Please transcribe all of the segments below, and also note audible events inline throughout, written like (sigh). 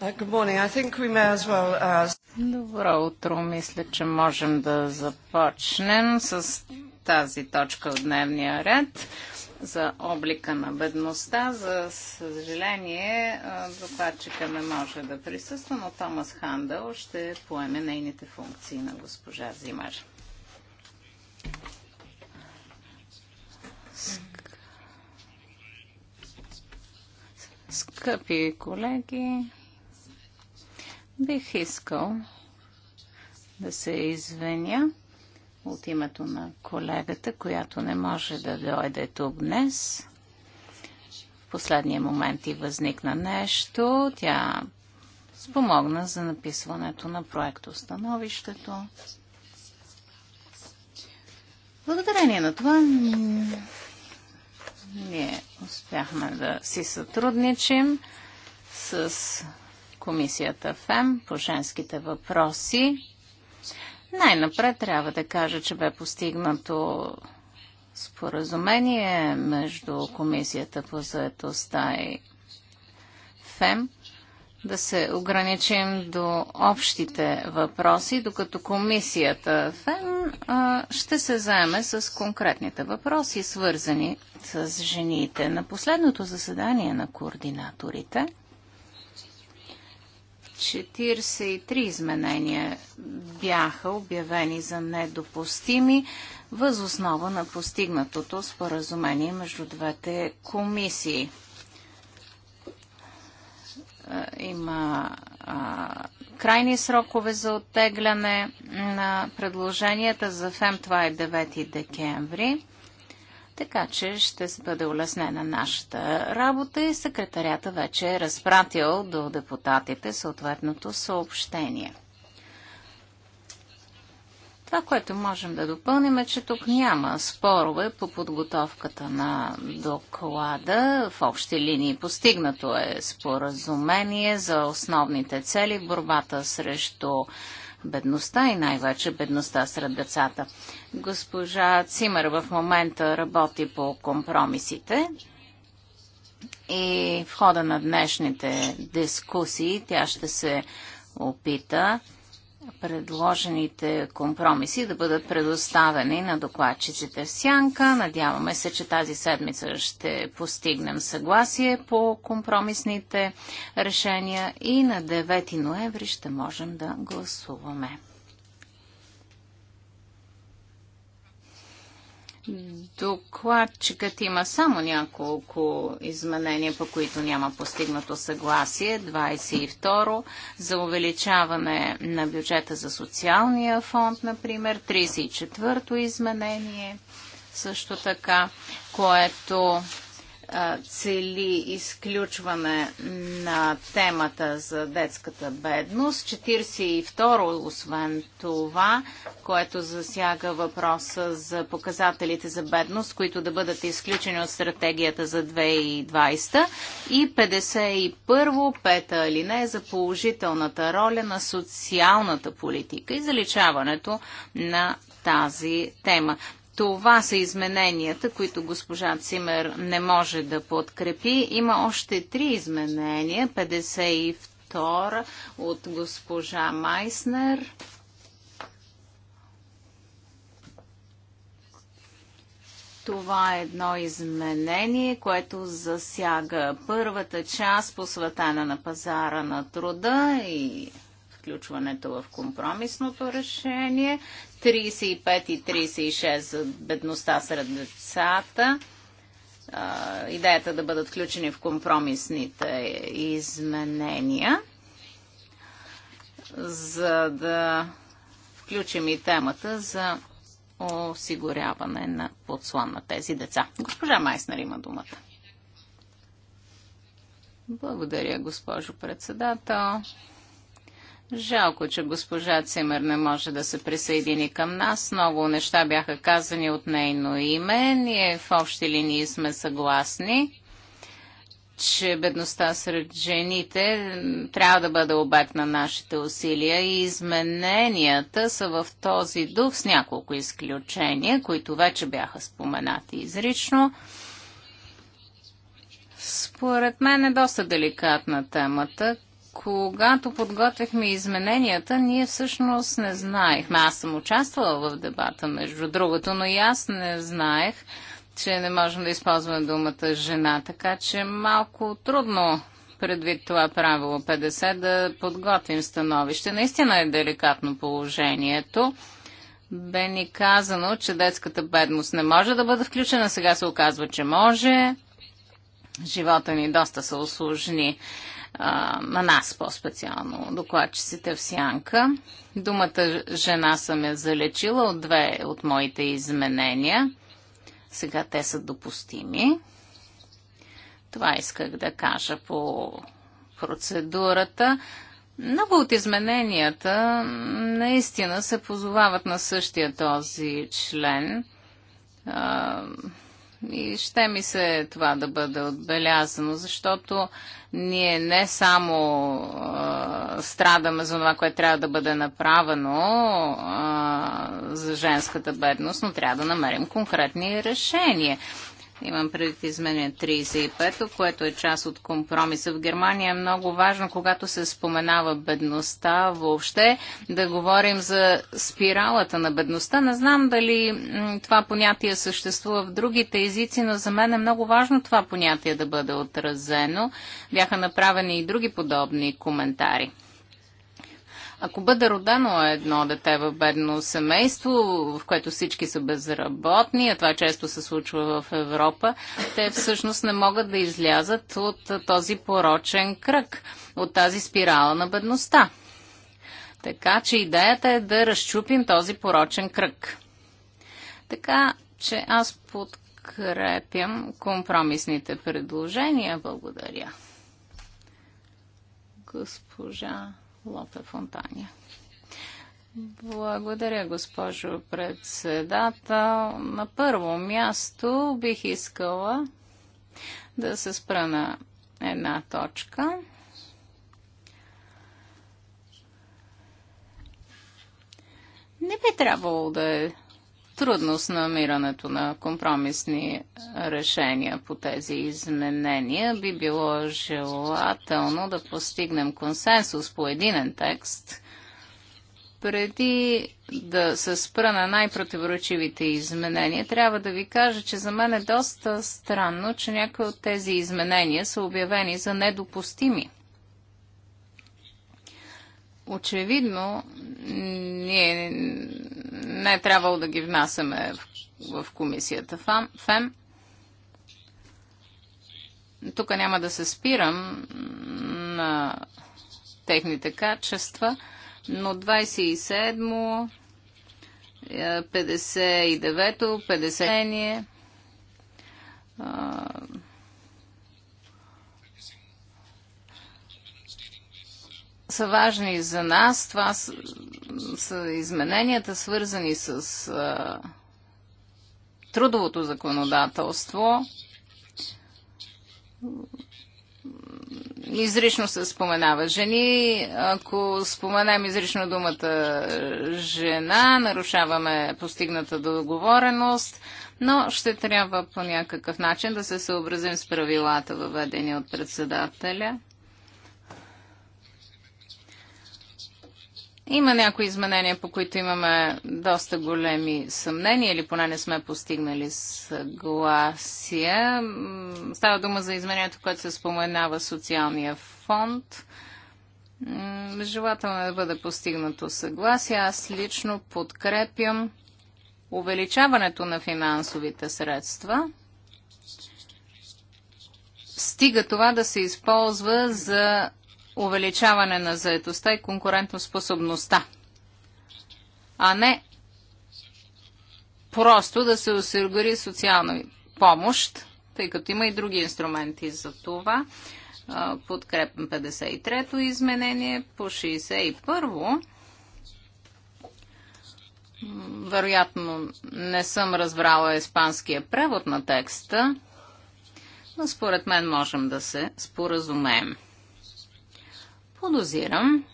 Uh, uh, Добро утро. Мисля, че можем да започнем с тази точка от дневния ред за облика на бедността. За съжаление, докладчика не може да присъства, но Томас Хандъл ще поеме нейните функции на госпожа Зимар. Скъпи колеги, Бих искал да се извиня от името на колегата, която не може да дойде тук днес. В последния момент и възникна нещо. Тя спомогна за написването на становището. Благодарение на това ние успяхме да си сътрудничим с комисията ФЕМ по женските въпроси. Най-напред трябва да кажа, че бе постигнато споразумение между комисията по заедостта и ФЕМ да се ограничим до общите въпроси, докато комисията ФЕМ ще се заеме с конкретните въпроси, свързани с жените. На последното заседание на координаторите – 43 изменения бяха обявени за недопустими въз основа на постигнатото споразумение между двете комисии. Е, има а, крайни срокове за оттегляне на предложенията за ФЕМ. Това е 9 декември. Така че ще се бъде улеснена нашата работа и секретарята вече е разпратил до депутатите съответното съобщение. Това, което можем да допълним е, че тук няма спорове по подготовката на доклада. В общи линии постигнато е споразумение за основните цели, борбата срещу бедността и най-вече бедността сред децата. Госпожа Цимер в момента работи по компромисите и в хода на днешните дискусии тя ще се опита предложените компромиси да бъдат предоставени на докладчиците в Сянка. Надяваме се, че тази седмица ще постигнем съгласие по компромисните решения и на 9 ноември ще можем да гласуваме. Докладчикът има само няколко изменения, по които няма постигнато съгласие. 22 за увеличаване на бюджета за социалния фонд, например. 34-то изменение също така, което цели изключване на темата за детската бедност. 42-ро, освен това, което засяга въпроса за показателите за бедност, които да бъдат изключени от стратегията за 2020. И 51 ро пета или за положителната роля на социалната политика и заличаването на тази тема. Това са измененията, които госпожа Цимер не може да подкрепи. Има още три изменения. 52 от госпожа Майснер. Това е едно изменение, което засяга първата част, посветена на пазара на труда и включването в компромисното решение. 35 и 36 за бедността сред децата. Идеята да бъдат включени в компромисните изменения, за да включим и темата за осигуряване на подслан на тези деца. Госпожа Майснер има думата. Благодаря, госпожо председател. Жалко, че госпожа Цимер не може да се присъедини към нас. Много неща бяха казани от нейно име. Ние в общи линии сме съгласни, че бедността сред жените трябва да бъде обект на нашите усилия и измененията са в този дух с няколко изключения, които вече бяха споменати изрично. Според мен е доста деликатна темата, когато подготвихме измененията, ние всъщност не знаехме. Аз съм участвала в дебата, между другото, но и аз не знаех, че не можем да използваме думата жена, така че малко трудно предвид това правило 50 да подготвим становище. Наистина е деликатно положението. Бе ни казано, че детската бедност не може да бъде включена. Сега се оказва, че може. Живота ни доста се осложни а, на нас по-специално, докладчиците в сянка. Думата жена съм я залечила от две от моите изменения. Сега те са допустими. Това исках да кажа по процедурата. Много от измененията наистина се позовават на същия този член. И ще ми се това да бъде отбелязано, защото ние не само а, страдаме за това, което трябва да бъде направено а, за женската бедност, но трябва да намерим конкретни решения. Имам предвид изменение 35, което е част от компромиса. В Германия е много важно, когато се споменава бедността въобще, да говорим за спиралата на бедността. Не знам дали това понятие съществува в другите езици, но за мен е много важно това понятие да бъде отразено. Бяха направени и други подобни коментари. Ако бъде родено едно дете в бедно семейство, в което всички са безработни, а това често се случва в Европа, те всъщност не могат да излязат от този порочен кръг, от тази спирала на бедността. Така че идеята е да разчупим този порочен кръг. Така че аз подкрепям компромисните предложения. Благодаря. Госпожа Лопе Фонтания. Благодаря, госпожо председател. На първо място бих искала да се спра на една точка. Не би трябвало да е трудност на намирането на компромисни решения по тези изменения. Би било желателно да постигнем консенсус по единен текст. Преди да се спра на най-противоречивите изменения, трябва да ви кажа, че за мен е доста странно, че някои от тези изменения са обявени за недопустими. Очевидно, ние не е трябвало да ги внасяме в, в комисията ФЕМ. Тук няма да се спирам на техните качества, но 27 59-то, 50-то, са важни за нас. Това са, измененията, свързани с а, трудовото законодателство. Изрично се споменава жени. Ако споменем изрично думата жена, нарушаваме постигната договореност, но ще трябва по някакъв начин да се съобразим с правилата, въведени от председателя. Има някои изменения, по които имаме доста големи съмнения или поне не сме постигнали съгласие. Става дума за изменението, което се споменава социалния фонд. Желателно е да бъде постигнато съгласие. Аз лично подкрепям увеличаването на финансовите средства стига това да се използва за увеличаване на заетостта и конкурентоспособността, а не просто да се осигури социална помощ, тъй като има и други инструменти за това. Подкрепям 53-то изменение по 61-во. Вероятно не съм разбрала испанския превод на текста, но според мен можем да се споразумеем. Подозирам,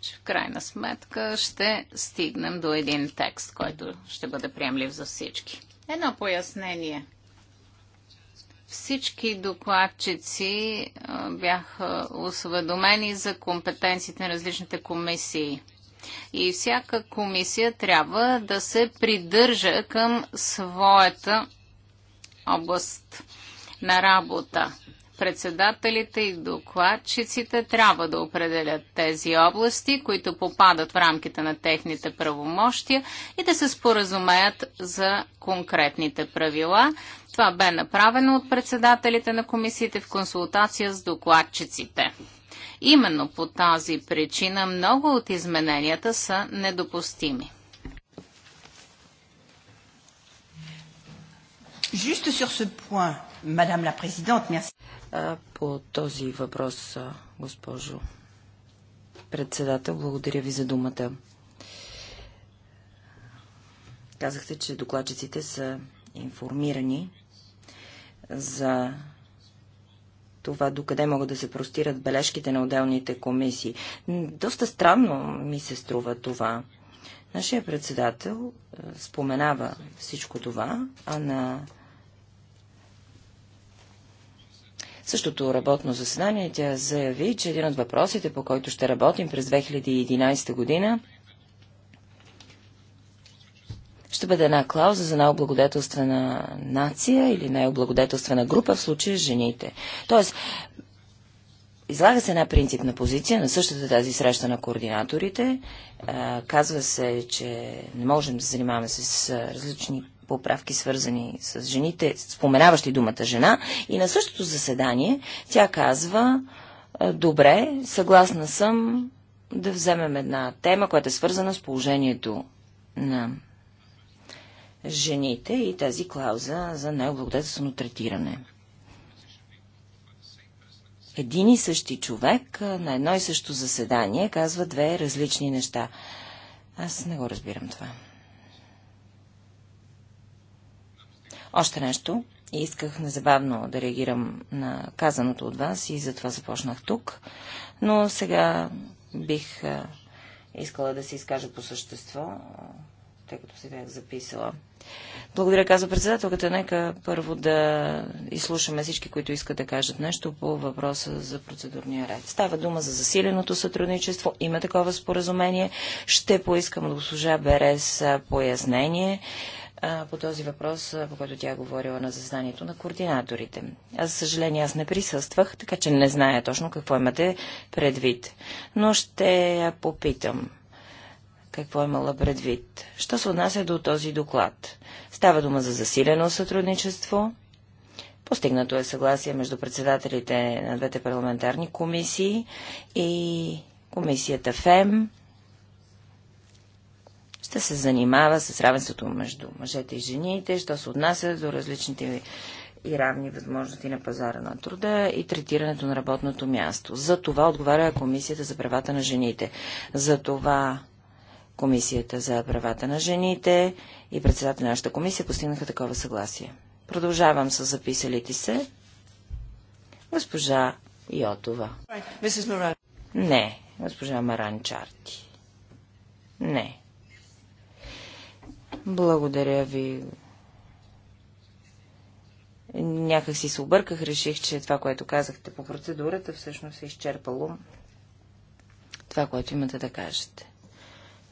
че в крайна сметка ще стигнем до един текст, който ще бъде приемлив за всички. Едно пояснение. Всички докладчици бяха осведомени за компетенциите на различните комисии. И всяка комисия трябва да се придържа към своята област на работа председателите и докладчиците трябва да определят тези области, които попадат в рамките на техните правомощия и да се споразумеят за конкретните правила. Това бе направено от председателите на комисиите в консултация с докладчиците. Именно по тази причина много от измененията са недопустими. Juste sur ce point, Madame la Présidente, merci по този въпрос, госпожо председател. Благодаря ви за думата. Казахте, че докладчиците са информирани за това докъде могат да се простират бележките на отделните комисии. Доста странно ми се струва това. Нашия председател споменава всичко това, а на същото работно заседание тя заяви, че един от въпросите, по който ще работим през 2011 година, ще бъде една клауза за най-облагодетелствена нация или най-облагодетелствена група, в случая жените. Тоест, излага се една принципна позиция на същата тази среща на координаторите. Казва се, че не можем да се занимаваме с различни поправки, свързани с жените, споменаващи думата жена. И на същото заседание тя казва, добре, съгласна съм да вземем една тема, която е свързана с положението на жените и тази клауза за най-облагодетелствено третиране. Един и същи човек на едно и също заседание казва две различни неща. Аз не го разбирам това. Още нещо. И исках незабавно да реагирам на казаното от вас и затова започнах тук. Но сега бих искала да се изкажа по същество, тъй като се бях записала. Благодаря, каза председателката. Нека първо да изслушаме всички, които искат да кажат нещо по въпроса за процедурния ред. Става дума за засиленото сътрудничество. Има такова споразумение. Ще поискам от госпожа Берес пояснение по този въпрос, по който тя е говорила на заседанието на координаторите. А, за съжаление, аз не присъствах, така че не зная точно какво имате предвид. Но ще я попитам какво е имала предвид. Що се отнася до този доклад? Става дума за засилено сътрудничество. Постигнато е съгласие между председателите на двете парламентарни комисии и комисията ФЕМ ще се занимава с равенството между мъжете и жените, що се отнася до различните и равни възможности на пазара на труда и третирането на работното място. За това отговаря Комисията за правата на жените. За това Комисията за правата на жените и председател на нашата комисия постигнаха такова съгласие. Продължавам с записалите се. Госпожа Йотова. Не, госпожа Маранчарти. Не. Благодаря ви. Някак си се обърках, реших, че това, което казахте по процедурата, всъщност е изчерпало това, което имате да кажете.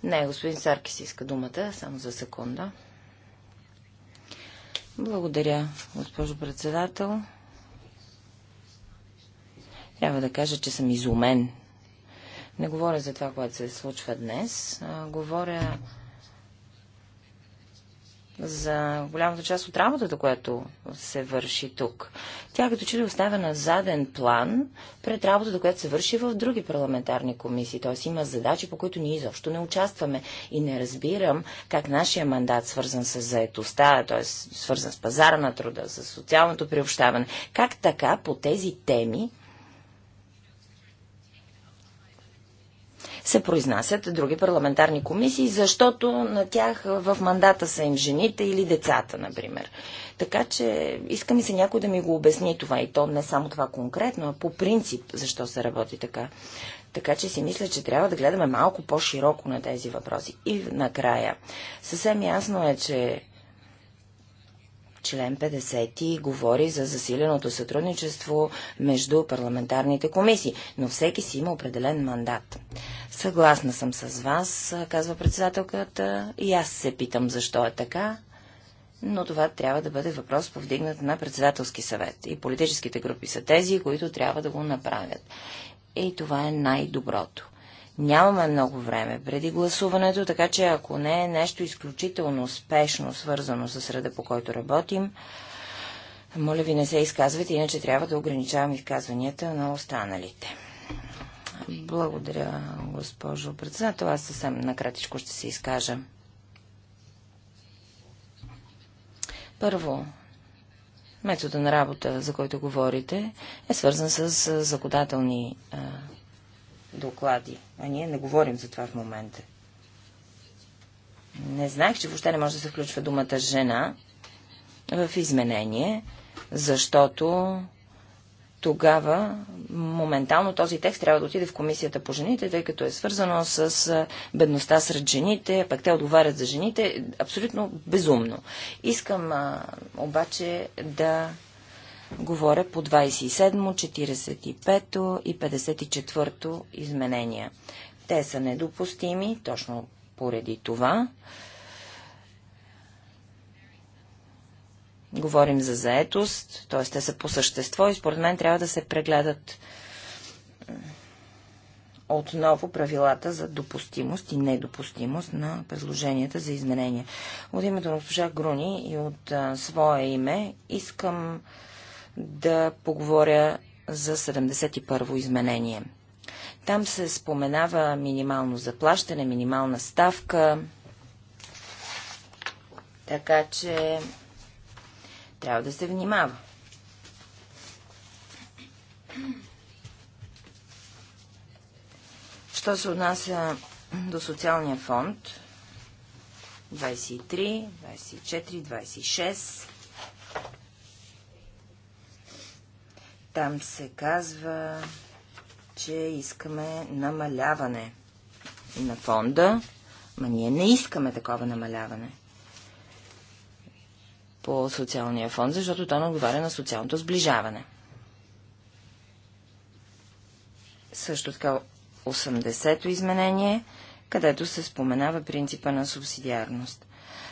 Не, господин Сарки си иска думата, само за секунда. Благодаря, госпожо председател. Трябва да кажа, че съм изумен. Не говоря за това, което се случва днес. А, говоря за голямата част от работата, която се върши тук. Тя като че ли оставя на заден план пред работата, която се върши в други парламентарни комисии. Т.е. има задачи, по които ние изобщо не участваме. И не разбирам как нашия мандат, свързан с заетостта, т.е. свързан с пазара на труда, с социалното приобщаване, как така по тези теми се произнасят други парламентарни комисии, защото на тях в мандата са им жените или децата, например. Така че иска ми се някой да ми го обясни това и то не само това конкретно, а по принцип защо се работи така. Така че си мисля, че трябва да гледаме малко по-широко на тези въпроси. И накрая, съвсем ясно е, че Член 50 говори за засиленото сътрудничество между парламентарните комисии, но всеки си има определен мандат. Съгласна съм с вас, казва председателката, и аз се питам защо е така, но това трябва да бъде въпрос повдигнат на председателски съвет. И политическите групи са тези, които трябва да го направят. И това е най-доброто. Нямаме много време преди гласуването, така че ако не е нещо изключително спешно свързано с среда, по който работим, моля ви не се изказвайте, иначе трябва да ограничавам изказванията на останалите. Благодаря, госпожо председател. Аз съвсем накратичко ще се изкажа. Първо, метода на работа, за който говорите, е свързан с законодателни доклади. А ние не говорим за това в момента. Не знаех, че въобще не може да се включва думата жена в изменение, защото тогава моментално този текст трябва да отиде в комисията по жените, тъй като е свързано с бедността сред жените, пък те отговарят за жените. Абсолютно безумно. Искам а, обаче да Говоря по 27, 45 и 54 изменения. Те са недопустими, точно поради това. Говорим за заетост, т.е. те са по същество и според мен трябва да се прегледат отново правилата за допустимост и недопустимост на предложенията за изменения. От името на госпожа Груни и от а, свое име искам да поговоря за 71-во изменение. Там се споменава минимално заплащане, минимална ставка, така че трябва да се внимава. Що се отнася до социалния фонд, 23, 24, 26. Там се казва, че искаме намаляване на фонда, ма ние не искаме такова намаляване по социалния фонд, защото то не отговаря на социалното сближаване. Също така 80-то изменение, където се споменава принципа на субсидиарност.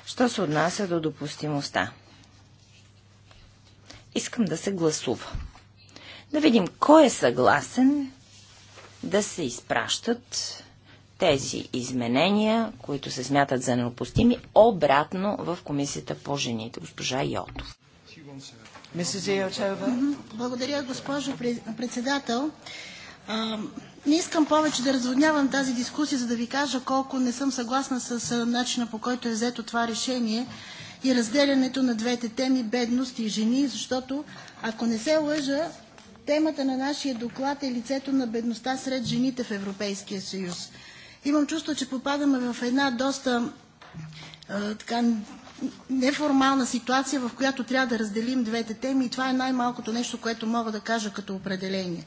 Що се отнася до допустимостта? Искам да се гласува да видим кой е съгласен да се изпращат тези изменения, които се смятат за неопустими, обратно в комисията по жените, госпожа Йотов. Благодаря, госпожо председател. не искам повече да разводнявам тази дискусия, за да ви кажа колко не съм съгласна с начина по който е взето това решение и разделянето на двете теми бедност и жени, защото ако не се лъжа, Темата на нашия доклад е лицето на бедността сред жените в Европейския съюз. Имам чувство, че попадаме в една доста така, неформална ситуация, в която трябва да разделим двете теми и това е най-малкото нещо, което мога да кажа като определение.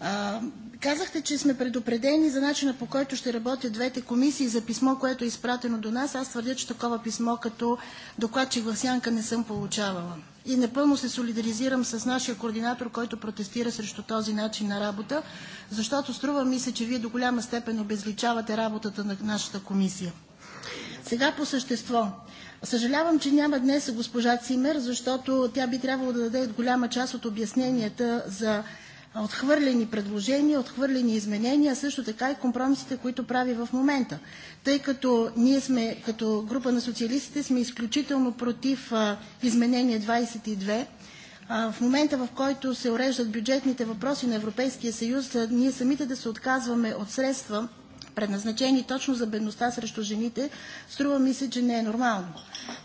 А, казахте, че сме предупредени за начина по който ще работят двете комисии за писмо, което е изпратено до нас. Аз твърдя, че такова писмо като докладчик в сянка не съм получавала и напълно се солидаризирам с нашия координатор, който протестира срещу този начин на работа, защото струва ми се, че Вие до голяма степен обезличавате работата на нашата комисия. Сега по същество. Съжалявам, че няма днес госпожа Цимер, защото тя би трябвало да даде голяма част от обясненията за отхвърлени предложения, отхвърлени изменения, също така и компромисите, които прави в момента. Тъй като ние сме, като група на социалистите, сме изключително против изменение 22, в момента, в който се уреждат бюджетните въпроси на Европейския съюз, ние самите да се отказваме от средства предназначени точно за бедността срещу жените, струва ми се, че не е нормално.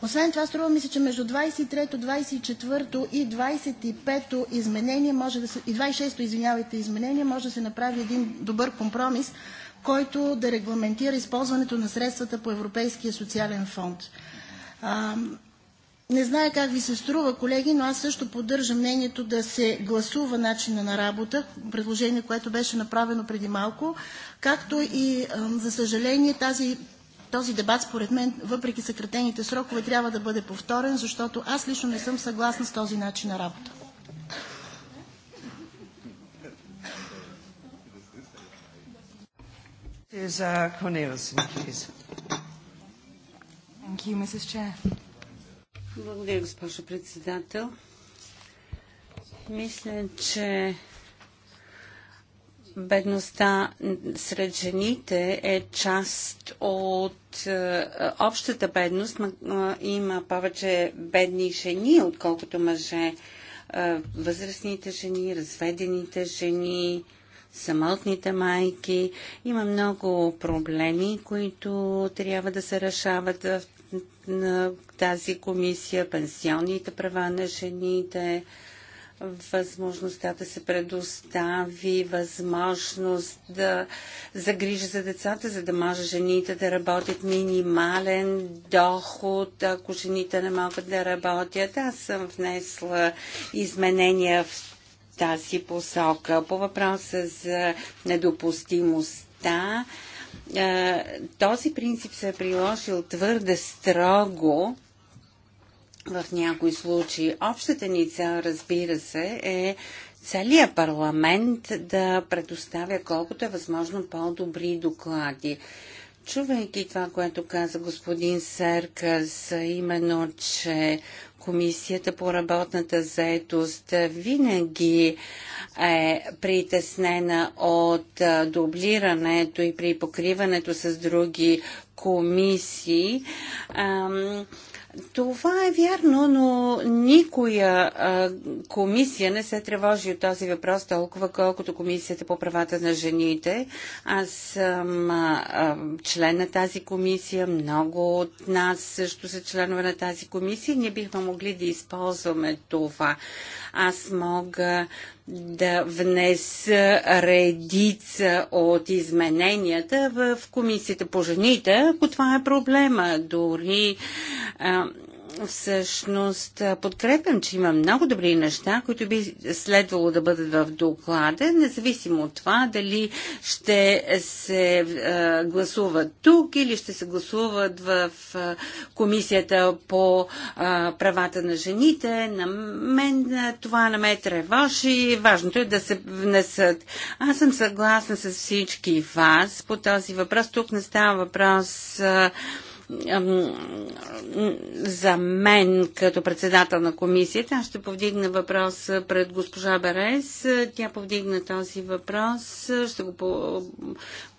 Освен това, струва ми се, че между 23-то, 24-то и 25-то изменение може да се, и 26-то, извинявайте, изменение може да се направи един добър компромис, който да регламентира използването на средствата по Европейския социален фонд. Не знае как ви се струва, колеги, но аз също поддържам мнението да се гласува начина на работа, предложение, което беше направено преди малко, както и, за съжаление, тази този дебат, според мен, въпреки съкратените срокове, трябва да бъде повторен, защото аз лично не съм съгласна с този начин на работа. Е, Thank you, Mrs. Chair. Благодаря, госпожо председател. Мисля, че бедността сред жените е част от е, общата бедност. Е, има повече бедни жени, отколкото мъже. Е, възрастните жени, разведените жени, самотните майки. Има много проблеми, които трябва да се решават в на тази комисия, пенсионните права на жените, възможността да се предостави възможност да загрижа за децата, за да може жените да работят минимален доход, ако жените не могат да работят. Аз съм внесла изменения в тази посока. По въпроса за недопустимостта, този принцип се е приложил твърде строго в някои случаи. Общата ни цел, разбира се, е целият парламент да предоставя колкото е възможно по-добри доклади. Чувайки това, което каза господин Серкас, именно, че Комисията по работната заетост винаги е притеснена от дублирането и при покриването с други комисии. Ам, това е вярно, но никоя а, комисия не се тревожи от този въпрос толкова, колкото комисията по правата на жените. Аз съм а, а, член на тази комисия, много от нас също са членове на тази комисия. Ние бихме могли да използваме това аз мога да внеса редица от измененията в комисията по жените, ако това е проблема. Дори а, всъщност подкрепям, че има много добри неща, които би следвало да бъдат в доклада, независимо от това дали ще се гласуват тук или ще се гласуват в комисията по правата на жените. На мен това на ме и Важното е да се внесат. Аз съм съгласна с всички вас по този въпрос. Тук не става въпрос за мен като председател на комисията. Аз ще повдигна въпрос пред госпожа Берес. Тя повдигна този въпрос. Ще го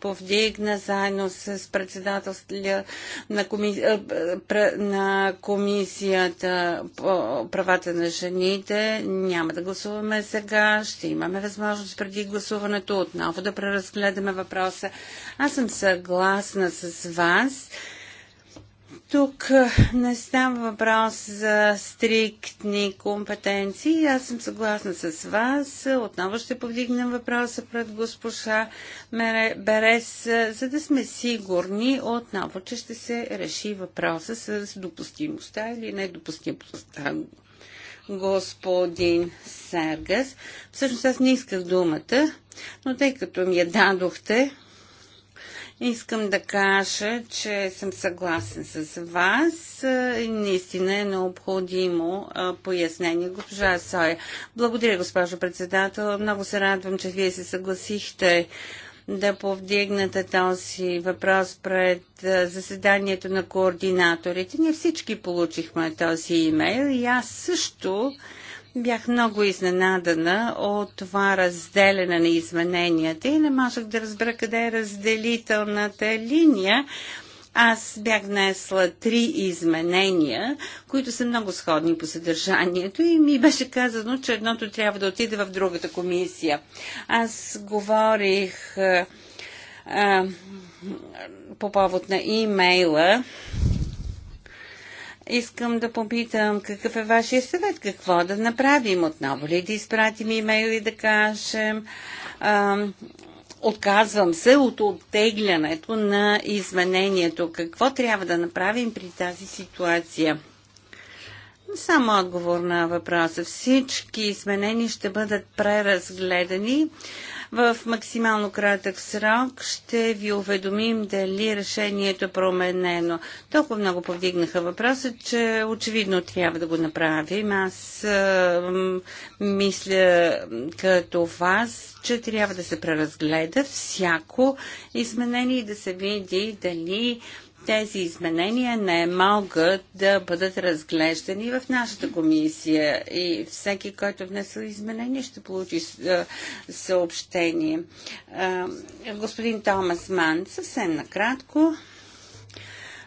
повдигна заедно с председателя на, коми... на комисията по правата на жените. Няма да гласуваме сега. Ще имаме възможност преди гласуването отново да преразгледаме въпроса. Аз съм съгласна с вас. Тук не става въпрос за стриктни компетенции. Аз съм съгласна с вас. Отново ще повдигнем въпроса пред госпожа Берес, за да сме сигурни отново, че ще се реши въпроса с допустимостта или недопустимостта. Господин Сергас, всъщност аз не исках думата, но тъй като ми я дадохте, Искам да кажа, че съм съгласен с вас е, наистина е необходимо е, пояснение, госпожа Соя. Благодаря, госпожо председател. Много се радвам, че вие се съгласихте да повдигнете този въпрос пред е, заседанието на координаторите. Ние всички получихме този имейл и аз също Бях много изненадана от това разделяне на измененията и не можех да разбера къде е разделителната линия. Аз бях внесла три изменения, които са много сходни по съдържанието и ми беше казано, че едното трябва да отиде в другата комисия. Аз говорих а, а, по повод на имейла Искам да попитам какъв е вашия съвет, какво да направим отново ли да изпратим имейл и да кажем а, отказвам се от оттеглянето на изменението. Какво трябва да направим при тази ситуация? Само отговор на въпроса. Всички изменения ще бъдат преразгледани в максимално кратък срок ще ви уведомим дали решението е променено. Толкова много повдигнаха въпроса, че очевидно трябва да го направим. Аз а, мисля като вас, че трябва да се преразгледа всяко изменение и да се види дали тези изменения не могат да бъдат разглеждани в нашата комисия и всеки, който е внесе изменения ще получи е, съобщение. Е, господин Томас Ман, съвсем накратко,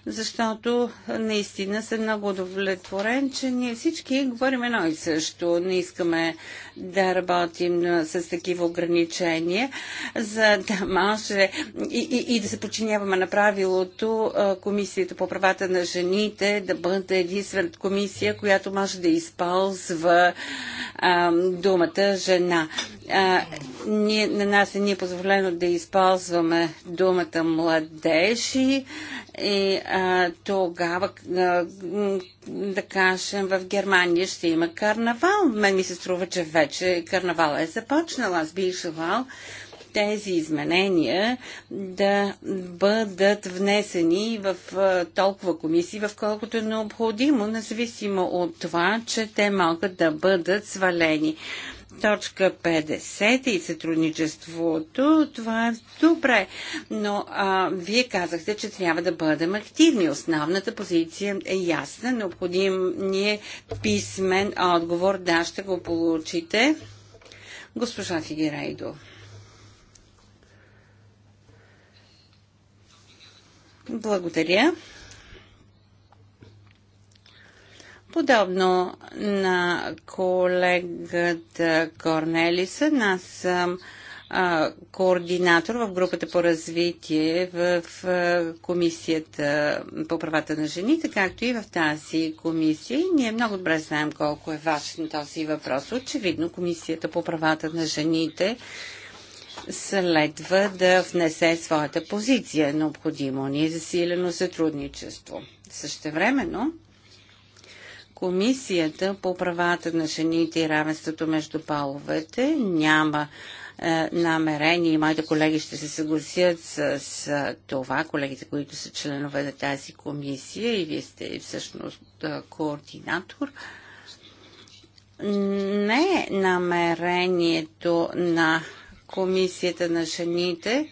защото наистина съм много удовлетворен, че ние всички говорим едно и също. Не искаме да работим с такива ограничения, за да може и, и, и да се подчиняваме на правилото Комисията по правата на жените да бъде единствената комисия, която може да използва а, думата жена. А, ние, на нас е ние позволено да използваме думата младежи и а, тогава, а, да кажем, в Германия ще има карнавал. Мен ми се струва, че вече че карнавала е започнал. Аз би желал тези изменения да бъдат внесени в толкова комисии, в колкото е необходимо, независимо от това, че те могат да бъдат свалени. Точка 50 и сътрудничеството, това е добре, но а, вие казахте, че трябва да бъдем активни. Основната позиция е ясна, необходим ни е писмен отговор. Да, ще го получите. Госпожа Фигерайдо. Благодаря. Подобно на колегата Корнелиса, аз съм координатор в групата по развитие в комисията по правата на жените, както и в тази комисия. И ние много добре знаем колко е важен този въпрос. Очевидно, комисията по правата на жените следва да внесе своята позиция. Необходимо ни е засилено сътрудничество. Същевременно, Комисията по правата на жените и равенството между половете няма е, намерение. Моите колеги ще се съгласят с, с това, колегите, които са членове на тази комисия и вие сте всъщност е, координатор не е намерението на Комисията на жените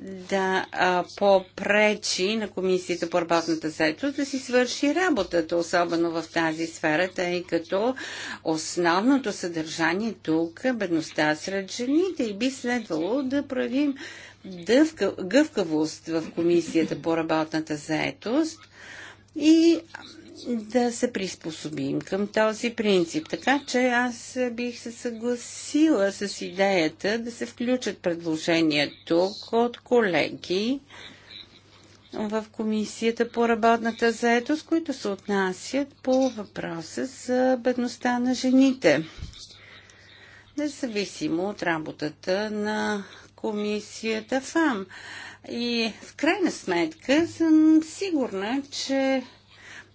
да а, попречи на Комисията по работната заетост да си свърши работата, особено в тази сфера, тъй като основното съдържание тук е бедността сред жените и би следвало да правим дъвка, гъвкавост в Комисията по работната заетост и да се приспособим към този принцип. Така че аз бих се съгласила с идеята да се включат предложения тук от колеги в Комисията по работната заетост, които се отнасят по въпроса за бедността на жените. Независимо от работата на Комисията ФАМ. И в крайна сметка съм сигурна, че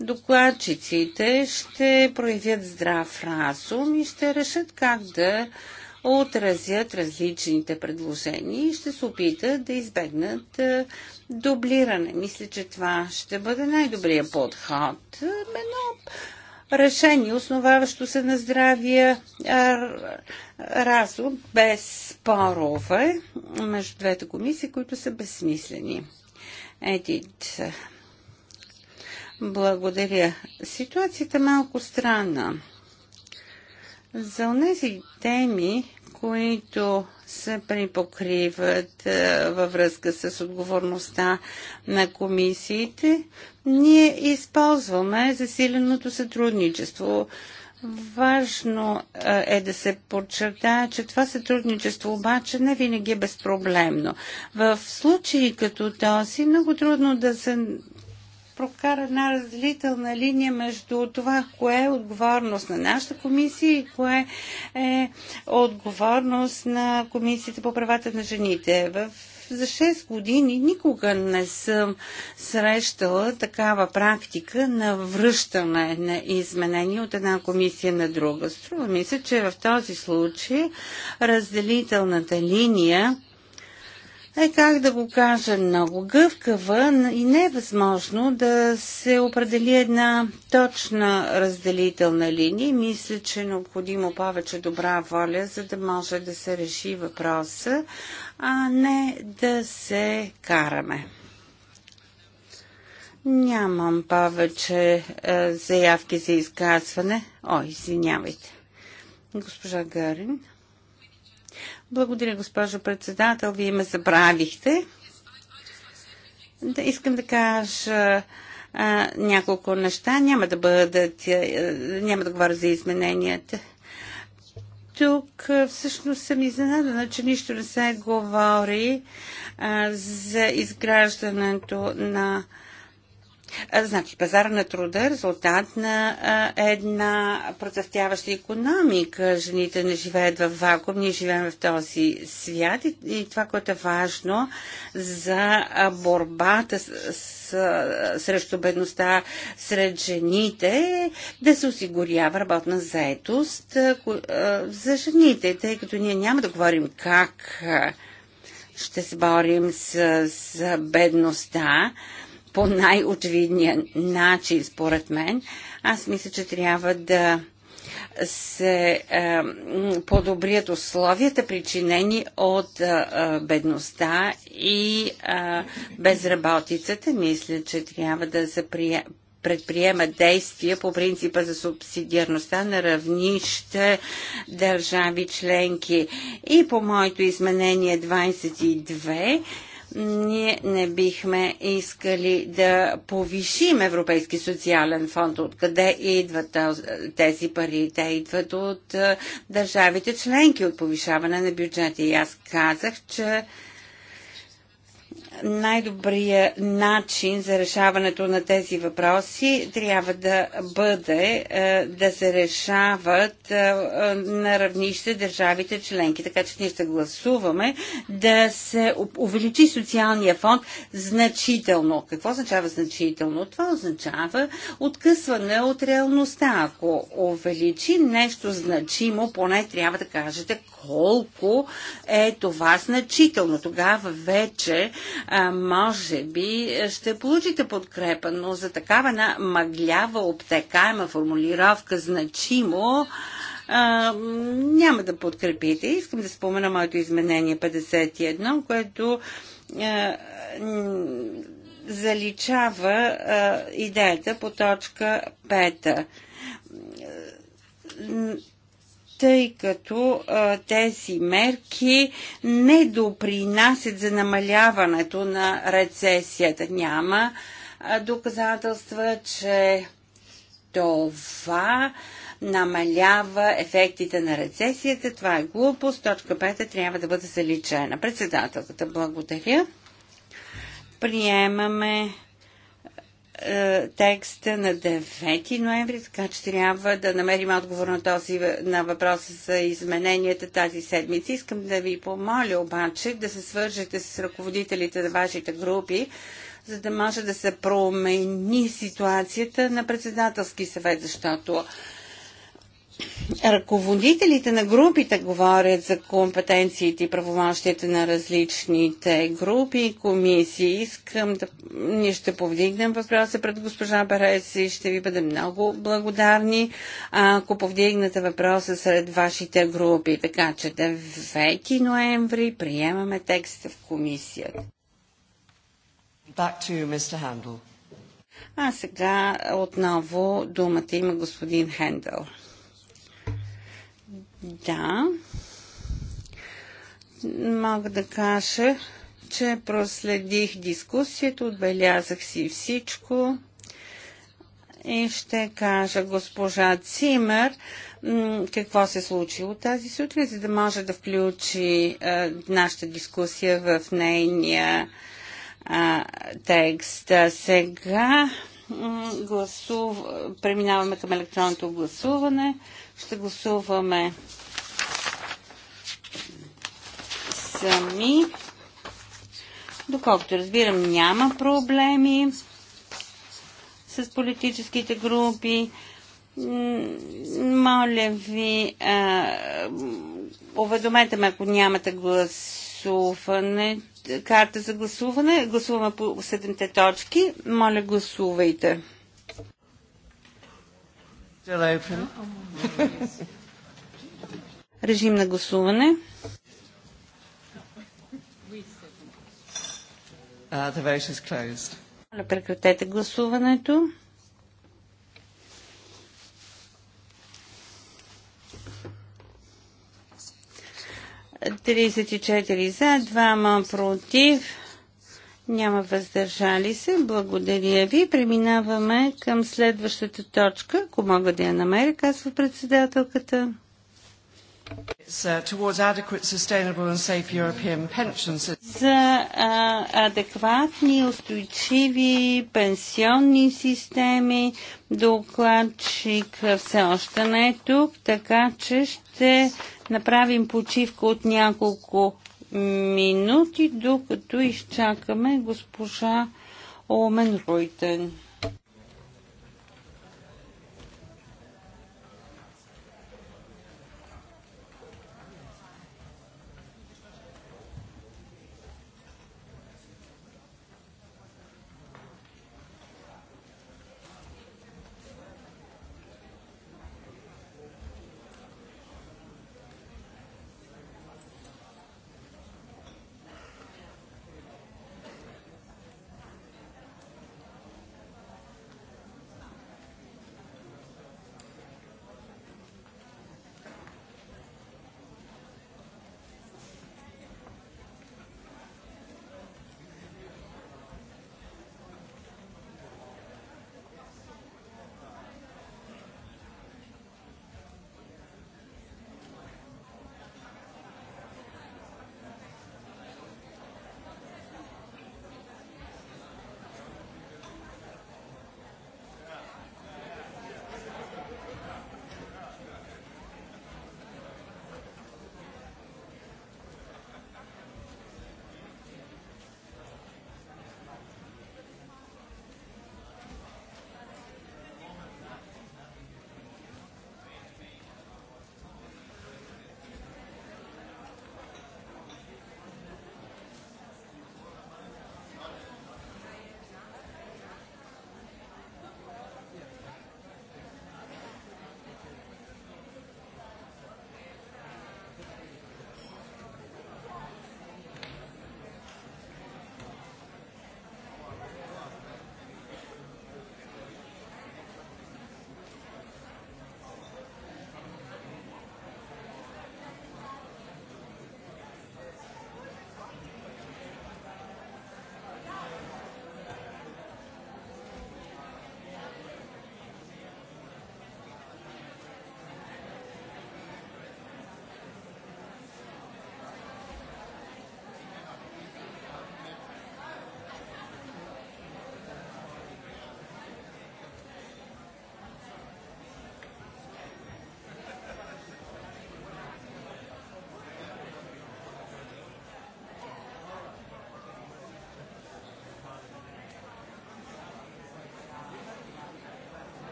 докладчиците ще проявят здрав разум и ще решат как да отразят различните предложения и ще се опитат да избегнат дублиране. Мисля, че това ще бъде най-добрият подход. Едно решение, основаващо се на здравия разум, без спорове между двете комисии, които са безсмислени. Едит благодаря. Ситуацията е малко странна. За тези теми, които се припокриват е, във връзка с отговорността на комисиите, ние използваме засиленото сътрудничество. Важно е, е да се подчертая, че това сътрудничество обаче не винаги е безпроблемно. В случаи като този много трудно да се прокара една разделителна линия между това, кое е отговорност на нашата комисия и кое е отговорност на комисията по правата на жените. В за 6 години никога не съм срещала такава практика на връщане на изменения от една комисия на друга. Струва ми се, че в този случай разделителната линия е, как да го кажа, много гъвкава и не е възможно да се определи една точна разделителна линия. Мисля, че е необходимо повече добра воля, за да може да се реши въпроса, а не да се караме. Нямам повече е, заявки за изказване. О, извинявайте. Госпожа Гарин. Благодаря, госпожо председател. Вие ме забравихте. Да, искам да кажа а, няколко неща. Няма да бъдат, а, няма да говоря за измененията. Тук а, всъщност съм изненадана, че нищо не се говори а, за изграждането на а, Значи, пазара на труда е резултат на една процъфтяваща економика. Жените не живеят в вакуум, ние живеем в този свят и, и това, което е важно за борбата с, с, срещу бедността сред жените е да се осигурява работна заетост за жените, тъй като ние няма да говорим как ще се борим с, с бедността по най-очевидния начин, според мен. Аз мисля, че трябва да се е, подобрят условията, причинени от е, е, бедността и е, безработицата. Мисля, че трябва да се прие... предприема действия по принципа за субсидиарността на равнище държави членки. И по моето изменение 22 ние не бихме искали да повишим Европейски социален фонд. Откъде идват тези пари? Те идват от държавите членки, от повишаване на бюджета. И аз казах, че най добрият начин за решаването на тези въпроси трябва да бъде е, да се решават е, на равнище държавите членки. Така че ние ще гласуваме да се увеличи социалния фонд значително. Какво означава значително? Това означава откъсване от реалността. Ако увеличи нещо значимо, поне трябва да кажете колко е това значително. Тогава вече може би е, ще получите подкрепа, но за такава една мъглява, обтекаема формулировка значимо а, няма да подкрепите. Искам да спомена моето изменение 51, което а, заличава а, идеята по точка 5 тъй като а, тези мерки не допринасят за намаляването на рецесията. Няма а, доказателства, че това намалява ефектите на рецесията. Това е глупост. Точка 5 трябва да бъде заличена. Председателката, благодаря. Приемаме е, текста на 9 ноември, така че трябва да намерим отговор на, този, на въпроса за измененията тази седмица. Искам да ви помоля обаче да се свържете с ръководителите на вашите групи, за да може да се промени ситуацията на председателски съвет, защото ръководителите на групите говорят за компетенциите и правомощията на различните групи и комисии. Искам да... Ние ще повдигнем въпроса пред госпожа Берес и ще ви бъдем много благодарни, ако повдигнете въпроса сред вашите групи. Така че 9 ноември приемаме текста в комисията. Back to Mr. Handel. А сега отново думата има господин Хендел. Да. Мога да кажа, че проследих дискусията, отбелязах си всичко и ще кажа госпожа Цимер какво се е случило тази сутрин, за да може да включи е, нашата дискусия в нейния е, текст. Сега гласув... преминаваме към електронното гласуване. Ще гласуваме сами. Доколкото разбирам, няма проблеми с политическите групи. Моля ви, а, уведомете ме, ако нямате гласуване, карта за гласуване. Гласуваме по седемте точки. Моля, гласувайте. Режим на гласуване. Uh, Прекратете гласуването. Тридесет и четири за, двама против. Няма въздържали се. Благодаря ви. Преминаваме към следващата точка, ако мога да я намеря, казва председателката. За адекватни, устойчиви пенсионни системи, докладчик все още не е тук, така че ще направим почивка от няколко минути, докато изчакаме госпожа Омен Ройтен.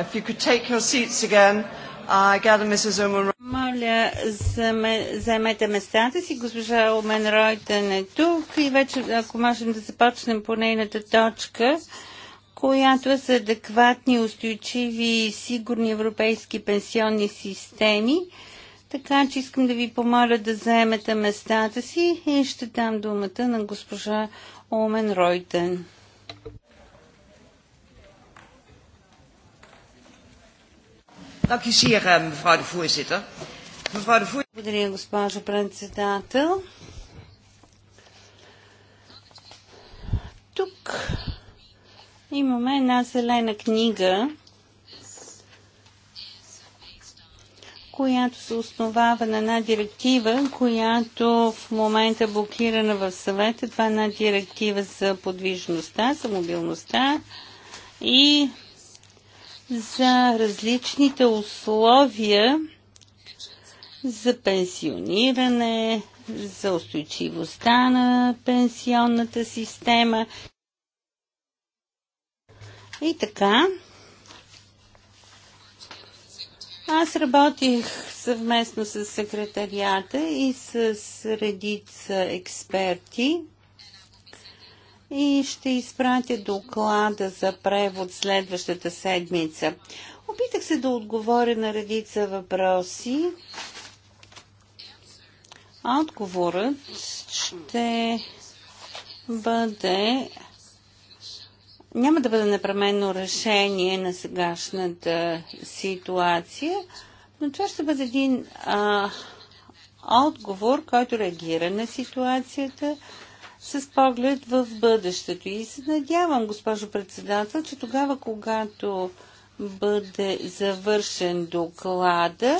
If you could take your seats again, I gather Mrs. Моля, заемете местата си. Госпожа Омен Ройтен е тук и вече, ако можем да започнем по нейната точка, която е адекватни, устойчиви и сигурни европейски пенсионни системи. Така че искам да ви помоля да заемете местата си и ще дам думата на госпожа Омен Ройтен. Eh, Благодаря, госпожо председател. Тук имаме една зелена книга, която се основава на една директива, която в момента е блокирана в съвета. Това е една директива за подвижността, за мобилността и за различните условия за пенсиониране, за устойчивостта на пенсионната система. И така, аз работих съвместно с секретарията и с редица експерти – и ще изпратя доклада за превод следващата седмица. Опитах се да отговоря на редица въпроси. Отговорът ще бъде няма да бъде непременно решение на сегашната ситуация, но това ще бъде един а, отговор, който реагира на ситуацията, с поглед в бъдещето. И се надявам, госпожо председател, че тогава, когато бъде завършен доклада,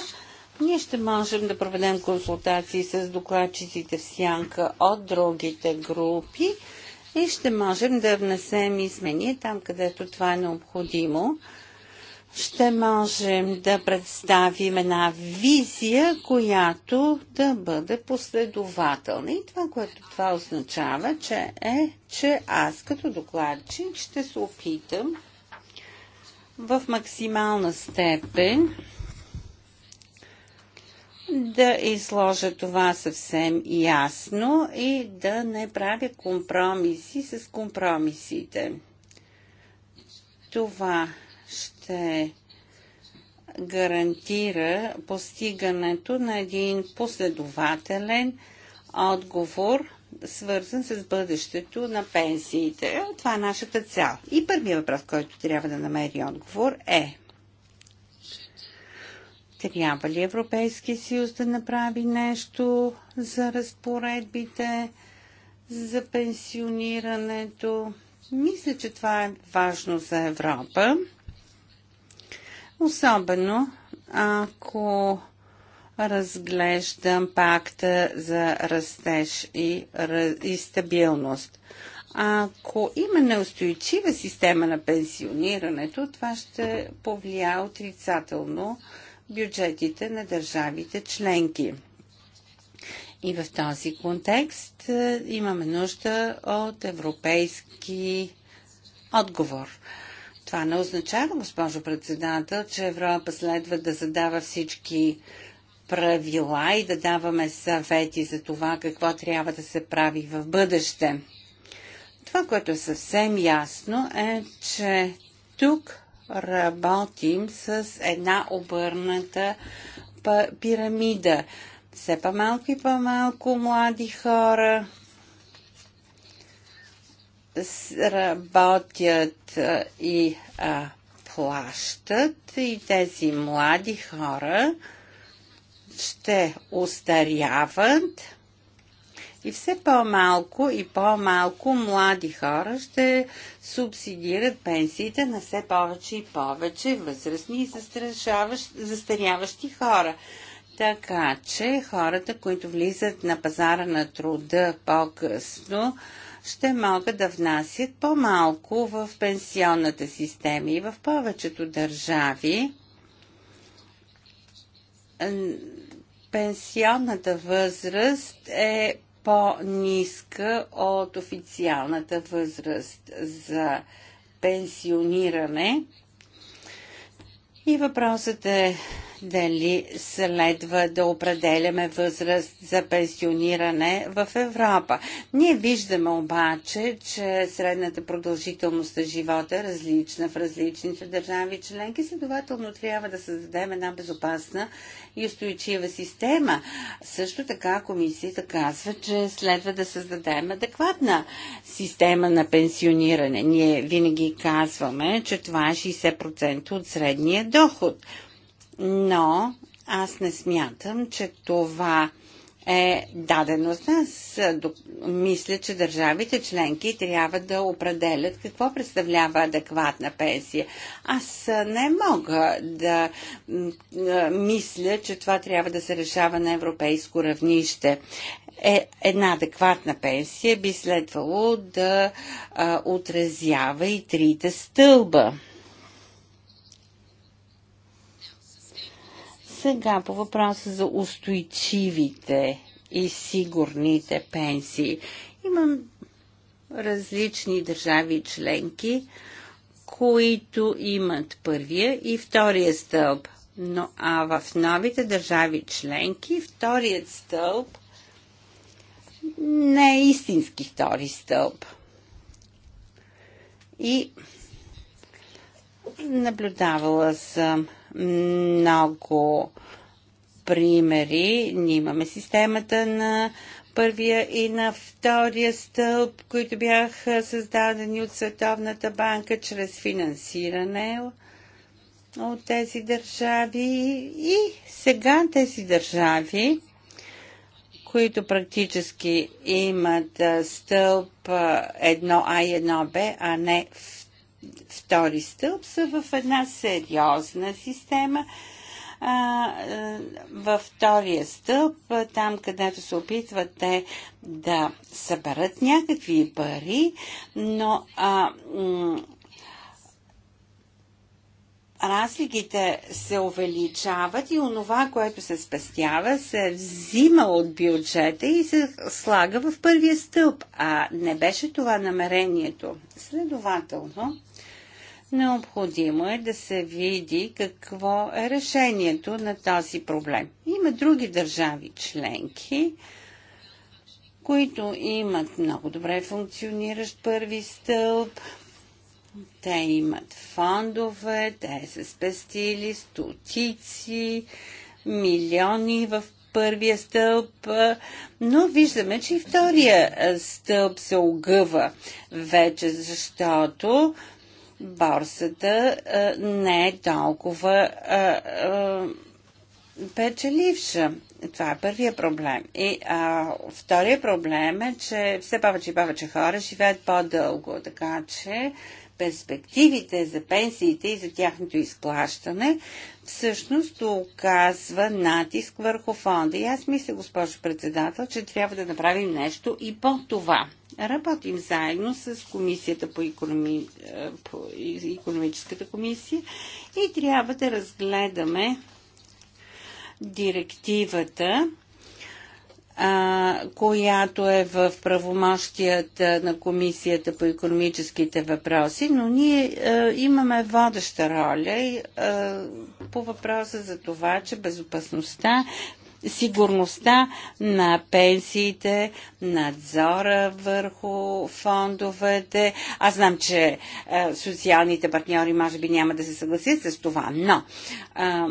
ние ще можем да проведем консултации с докладчиците в сянка от другите групи и ще можем да внесем изменения там, където това е необходимо ще можем да представим една визия, която да бъде последователна. И това, което това означава, че е, че аз като докладчик ще се опитам в максимална степен да изложа това съвсем ясно и да не правя компромиси с компромисите. Това ще гарантира постигането на един последователен отговор, свързан с бъдещето на пенсиите. Това е нашата цел. И първият въпрос, който трябва да намери отговор е трябва ли Европейския съюз да направи нещо за разпоредбите, за пенсионирането? Мисля, че това е важно за Европа. Особено ако разглеждам пакта за растеж и, и стабилност. Ако има неустойчива система на пенсионирането, това ще повлия отрицателно бюджетите на държавите членки. И в този контекст е, имаме нужда от европейски отговор. Това не означава, госпожо председател, че Европа следва да задава всички правила и да даваме съвети за това какво трябва да се прави в бъдеще. Това, което е съвсем ясно е, че тук работим с една обърната пирамида. Все по-малко и по-малко млади хора работят и а, плащат и тези млади хора ще устаряват и все по-малко и по-малко млади хора ще субсидират пенсиите на все повече и повече възрастни и застаряващи хора. Така че хората, които влизат на пазара на труда по-късно, ще могат да внасят по-малко в пенсионната система и в повечето държави пенсионната възраст е по-ниска от официалната възраст за пенсиониране. И въпросът е дали следва да определяме възраст за пенсиониране в Европа. Ние виждаме обаче, че средната продължителност на живота е различна в различните държави членки, следователно трябва да създадем една безопасна и устойчива система. Също така комисията казва, че следва да създадем адекватна система на пенсиониране. Ние винаги казваме, че това е 60% от средния доход – но аз не смятам, че това е дадено с нас. Мисля, че държавите членки трябва да определят какво представлява адекватна пенсия. Аз не мога да мисля, че това трябва да се решава на европейско равнище. Е, една адекватна пенсия би следвало да а, отразява и трите стълба Сега по въпроса за устойчивите и сигурните пенсии. Имам различни държави членки, които имат първия и втория стълб. Но а в новите държави членки вторият стълб не е истински втори стълб. И наблюдавала съм много примери. Ние имаме системата на първия и на втория стълб, които бяха създадени от Световната банка чрез финансиране от тези държави. И сега тези държави, които практически имат стълб 1А и 1Б, а не втори стълб са в една сериозна система. А, във втория стълб, там където се опитват те да съберат някакви пари, но а, разликите се увеличават и онова, което се спестява, се взима от бюджета и се слага в първия стълб. А не беше това намерението. Следователно, Необходимо е да се види какво е решението на този проблем. Има други държави членки, които имат много добре функциониращ първи стълб. Те имат фондове, те са спестили стотици, милиони в първия стълб, но виждаме, че и втория стълб се огъва вече, защото борсата не е толкова печеливша. Това е първия проблем. И а, втория проблем е, че все повече и повече хора живеят по-дълго, така че перспективите за пенсиите и за тяхното изплащане всъщност оказва натиск върху фонда. И аз мисля, госпожо председател, че трябва да направим нещо и по това. Работим заедно с Комисията по, економи... Е, по економическата комисия и трябва да разгледаме директивата, а, която е в правомощията на Комисията по економическите въпроси, но ние а, е, имаме водеща роля а, е, по въпроса за това, че безопасността сигурността на пенсиите, надзора върху фондовете. Аз знам, че а, е, социалните партньори може би няма да се съгласят с това, но а,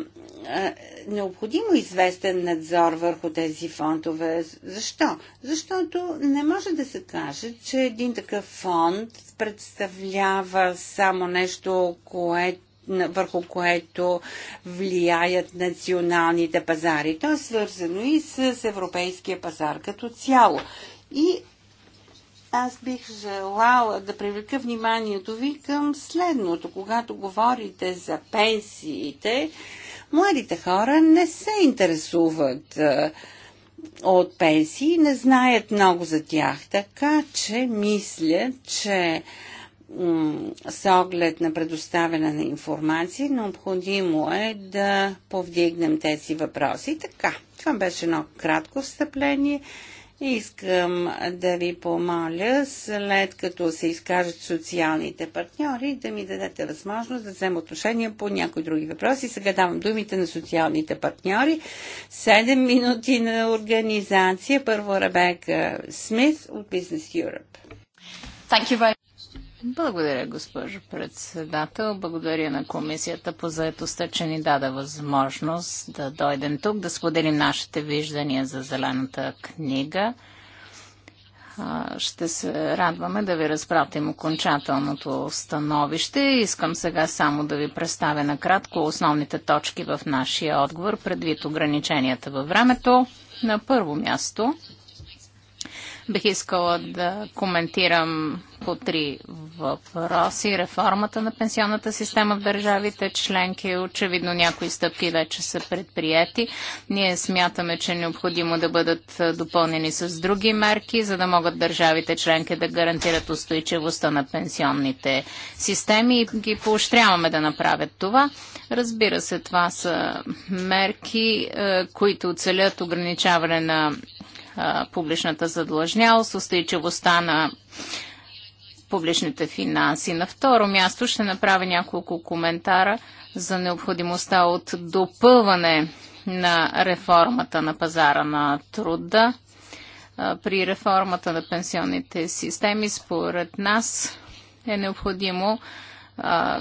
е, необходимо известен надзор върху тези фондове. Защо? Защото не може да се каже, че един такъв фонд представлява само нещо, което върху което влияят националните пазари. То е свързано и с европейския пазар като цяло. И аз бих желала да привлека вниманието ви към следното. Когато говорите за пенсиите, младите хора не се интересуват от пенсии, не знаят много за тях. Така че мисля, че с оглед на предоставяне на информация, необходимо е да повдигнем тези въпроси. Така, това беше едно кратко встъпление. Искам да ви помоля, след като се изкажат социалните партньори, да ми дадете възможност да взема отношение по някои други въпроси. Сега давам думите на социалните партньори. Седем минути на организация. Първо Ребека Смит от Business Europe. Благодаря, госпожо председател. Благодаря на комисията по заедостта, че ни даде възможност да дойдем тук, да споделим нашите виждания за зелената книга. Ще се радваме да ви разпратим окончателното становище. Искам сега само да ви представя накратко основните точки в нашия отговор, предвид ограниченията във времето. На първо място Бих искала да коментирам по три въпроси. Реформата на пенсионната система в държавите членки. Очевидно някои стъпки вече са предприяти. Ние смятаме, че е необходимо да бъдат допълнени с други мерки, за да могат държавите членки да гарантират устойчивостта на пенсионните системи и ги поощряваме да направят това. Разбира се, това са мерки, които целят ограничаване на публичната задлъжнялост, устойчивостта на публичните финанси. На второ място ще направя няколко коментара за необходимостта от допълване на реформата на пазара на труда. При реформата на пенсионните системи, според нас, е необходимо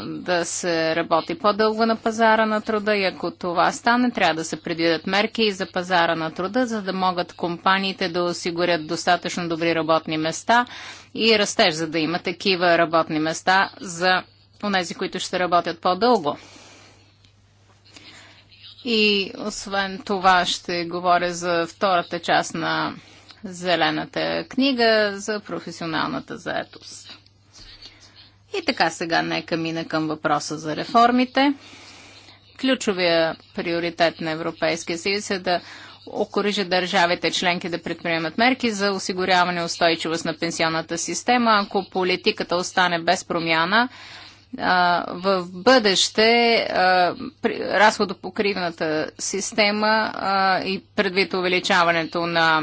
да се работи по-дълго на пазара на труда и ако това стане, трябва да се предвидят мерки и за пазара на труда, за да могат компаниите да осигурят достатъчно добри работни места и растеж, за да има такива работни места за онези, които ще работят по-дълго. И освен това ще говоря за втората част на Зелената книга за професионалната заетост. И така сега нека мина към въпроса за реформите. Ключовия приоритет на Европейския съюз е да окоръжа държавите членки да предприемат мерки за осигуряване устойчивост на пенсионната система. Ако политиката остане без промяна, в бъдеще разходопокривната система и предвид увеличаването на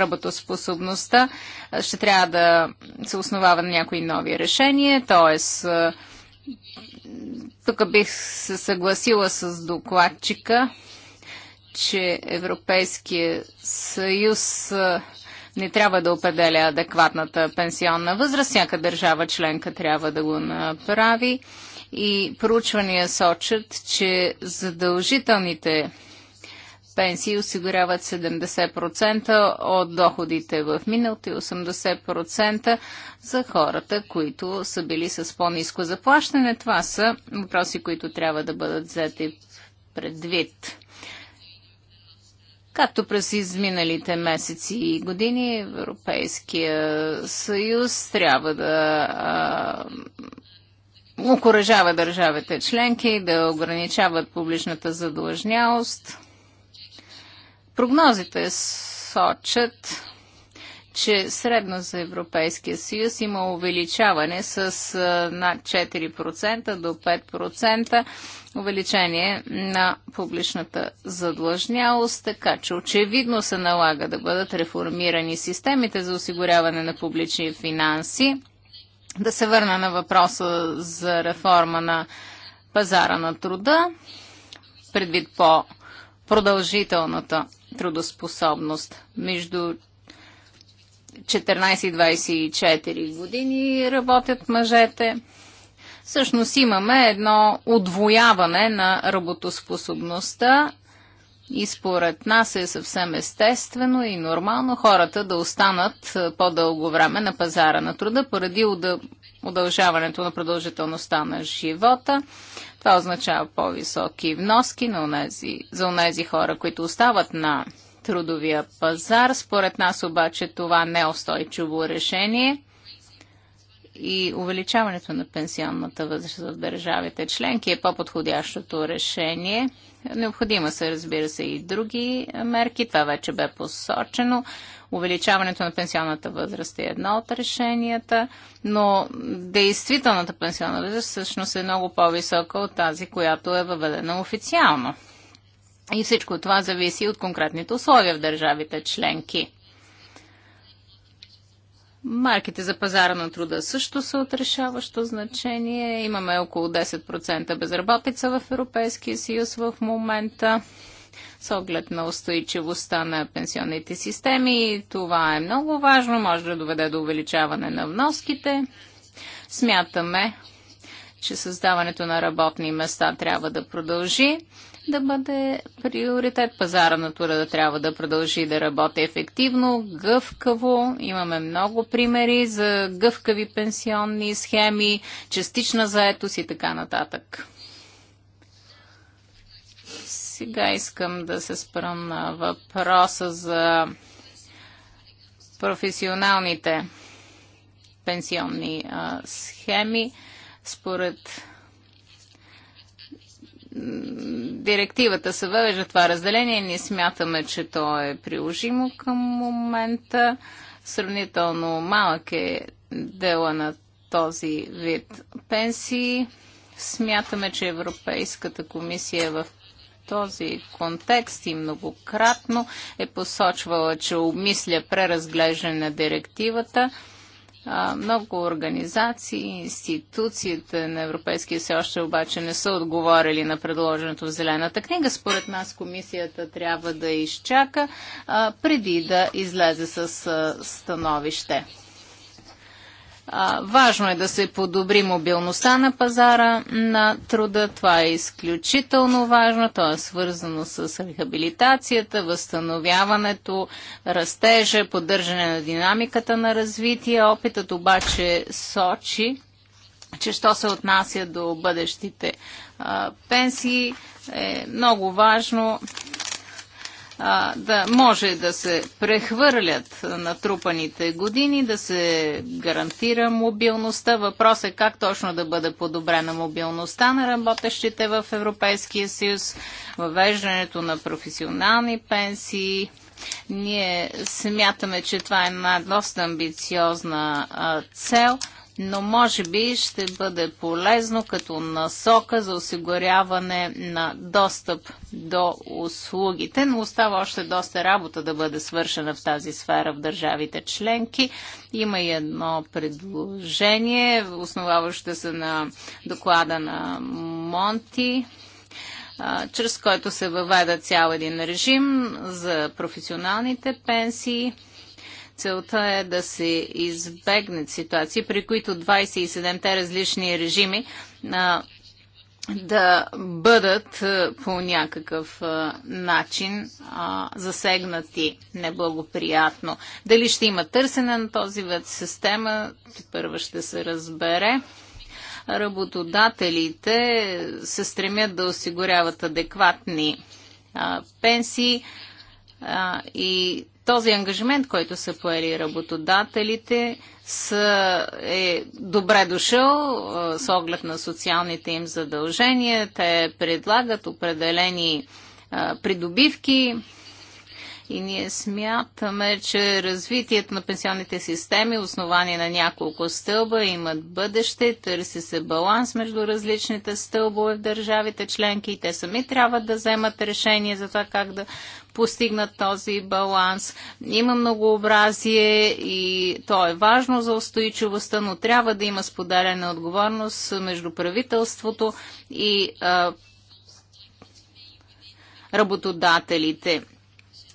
работоспособността ще трябва да се основава на някои нови решения, т.е. тук бих се съгласила с докладчика, че Европейския съюз не трябва да определя адекватната пенсионна възраст. Всяка държава членка трябва да го направи. И проучвания сочат, че задължителните пенсии осигуряват 70% от доходите в миналото и 80% за хората, които са били с по-низко заплащане. Това са въпроси, които трябва да бъдат взети предвид. Както през изминалите месеци и години, Европейския съюз трябва да окоръжава държавите членки да ограничават публичната задлъжнялост Прогнозите сочат, че средно за Европейския съюз има увеличаване с над 4% до 5% увеличение на публичната задлъжнялост, така че очевидно се налага да бъдат реформирани системите за осигуряване на публични финанси. Да се върна на въпроса за реформа на пазара на труда, предвид по продължителната трудоспособност между 14 и 24 години работят мъжете. Всъщност имаме едно отвояване на работоспособността и според нас е съвсем естествено и нормално хората да останат по-дълго време на пазара на труда поради удължаването на продължителността на живота. Това означава по-високи вноски на унези, за унези хора, които остават на трудовия пазар. Според нас обаче това не е устойчиво решение и увеличаването на пенсионната възраст в държавите членки е по-подходящото решение. Необходима са, разбира се, и други мерки. Това вече бе посочено. Увеличаването на пенсионната възраст е едно от решенията, но действителната пенсионна възраст всъщност е много по-висока от тази, която е въведена официално. И всичко това зависи от конкретните условия в държавите членки. Марките за пазара на труда също са от решаващо значение. Имаме около 10% безработица в Европейския съюз в момента с оглед на устойчивостта на пенсионните системи. Това е много важно, може да доведе до увеличаване на вноските. Смятаме, че създаването на работни места трябва да продължи да бъде приоритет. Пазара на труда трябва да продължи да работи ефективно, гъвкаво. Имаме много примери за гъвкави пенсионни схеми, частична заетост и така нататък. Сега искам да се спрам на въпроса за професионалните пенсионни а, схеми. Според директивата се въвежда това разделение. Ние смятаме, че то е приложимо към момента. Сравнително малък е дела на този вид пенсии. Смятаме, че Европейската комисия е в този контекст и многократно е посочвала, че обмисля преразглеждане на директивата. Много организации, институциите на Европейския съюз още обаче не са отговорили на предложеното в Зелената книга. Според нас комисията трябва да изчака преди да излезе с становище важно е да се подобри мобилността на пазара на труда. Това е изключително важно. То е свързано с рехабилитацията, възстановяването, растежа, поддържане на динамиката на развитие. Опитът обаче сочи, че що се отнася до бъдещите а, пенсии, е много важно а, да може да се прехвърлят натрупаните години, да се гарантира мобилността. Въпрос е как точно да бъде подобрена мобилността на работещите в Европейския съюз, въвеждането на професионални пенсии. Ние смятаме, че това е една доста амбициозна а, цел – но може би ще бъде полезно като насока за осигуряване на достъп до услугите, но остава още доста работа да бъде свършена в тази сфера в държавите членки. Има и едно предложение, основаващо се на доклада на Монти чрез който се въведа цял един режим за професионалните пенсии Целта е да се избегнат ситуации, при които 27-те различни режими а, да бъдат по някакъв начин а, засегнати неблагоприятно. Дали ще има търсене на този вид система, първо ще се разбере работодателите се стремят да осигуряват адекватни а, пенсии а, и този ангажимент, който са поели работодателите, са, е добре дошъл с оглед на социалните им задължения. Те предлагат определени придобивки и ние смятаме, че развитието на пенсионните системи, основани на няколко стълба, имат бъдеще, търси се баланс между различните стълбове в държавите членки и те сами трябва да вземат решение за това как да постигнат този баланс. Има многообразие и то е важно за устойчивостта, но трябва да има споделена отговорност между правителството и а, работодателите.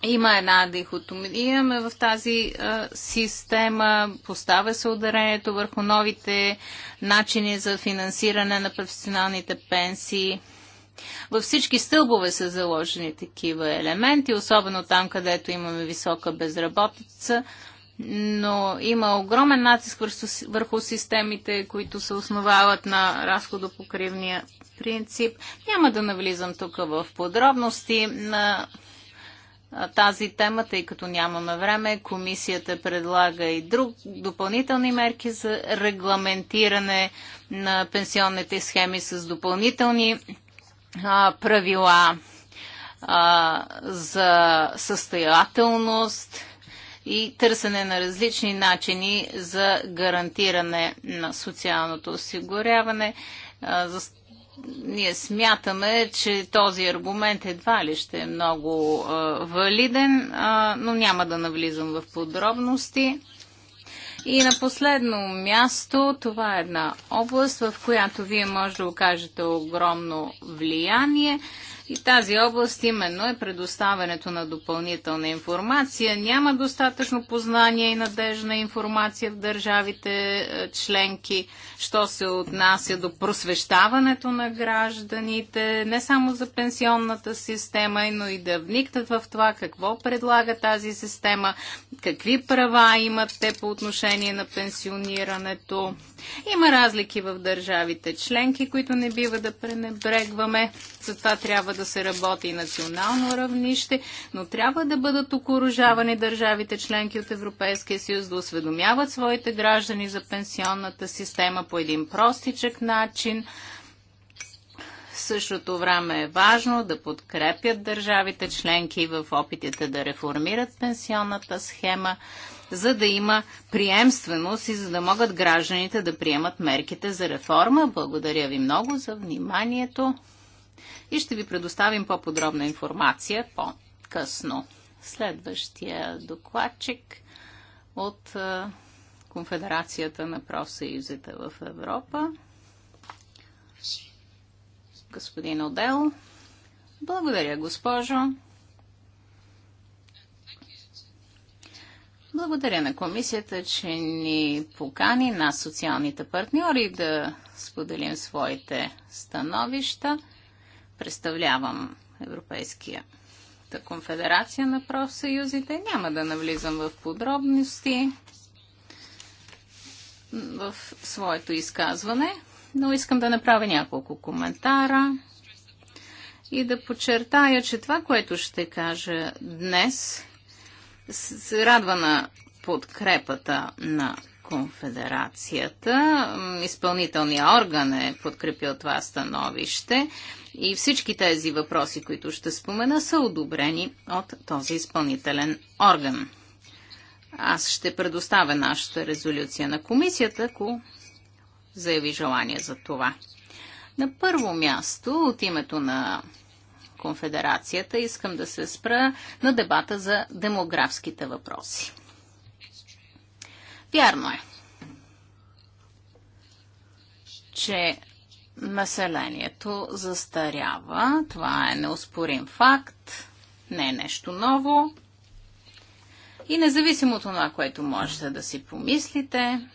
Има една дихотомия в тази а, система, поставя се ударението върху новите начини за финансиране на професионалните пенсии. Във всички стълбове са заложени такива елементи, особено там, където имаме висока безработица, но има огромен натиск върху, върху системите, които се основават на разходопокривния принцип. Няма да навлизам тук в подробности на тази тема, тъй като нямаме време. Комисията предлага и друг допълнителни мерки за регламентиране на пенсионните схеми с допълнителни а, правила а, за състоятелност и търсене на различни начини за гарантиране на социалното осигуряване. А, за ние смятаме, че този аргумент едва ли ще е много а, валиден, а, но няма да навлизам в подробности. И на последно място, това е една област, в която вие може да окажете огромно влияние. И тази област именно е предоставянето на допълнителна информация. Няма достатъчно познание и надежна информация в държавите е, членки, що се отнася до просвещаването на гражданите, не само за пенсионната система, но и да вникнат в това какво предлага тази система, какви права имат те по отношение на пенсионирането. Има разлики в държавите членки, които не бива да пренебрегваме. Затова трябва да се работи и национално равнище, но трябва да бъдат окоружавани държавите членки от Европейския съюз да осведомяват своите граждани за пенсионната система по един простичък начин. В същото време е важно да подкрепят държавите членки в опитите да реформират пенсионната схема за да има приемственост и за да могат гражданите да приемат мерките за реформа. Благодаря ви много за вниманието и ще ви предоставим по-подробна информация по-късно. Следващия докладчик от Конфедерацията на профсъюзите в Европа. Господин Одел. Благодаря, госпожо. Благодаря на комисията, че ни покани нас, социалните партньори, да споделим своите становища. Представлявам Европейския конфедерация на профсъюзите. Няма да навлизам в подробности в своето изказване, но искам да направя няколко коментара и да подчертая, че това, което ще кажа днес, се радва на подкрепата на конфедерацията. Изпълнителният орган е подкрепил това становище и всички тези въпроси, които ще спомена, са одобрени от този изпълнителен орган. Аз ще предоставя нашата резолюция на комисията, ако заяви желание за това. На първо място, от името на конфедерацията, искам да се спра на дебата за демографските въпроси. Вярно е, че населението застарява. Това е неоспорим факт, не е нещо ново. И независимо от това, което можете да си помислите,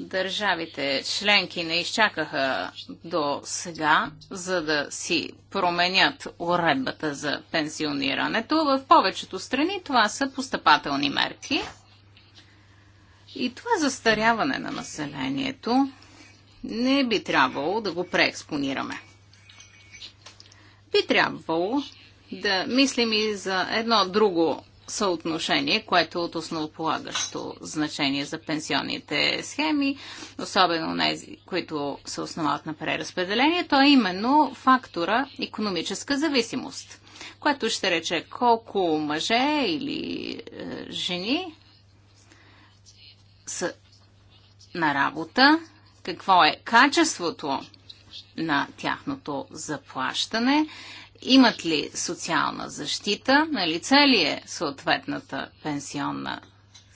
държавите членки не изчакаха до сега, за да си променят уредбата за пенсионирането. В повечето страни това са постъпателни мерки. И това застаряване на населението не би трябвало да го преекспонираме. Би трябвало да мислим и за едно друго съотношение, което е от основополагащо значение за пенсионните схеми, особено тези, които се основават на преразпределение, то е именно фактора економическа зависимост, което ще рече колко мъже или е, жени са на работа, какво е качеството на тяхното заплащане, имат ли социална защита, на лица ли е съответната пенсионна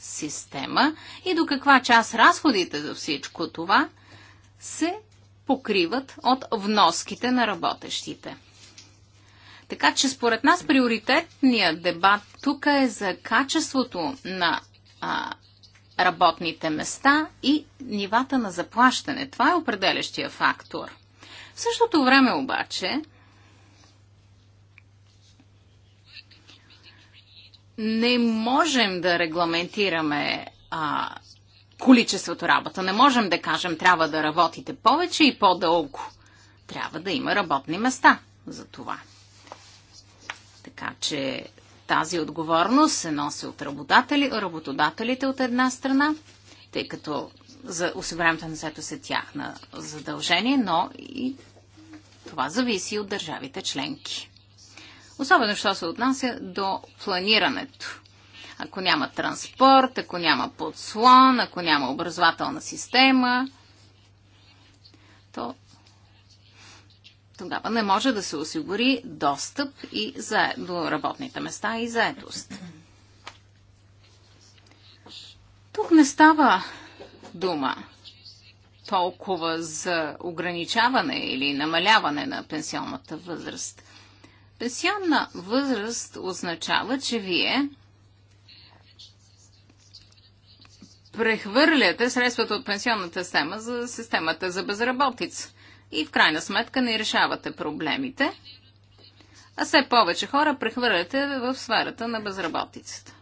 система и до каква част разходите за всичко това се покриват от вноските на работещите. Така че според нас приоритетният дебат тук е за качеството на а, работните места и нивата на заплащане. Това е определящия фактор. В същото време обаче не можем да регламентираме а, количеството работа. Не можем да кажем, трябва да работите повече и по-дълго. Трябва да има работни места за това. Така че тази отговорност се носи от работодатели, работодателите от една страна, тъй като за осигуряването на сето се тяхна задължение, но и това зависи от държавите членки. Особено, що се отнася до планирането. Ако няма транспорт, ако няма подслон, ако няма образователна система, то тогава не може да се осигури достъп и за... до работните места и заедост. Тук не става дума толкова за ограничаване или намаляване на пенсионната възраст. Пенсионна възраст означава, че вие прехвърляте средствата от пенсионната система за системата за безработица и в крайна сметка не решавате проблемите, а все повече хора прехвърляте в сферата на безработицата.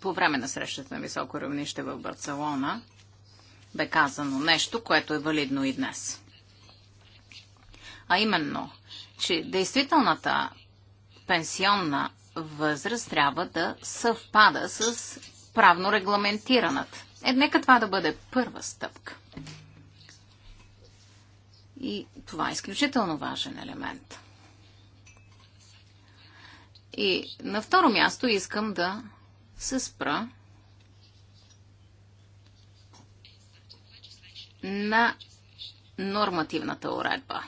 По време на срещата на високо равнище в Барселона бе казано нещо, което е валидно и днес а именно, че действителната пенсионна възраст трябва да съвпада с правно регламентираната. Е, нека това да бъде първа стъпка. И това е изключително важен елемент. И на второ място искам да се спра на нормативната уредба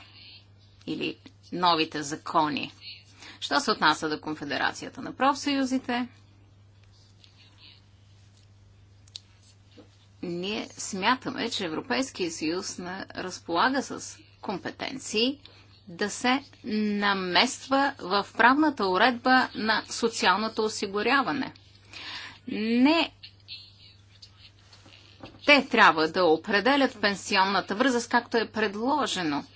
или новите закони. Що се отнася до Конфедерацията на профсъюзите? Ние смятаме, че Европейския съюз не разполага с компетенции да се намества в правната уредба на социалното осигуряване. Не те трябва да определят пенсионната връзка, както е предложено –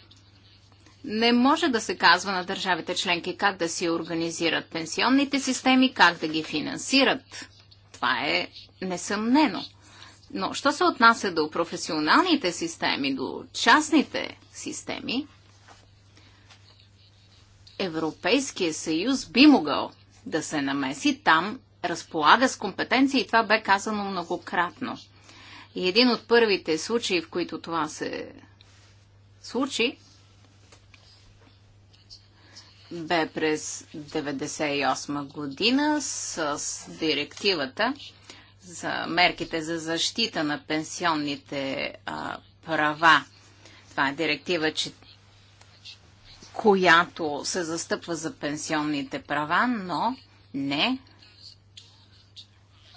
не може да се казва на държавите членки как да си организират пенсионните системи, как да ги финансират. Това е несъмнено. Но що се отнася до професионалните системи, до частните системи, Европейския съюз би могъл да се намеси там, разполага с компетенции и това бе казано многократно. И един от първите случаи, в които това се случи, бе през 1998 година с директивата за мерките за защита на пенсионните а, права. Това е директива, че, която се застъпва за пенсионните права, но не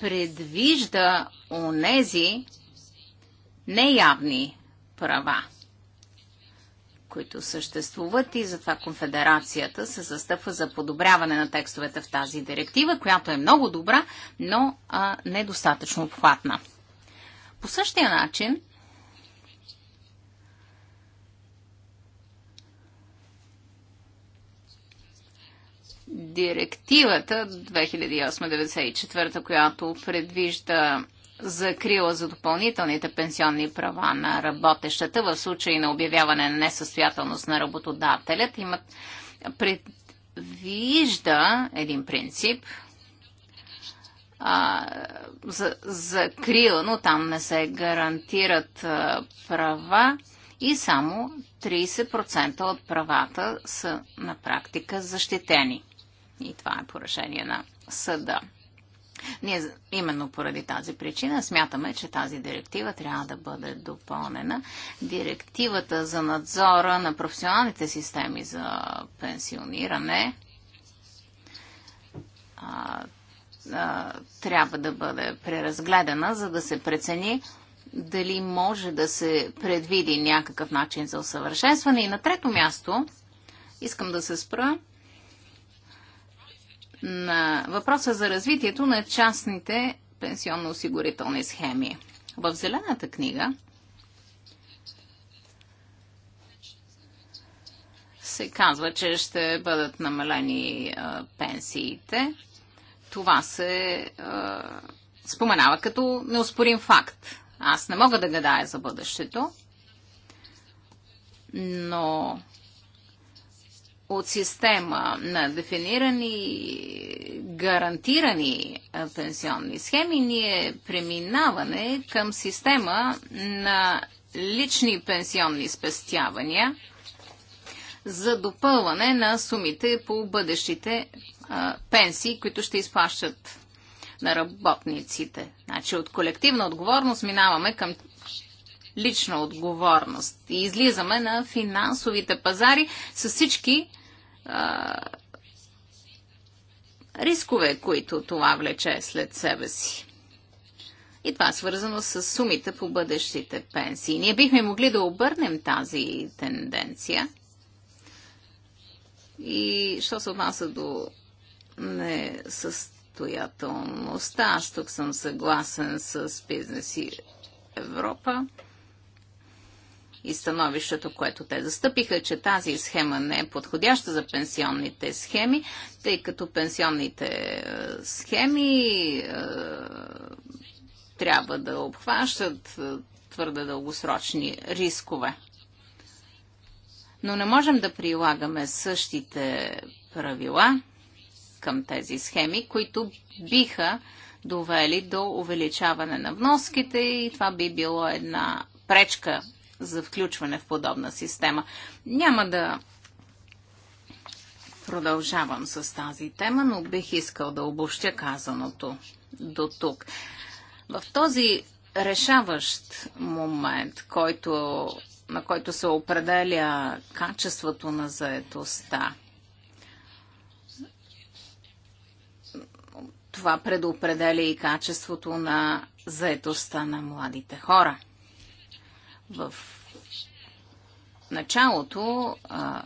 предвижда онези неявни права които съществуват и затова конфедерацията се застъпва за подобряване на текстовете в тази директива, която е много добра, но а, недостатъчно обхватна. По същия начин, директивата 2008-94, която предвижда закрила за допълнителните пенсионни права на работещата в случай на обявяване на несъстоятелност на работодателят имат предвижда един принцип За, за, закрила, но там не се гарантират а, права и само 30% от правата са на практика защитени. И това е поражение на съда. Ние именно поради тази причина смятаме, че тази директива трябва да бъде допълнена. Директивата за надзора на професионалните системи за пенсиониране а, а, трябва да бъде преразгледана, за да се прецени дали може да се предвиди някакъв начин за усъвършенстване. И на трето място искам да се спра на въпроса за развитието на частните пенсионно-осигурителни схеми. В Зелената книга се казва, че ще бъдат намалени пенсиите. Това се споменава като неоспорим факт. Аз не мога да гадая за бъдещето, но от система на дефинирани, гарантирани пенсионни схеми, ние преминаване към система на лични пенсионни спестявания за допълване на сумите по бъдещите а, пенсии, които ще изплащат на работниците. Значи от колективна отговорност минаваме към лична отговорност и излизаме на финансовите пазари с всички а, рискове, които това влече след себе си. И това е свързано с сумите по бъдещите пенсии. Ние бихме могли да обърнем тази тенденция. И що се отнася до несъстоятелността, аз тук съм съгласен с бизнес и Европа и становището, което те застъпиха, че тази схема не е подходяща за пенсионните схеми, тъй като пенсионните е, схеми е, трябва да обхващат е, твърде дългосрочни рискове. Но не можем да прилагаме същите правила към тези схеми, които биха довели до увеличаване на вноските и това би било една пречка за включване в подобна система. Няма да продължавам с тази тема, но бих искал да обобщя казаното до тук. В този решаващ момент, който, на който се определя качеството на заетостта, това предопределя и качеството на заетостта на младите хора – в началото а,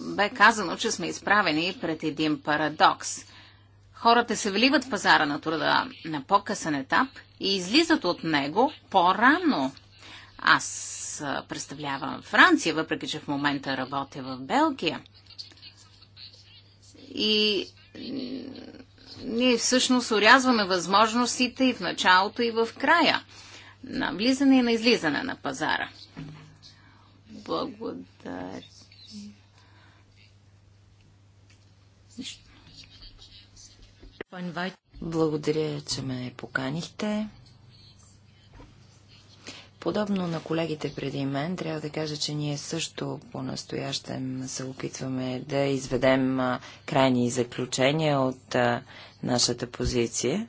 бе казано, че сме изправени пред един парадокс. Хората се вливат в пазара на труда на по-късен етап и излизат от него по-рано. Аз представлявам Франция, въпреки че в момента работя в Белгия. И ние всъщност урязваме възможностите и в началото, и в края на влизане и на излизане на пазара. Благодаря. Благодаря, че ме поканихте. Подобно на колегите преди мен, трябва да кажа, че ние също по-настоящем се опитваме да изведем крайни заключения от нашата позиция.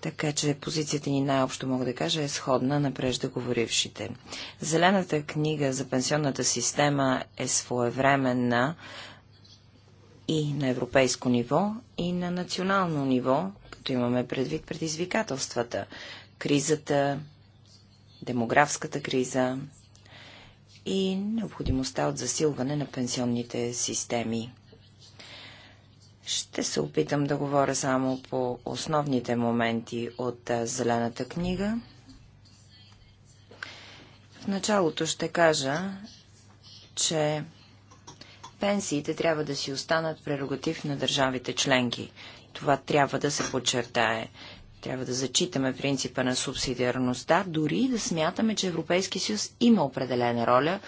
Така че позицията ни най-общо, мога да кажа, е сходна на преждеговорившите. Зелената книга за пенсионната система е своевременна и на европейско ниво, и на национално ниво, като имаме предвид предизвикателствата, кризата, демографската криза и необходимостта от засилване на пенсионните системи. Ще се опитам да говоря само по основните моменти от Зелената книга. В началото ще кажа, че пенсиите трябва да си останат прерогатив на държавите членки. Това трябва да се подчертае. Трябва да зачитаме принципа на субсидиарността, дори да смятаме, че Европейски съюз има определена роля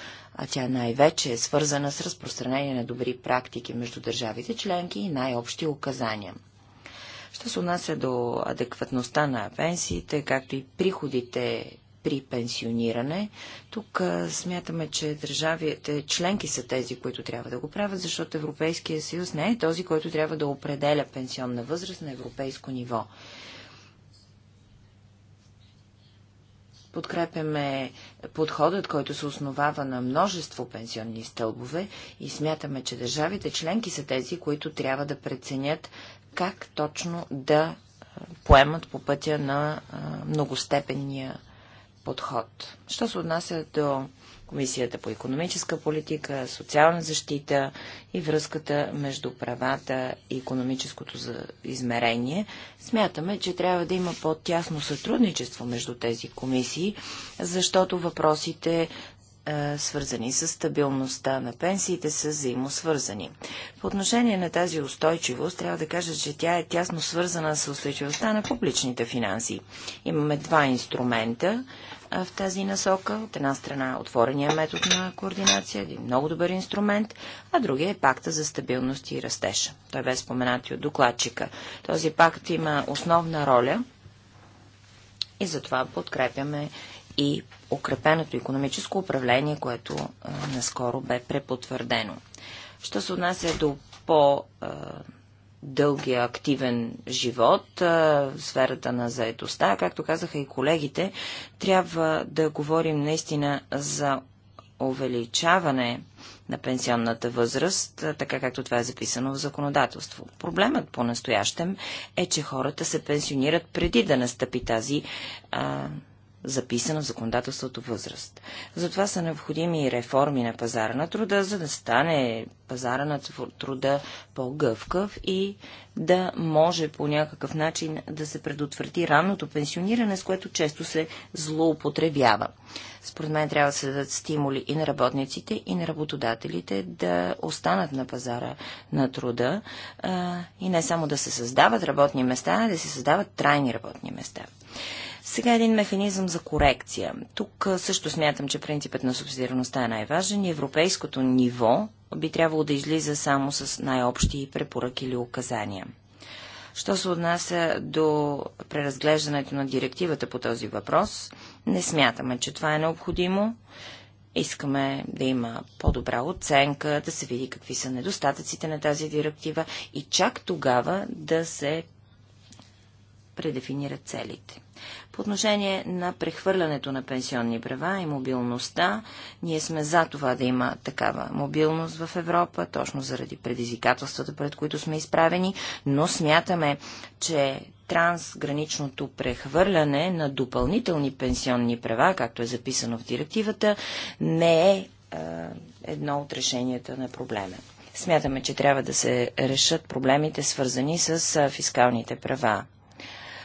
а тя най-вече е свързана с разпространение на добри практики между държавите членки и най-общи указания. Що се отнася до адекватността на пенсиите, както и приходите при пенсиониране. Тук смятаме, че държавите членки са тези, които трябва да го правят, защото Европейския съюз не е този, който трябва да определя пенсионна възраст на европейско ниво. Подкрепяме подходът, който се основава на множество пенсионни стълбове и смятаме, че държавите членки са тези, които трябва да преценят как точно да поемат по пътя на многостепенния подход. Що се отнася до Комисията по економическа политика, социална защита и връзката между правата и економическото измерение. Смятаме, че трябва да има по-тясно сътрудничество между тези комисии, защото въпросите е, свързани с стабилността на пенсиите, са взаимосвързани. По отношение на тази устойчивост, трябва да кажа, че тя е тясно свързана с устойчивостта на публичните финанси. Имаме два инструмента в тази насока. От една страна е отворения метод на координация, един много добър инструмент, а другия е пакта за стабилност и растеж. Той бе споменат и от докладчика. Този пакт има основна роля и затова подкрепяме и укрепеното економическо управление, което а, наскоро бе препотвърдено. Що се отнася до по- а, дългия активен живот, в сферата на заедостта, както казаха и колегите, трябва да говорим наистина за увеличаване на пенсионната възраст, така както това е записано в законодателство. Проблемът по-настоящем е, че хората се пенсионират преди да настъпи тази а, записана в законодателството възраст. Затова са необходими реформи на пазара на труда, за да стане пазара на труда по-гъвкав и да може по някакъв начин да се предотврати ранното пенсиониране, с което често се злоупотребява. Според мен трябва да се дадат стимули и на работниците, и на работодателите да останат на пазара на труда а, и не само да се създават работни места, а да се създават трайни работни места. Сега един механизъм за корекция. Тук също смятам, че принципът на субсидиарността е най-важен и европейското ниво би трябвало да излиза само с най-общи препоръки или указания. Що се отнася до преразглеждането на директивата по този въпрос, не смятаме, че това е необходимо. Искаме да има по-добра оценка, да се види какви са недостатъците на тази директива и чак тогава да се предефинират целите. По отношение на прехвърлянето на пенсионни права и мобилността, ние сме за това да има такава мобилност в Европа, точно заради предизвикателствата, пред които сме изправени, но смятаме, че трансграничното прехвърляне на допълнителни пенсионни права, както е записано в директивата, не е, е едно от решенията на проблема. Смятаме, че трябва да се решат проблемите, свързани с фискалните права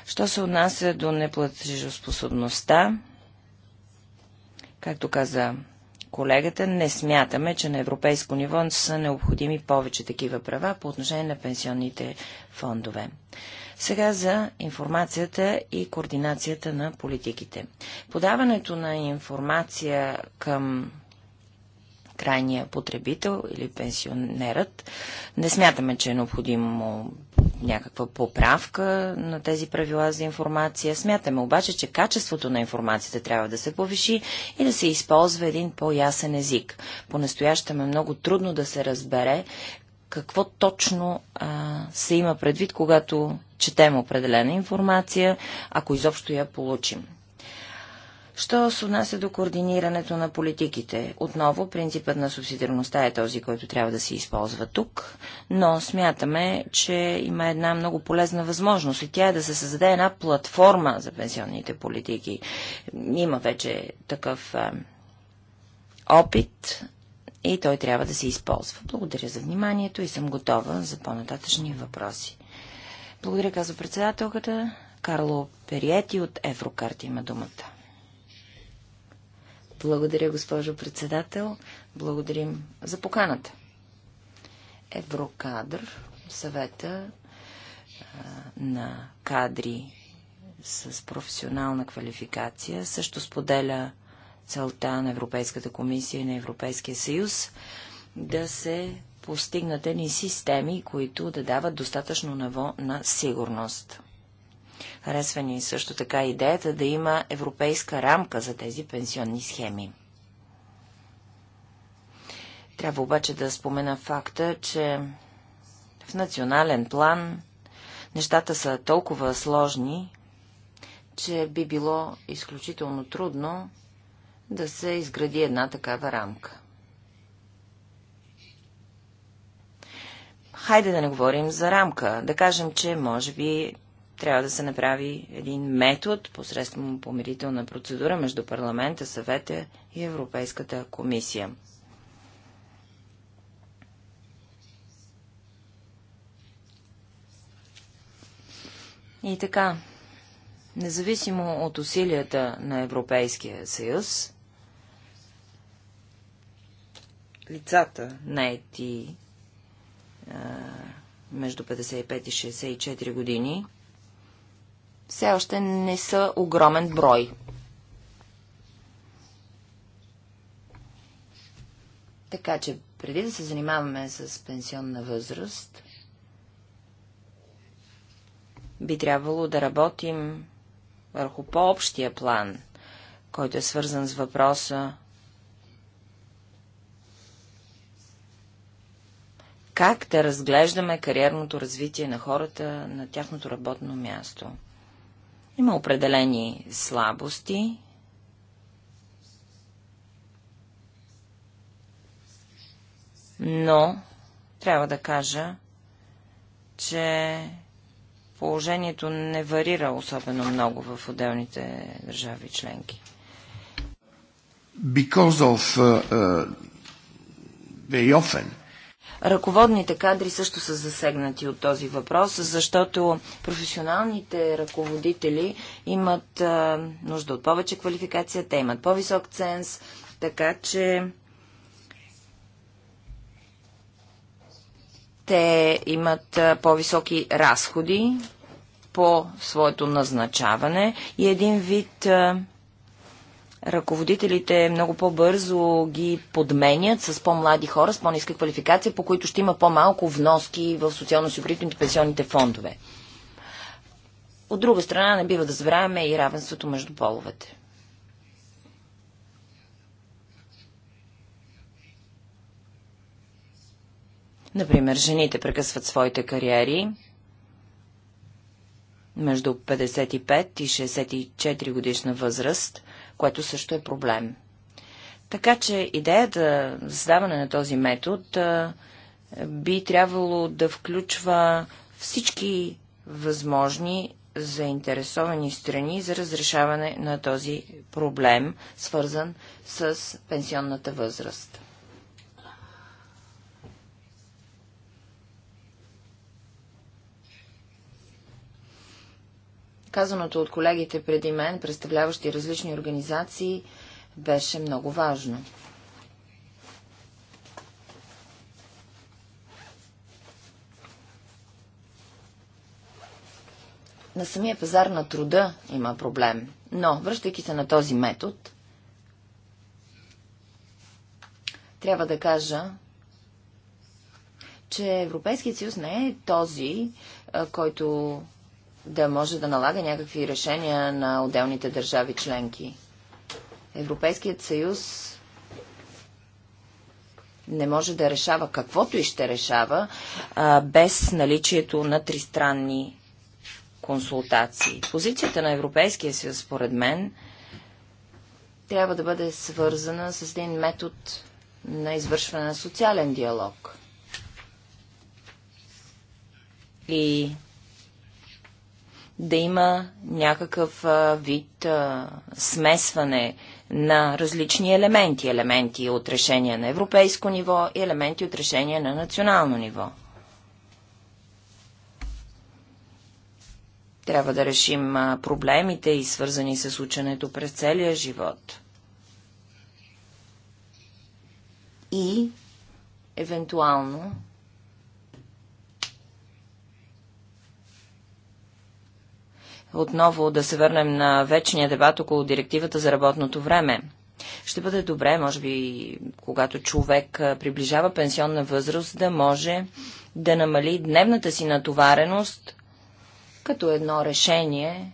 Що се отнася до неплатежоспособността, както каза колегата, не смятаме, че на европейско ниво са необходими повече такива права по отношение на пенсионните фондове. Сега за информацията и координацията на политиките. Подаването на информация към крайния потребител или пенсионерът не смятаме, че е необходимо някаква поправка на тези правила за информация. Смятаме обаче, че качеството на информацията трябва да се повиши и да се използва един по-ясен език. По-настоящем е много трудно да се разбере какво точно а, се има предвид, когато четем определена информация, ако изобщо я получим. Що се отнася до координирането на политиките? Отново, принципът на субсидиарността е този, който трябва да се използва тук, но смятаме, че има една много полезна възможност и тя е да се създаде една платформа за пенсионните политики. Има вече такъв а, опит и той трябва да се използва. Благодаря за вниманието и съм готова за по-нататъчни въпроси. Благодаря, казва председателката. Карло Периети от Еврокарти има думата. Благодаря, госпожо председател. Благодарим за поканата. Еврокадър, съвета а, на кадри с професионална квалификация, също споделя целта на Европейската комисия и на Европейския съюз да се постигнат ни системи, които да дават достатъчно ниво на сигурност. Харесва ни също така идеята да има европейска рамка за тези пенсионни схеми. Трябва обаче да спомена факта, че в национален план нещата са толкова сложни, че би било изключително трудно да се изгради една такава рамка. Хайде да не говорим за рамка. Да кажем, че може би трябва да се направи един метод посредством помирителна процедура между парламента, съвета и Европейската комисия. И така, независимо от усилията на Европейския съюз, лицата на ети между 55 и 64 години все още не са огромен брой. Така че, преди да се занимаваме с пенсионна възраст, би трябвало да работим върху по-общия план, който е свързан с въпроса как да разглеждаме кариерното развитие на хората на тяхното работно място. Има определени слабости. Но трябва да кажа, че положението не варира особено много в отделните държави членки. Because of uh, uh, very often Ръководните кадри също са засегнати от този въпрос, защото професионалните ръководители имат а, нужда от повече квалификация, те имат по-висок ценз, така че те имат по-високи разходи по своето назначаване и един вид а, ръководителите много по-бързо ги подменят с по-млади хора, с по низка квалификация, по които ще има по-малко вноски в социално-осигурителните пенсионните фондове. От друга страна, не бива да забравяме и равенството между половете. Например, жените прекъсват своите кариери между 55 и 64 годишна възраст – което също е проблем. Така че идеята за създаване на този метод би трябвало да включва всички възможни заинтересовани страни за разрешаване на този проблем, свързан с пенсионната възраст. Казаното от колегите преди мен, представляващи различни организации, беше много важно. на самия пазар на труда има проблем. Но, връщайки се на този метод, трябва да кажа, че Европейският съюз не е този, който да може да налага някакви решения на отделните държави членки. Европейският съюз не може да решава каквото и ще решава а, без наличието на тристранни консултации. Позицията на Европейския съюз, според мен, трябва да бъде свързана с един метод на извършване на социален диалог. И да има някакъв вид а, смесване на различни елементи. Елементи от решение на европейско ниво и елементи от решение на национално ниво. Трябва да решим а, проблемите и свързани с ученето през целия живот. И, евентуално, отново да се върнем на вечния дебат около директивата за работното време. Ще бъде добре, може би, когато човек приближава пенсионна възраст, да може да намали дневната си натовареност като едно решение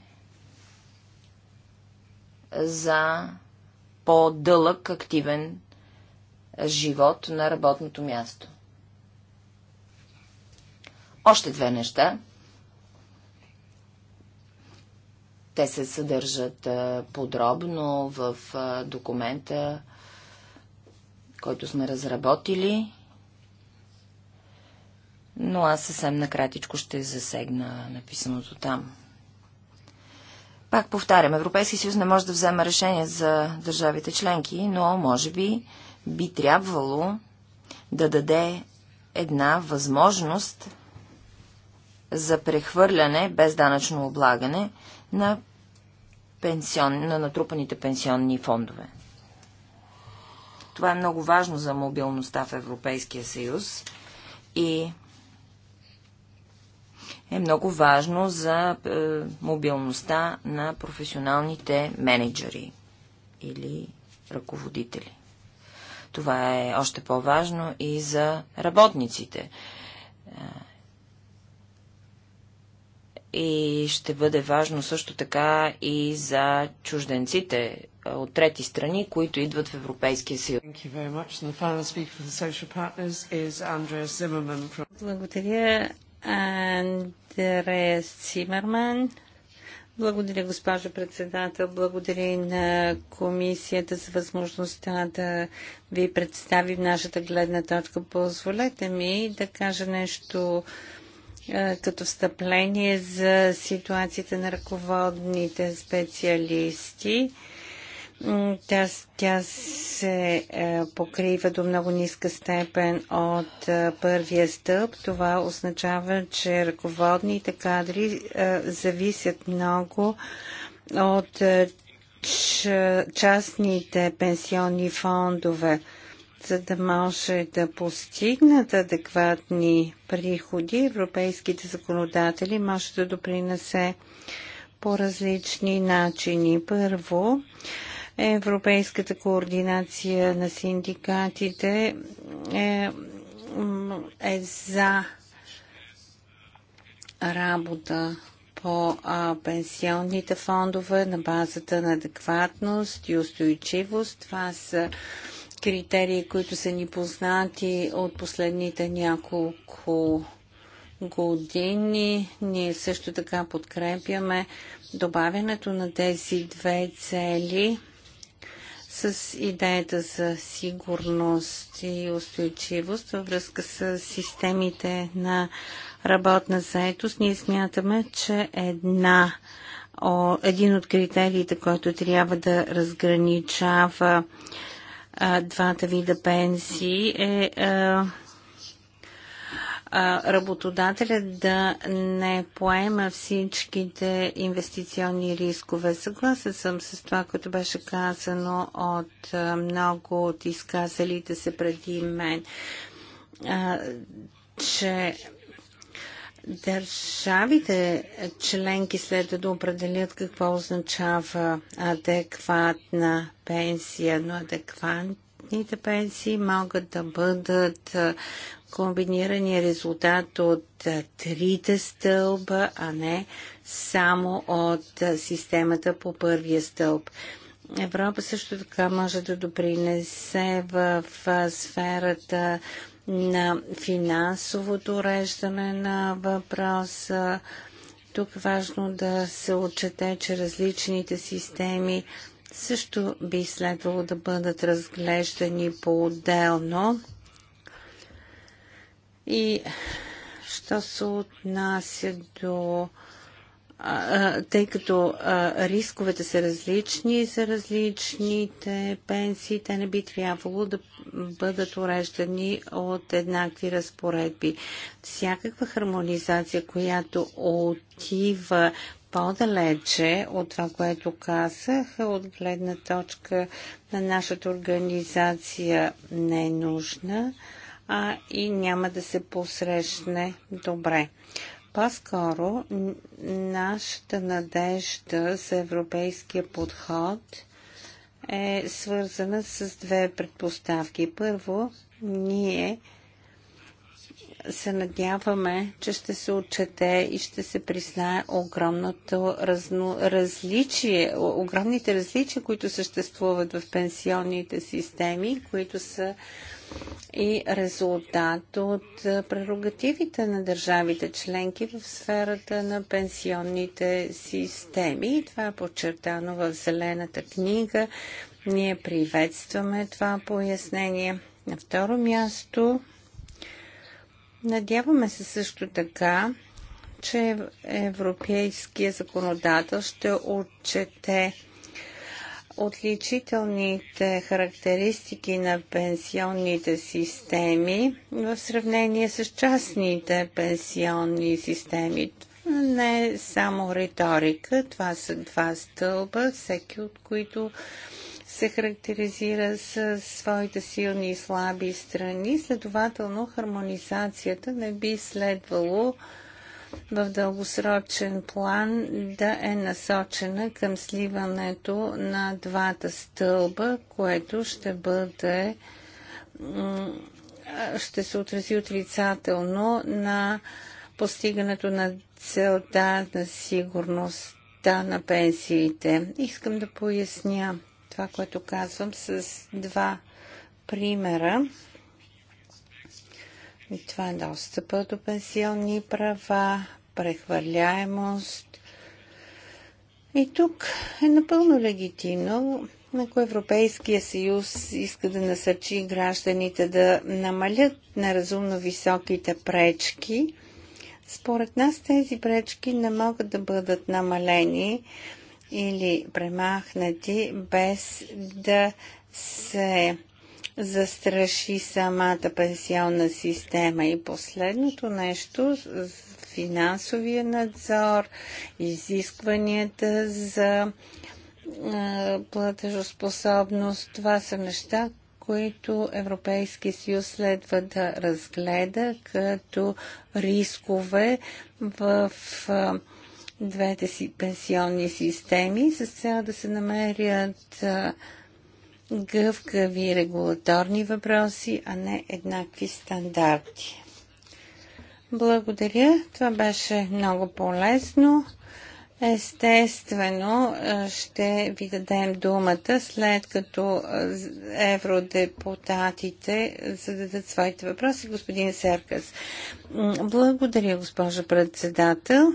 за по-дълъг активен живот на работното място. Още две неща – Те се съдържат подробно в документа, който сме разработили, но аз съвсем накратичко ще засегна написаното там. Пак повтарям, Европейски съюз не може да взема решение за държавите членки, но може би би трябвало да даде една възможност за прехвърляне без данъчно облагане на пенсион, на натрупаните пенсионни фондове. Това е много важно за мобилността в Европейския съюз и е много важно за е, мобилността на професионалните менеджери или ръководители. Това е още по-важно и за работниците, и ще бъде важно също така и за чужденците от трети страни, които идват в Европейския съюз. Благодаря, Андрея Симерман. Благодаря, госпожа председател. Благодаря и на комисията за възможността да ви представим нашата гледна точка. Позволете ми да кажа нещо е, като встъпление за ситуацията на ръководните специалисти. Тя, тя се е, покрива до много ниска степен от е, първия стълб. Това означава, че ръководните кадри е, зависят много от е, частните пенсионни фондове за да може да постигнат адекватни приходи, европейските законодатели може да допринесе по различни начини. Първо, Европейската координация на синдикатите е, е за работа по а, пенсионните фондове на базата на адекватност и устойчивост. Това са критерии, които са ни познати от последните няколко години. Ние също така подкрепяме добавянето на тези две цели с идеята за сигурност и устойчивост във връзка с системите на работна заетост. Ние смятаме, че една един от критериите, който трябва да разграничава двата вида пенсии е работодателят работодателя да не поема всичките инвестиционни рискове. Съгласен съм с това, което беше казано от много от изказалите се преди мен, че Държавите членки следва да определят какво означава адекватна пенсия, но адекватните пенсии могат да бъдат комбинирани резултат от трите стълба, а не само от системата по първия стълб. Европа също така може да допринесе в сферата на финансовото уреждане на въпроса. Тук важно да се отчете, че различните системи също би следвало да бъдат разглеждани по-отделно. И що се отнася до тъй като рисковете са различни за различните пенсии, те не би трябвало да бъдат уреждани от еднакви разпоредби. Всякаква хармонизация, която отива по-далече от това, което казах, от гледна точка на нашата организация не е нужна а и няма да се посрещне добре. По-скоро нашата надежда за европейския подход е свързана с две предпоставки. Първо, ние се надяваме, че ще се отчете и ще се признае огромното разно, различие, огромните различия, които съществуват в пенсионните системи, които са и резултат от прерогативите на държавите членки в сферата на пенсионните системи. И това е подчертано в Зелената книга. Ние приветстваме това пояснение. На второ място, надяваме се също така, че европейския законодател ще отчете отличителните характеристики на пенсионните системи в сравнение с частните пенсионни системи. Не е само риторика, това са два стълба, всеки от които се характеризира с своите силни и слаби страни, следователно хармонизацията не би следвало в дългосрочен план да е насочена към сливането на двата стълба, което ще бъде ще се отрази отрицателно на постигането на целта на сигурността на пенсиите. Искам да поясня това, което казвам с два примера. И това е достъпа до пенсионни права, прехвърляемост. И тук е напълно легитимно, ако Европейския съюз иска да насърчи гражданите да намалят неразумно високите пречки, според нас тези пречки не могат да бъдат намалени или премахнати без да се застраши самата пенсионна система. И последното нещо, финансовия надзор, изискванията за платежоспособност, това са неща, които Европейския съюз следва да разгледа като рискове в двете си пенсионни системи с цел да се намерят гъвкави регулаторни въпроси, а не еднакви стандарти. Благодаря. Това беше много полезно. Естествено, ще ви дадем думата след като евродепутатите зададат своите въпроси. Господин Серкас. Благодаря, госпожа председател.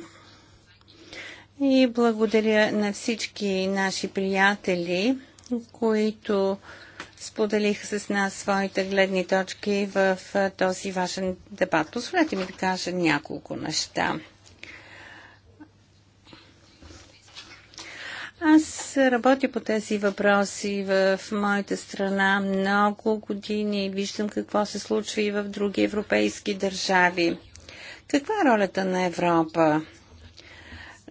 И благодаря на всички наши приятели които споделиха с нас своите гледни точки в този важен дебат. Позволете ми да кажа няколко неща. Аз работя по тези въпроси в моята страна много години и виждам какво се случва и в други европейски държави. Каква е ролята на Европа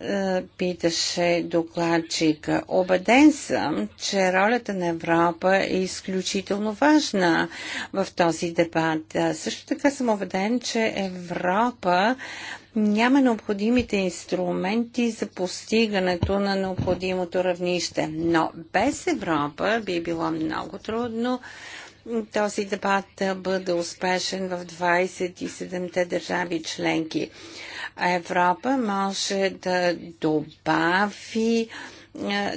е, питаше докладчика. Обеден съм, че ролята на Европа е изключително важна в този дебат. Е, също така съм убеден, че Европа няма необходимите инструменти за постигането на необходимото равнище. Но без Европа би било много трудно този дебат да бъде успешен в 27-те държави членки. Европа може да добави е,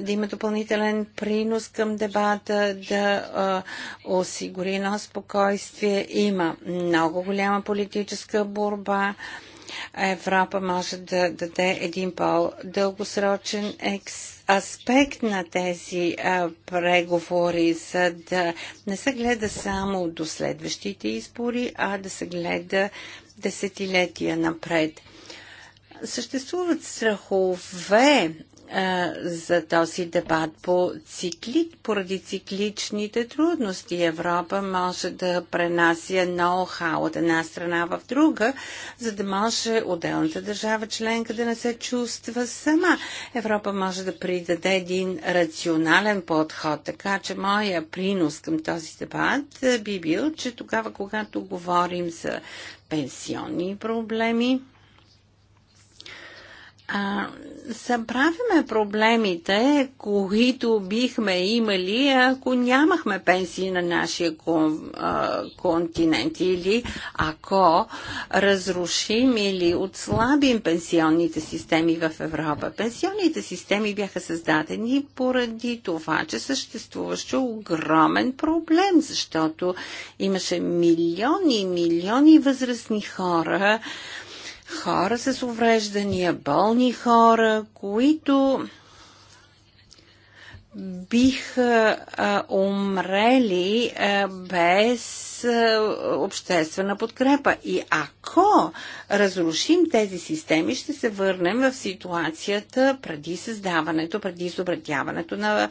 да има допълнителен принос към дебата, да а, е, осигури едно спокойствие. Има много голяма политическа борба. Европа може да даде един по-дългосрочен аспект на тези а, е, преговори, за да не се гледа само до следващите избори, а да се гледа десетилетия напред. Съществуват страхове а, за този дебат по цикли, поради цикличните трудности. Европа може да пренася ноу-хау от една страна в друга, за да може отделната държава членка да не се чувства сама. Европа може да придаде един рационален подход, така че моя принос към този дебат би бил, че тогава, когато говорим за пенсионни проблеми, а, събравяме проблемите, които бихме имали, ако нямахме пенсии на нашия кон, а, континент или ако разрушим или отслабим пенсионните системи в Европа. Пенсионните системи бяха създадени поради това, че съществуваше огромен проблем, защото имаше милиони и милиони възрастни хора, хора с увреждания, болни хора, които биха умрели без обществена подкрепа. И ако разрушим тези системи, ще се върнем в ситуацията преди създаването, преди изобретяването на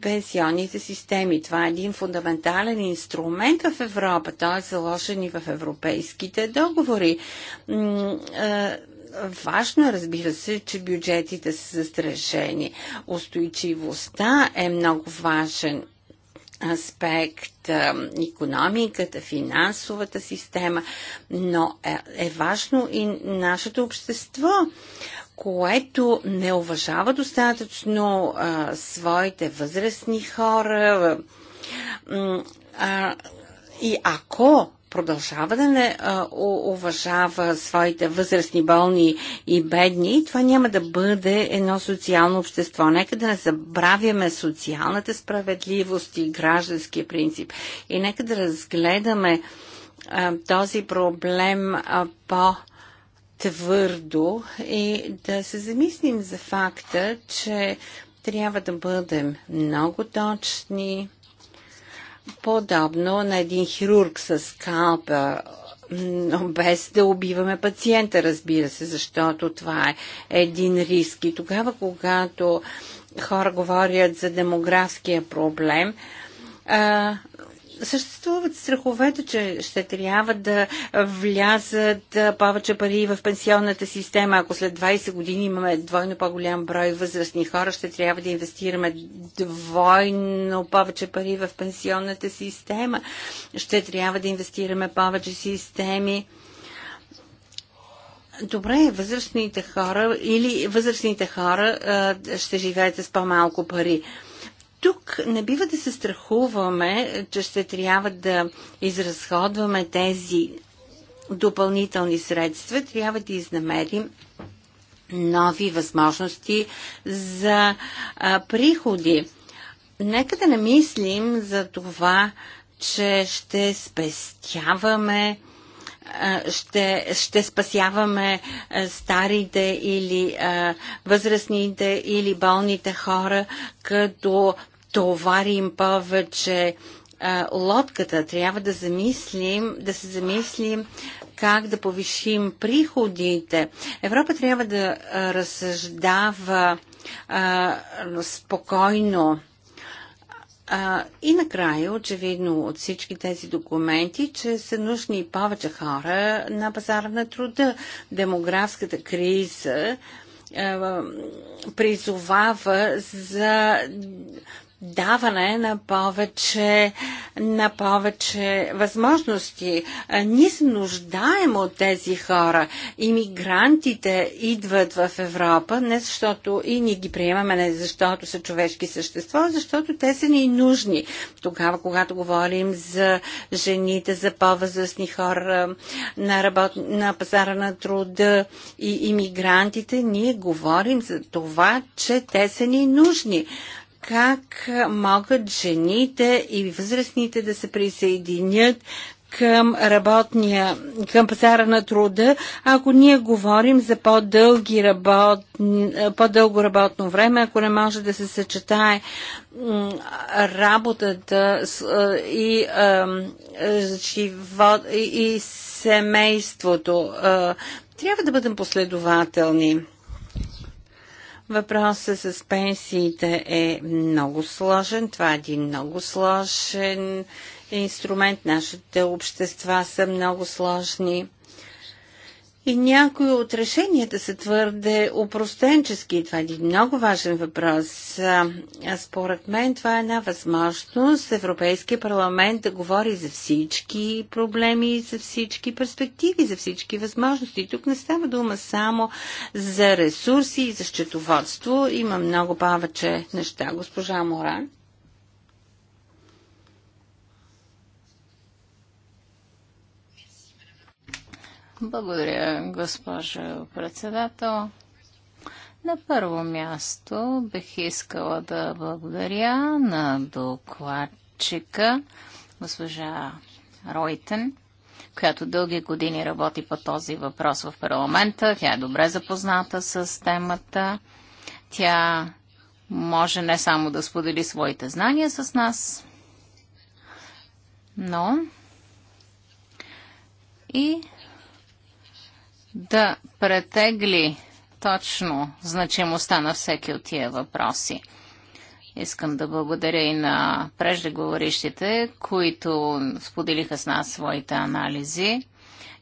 пенсионните системи. Това е един фундаментален инструмент в Европа. Той е заложен и в европейските договори. Важно е, разбира се, че бюджетите са застрашени. Устойчивостта е много важен аспект, економиката, финансовата система, но е, е важно и нашето общество което не уважава достатъчно а, своите възрастни хора. А, и ако продължава да не а, уважава своите възрастни, болни и бедни, това няма да бъде едно социално общество. Нека да не забравяме социалната справедливост и гражданския принцип. И нека да разгледаме а, този проблем а, по- твърдо и да се замислим за факта, че трябва да бъдем много точни, подобно на един хирург с скалпа, но без да убиваме пациента, разбира се, защото това е един риск. И тогава, когато хора говорят за демографския проблем, съществуват страховете, че ще трябва да влязат повече пари в пенсионната система. Ако след 20 години имаме двойно по-голям брой възрастни хора, ще трябва да инвестираме двойно повече пари в пенсионната система. Ще трябва да инвестираме повече системи добре, възрастните хора или възрастните хора ще живеят с по-малко пари. Тук не бива да се страхуваме, че ще трябва да изразходваме тези допълнителни средства. Трябва да изнамерим нови възможности за а, приходи. Нека да не мислим за това, че ще спестяваме ще, ще спасяваме старите или възрастните или болните хора, като товарим повече лодката. Трябва да замислим, да се замислим как да повишим приходите. Европа трябва да разсъждава а, спокойно а, и накрая, очевидно от всички тези документи, че са нужни повече хора на пазара на труда. Демографската криза призовава за даване на повече, на повече възможности. Ние се нуждаем от тези хора. Имигрантите идват в Европа не защото и ние ги приемаме не защото са човешки същества, а защото те са ни нужни. Тогава, когато говорим за жените, за по-възрастни хора на, работ... на пазара на труда и имигрантите, ние говорим за това, че те са ни нужни как могат жените и възрастните да се присъединят към работния, към пазара на труда, ако ние говорим за по-дълги работ, по-дълго работно време, ако не може да се съчетае работата и, и, и семейството. Трябва да бъдем последователни. Въпросът с пенсиите е много сложен. Това е един много сложен инструмент. Нашите общества са много сложни. И някои от решенията са твърде упростенчески. Това е един много важен въпрос. Според мен това е една възможност Европейския парламент да говори за всички проблеми, за всички перспективи, за всички възможности. тук не става дума само за ресурси и за счетоводство. Има много повече неща. Госпожа Моран. Благодаря, госпожо председател. На първо място бих искала да благодаря на докладчика госпожа Ройтен, която дълги години работи по този въпрос в парламента. Тя е добре запозната с темата. Тя може не само да сподели своите знания с нас, но и да претегли точно значимостта на всеки от тия въпроси. Искам да благодаря и на преждеговорищите, които споделиха с нас своите анализи.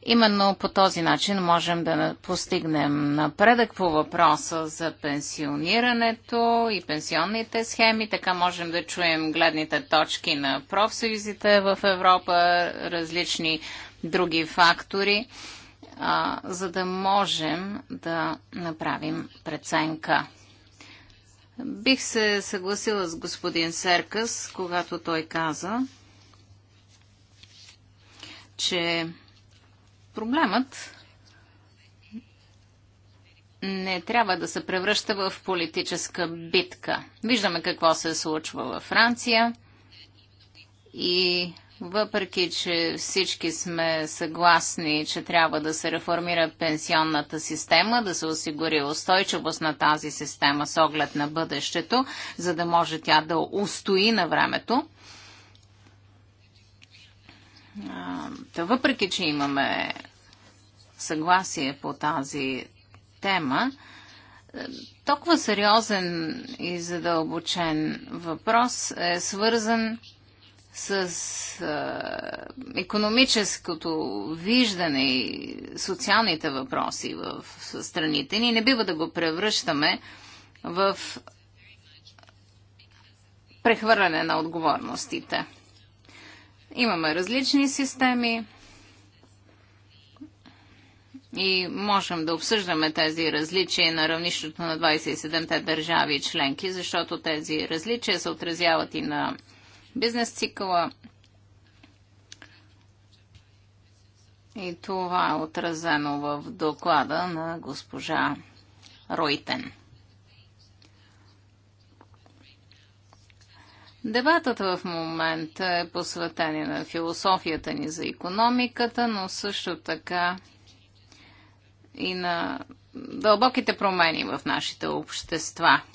Именно по този начин можем да постигнем напредък по въпроса за пенсионирането и пенсионните схеми. Така можем да чуем гледните точки на профсъюзите в Европа, различни други фактори а, за да можем да направим преценка. Бих се съгласила с господин Серкас, когато той каза, че проблемът не трябва да се превръща в политическа битка. Виждаме какво се случва във Франция и въпреки, че всички сме съгласни, че трябва да се реформира пенсионната система, да се осигури устойчивост на тази система с оглед на бъдещето, за да може тя да устои на времето. Та въпреки, че имаме съгласие по тази тема, е, толкова сериозен и задълбочен въпрос е свързан с а, економическото виждане и социалните въпроси в страните ни, не бива да го превръщаме в прехвърляне на отговорностите. Имаме различни системи и можем да обсъждаме тези различия на равнището на 27-те държави и членки, защото тези различия се отразяват и на бизнес цикъла. И това е отразено в доклада на госпожа Ройтен. Дебатът в момента е посветен на философията ни за економиката, но също така и на дълбоките промени в нашите общества –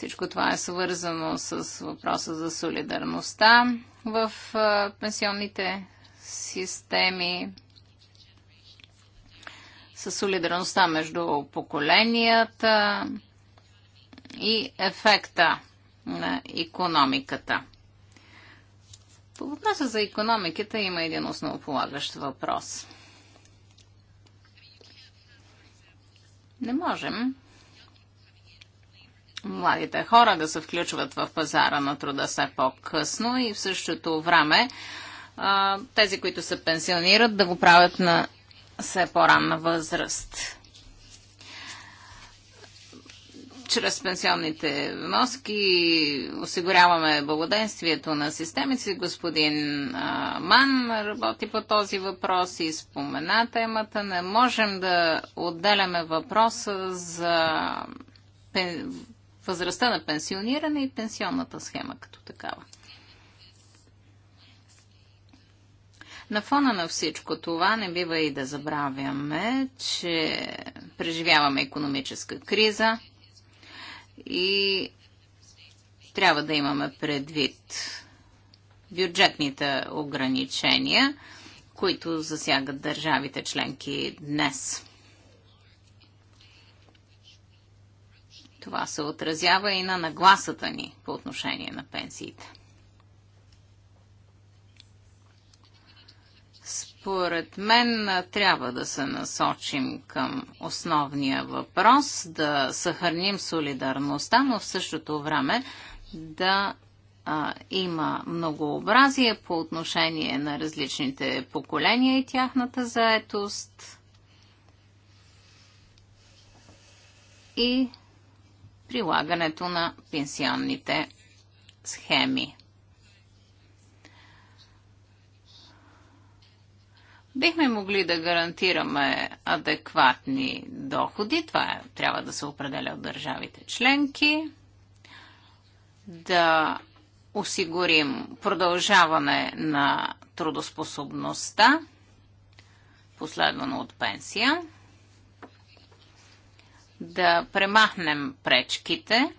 всичко това е свързано с въпроса за солидарността в пенсионните системи, с солидарността между поколенията и ефекта на економиката. По въпроса за економиката има един основополагащ въпрос. Не можем младите хора да се включват в пазара на труда все по-късно и в същото време тези, които се пенсионират, да го правят на все по-ранна възраст. Чрез пенсионните вноски осигуряваме благоденствието на системици. Господин Ман работи по този въпрос и спомена темата. Не можем да отделяме въпроса за възрастта на пенсиониране и пенсионната схема като такава. На фона на всичко това не бива и да забравяме, че преживяваме економическа криза и трябва да имаме предвид бюджетните ограничения, които засягат държавите членки днес. Това се отразява и на нагласата ни по отношение на пенсиите. Според мен трябва да се насочим към основния въпрос, да съхраним солидарността, но в същото време да а, има многообразие по отношение на различните поколения и тяхната заетост. И прилагането на пенсионните схеми. Бихме могли да гарантираме адекватни доходи, това е- трябва да се определя от държавите членки, да осигурим продължаване на трудоспособността, последвано от пенсия да премахнем пречките